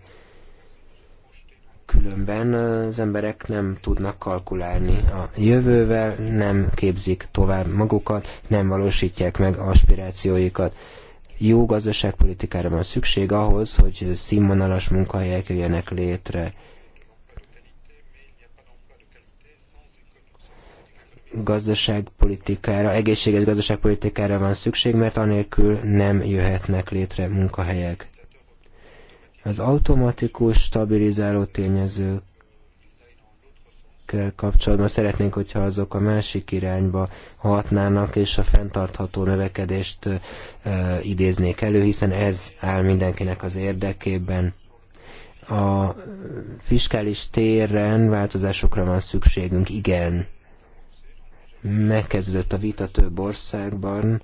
S2: Különben az emberek nem tudnak kalkulálni a jövővel, nem képzik tovább magukat, nem valósítják meg aspirációikat. Jó gazdaságpolitikára van szükség ahhoz, hogy színvonalas munkahelyek jöjjenek létre. gazdaságpolitikára, egészséges gazdaságpolitikára van szükség, mert anélkül nem jöhetnek létre munkahelyek. Az automatikus stabilizáló tényezőkkel kapcsolatban szeretnénk, hogyha azok a másik irányba hatnának, és a fenntartható növekedést e, idéznék elő, hiszen ez áll mindenkinek az érdekében a fiskális téren változásokra van szükségünk, igen. Megkezdődött a vita több országban,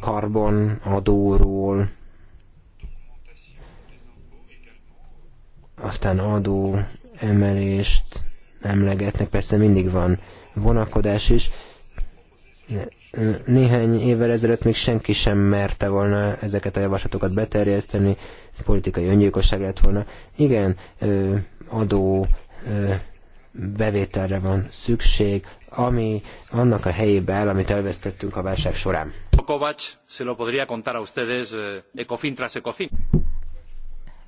S2: karbon adóról, aztán adó emelést emlegetnek, persze mindig van vonakodás is. Néhány évvel ezelőtt még senki sem merte volna ezeket a javaslatokat beterjeszteni, ez politikai öngyilkosság lett volna. Igen, adó bevételre van szükség, ami annak a helyébe áll, amit elvesztettünk a válság során.
S6: Kovács, se lo podría contar a ustedes, eh, ecofin tras ecofin.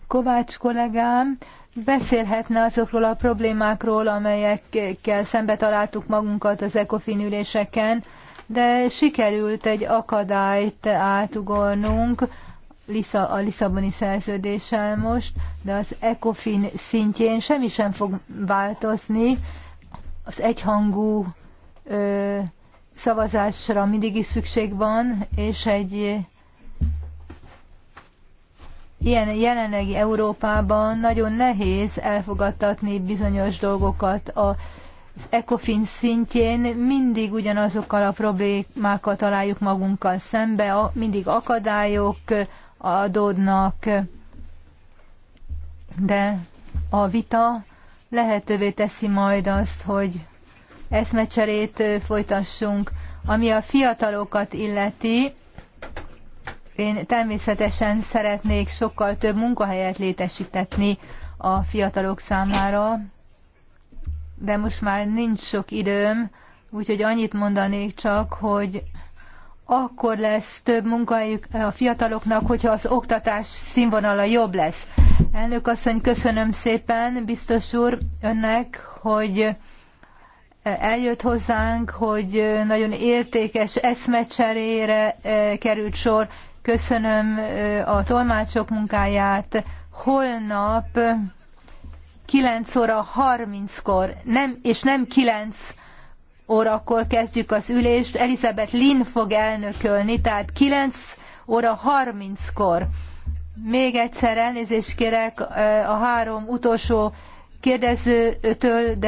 S1: Kovács kollégám beszélhetne azokról a problémákról, amelyekkel szembe találtuk magunkat az ECOFIN üléseken, de sikerült egy akadályt átugornunk a Lisszaboni szerződéssel most, de az ECOFIN szintjén semmi sem fog változni. Az egyhangú ö, szavazásra mindig is szükség van, és egy ilyen jelenlegi Európában nagyon nehéz elfogadtatni bizonyos dolgokat a az ECOFIN szintjén mindig ugyanazokkal a problémákkal találjuk magunkkal szembe, mindig akadályok adódnak, de a vita lehetővé teszi majd azt, hogy eszmecserét folytassunk, ami a fiatalokat illeti, én természetesen szeretnék sokkal több munkahelyet létesítetni a fiatalok számára, de most már nincs sok időm, úgyhogy annyit mondanék csak, hogy akkor lesz több munkahelyük a fiataloknak, hogyha az oktatás színvonala jobb lesz. Elnök asszony, köszönöm szépen, biztos úr, önnek, hogy eljött hozzánk, hogy nagyon értékes eszmecserére eh, került sor, köszönöm a tolmácsok munkáját. Holnap 9 óra 30-kor, nem, és nem 9 órakor kezdjük az ülést. Elizabeth Lin fog elnökölni, tehát 9 óra 30-kor. Még egyszer elnézést kérek a három utolsó kérdezőtől, de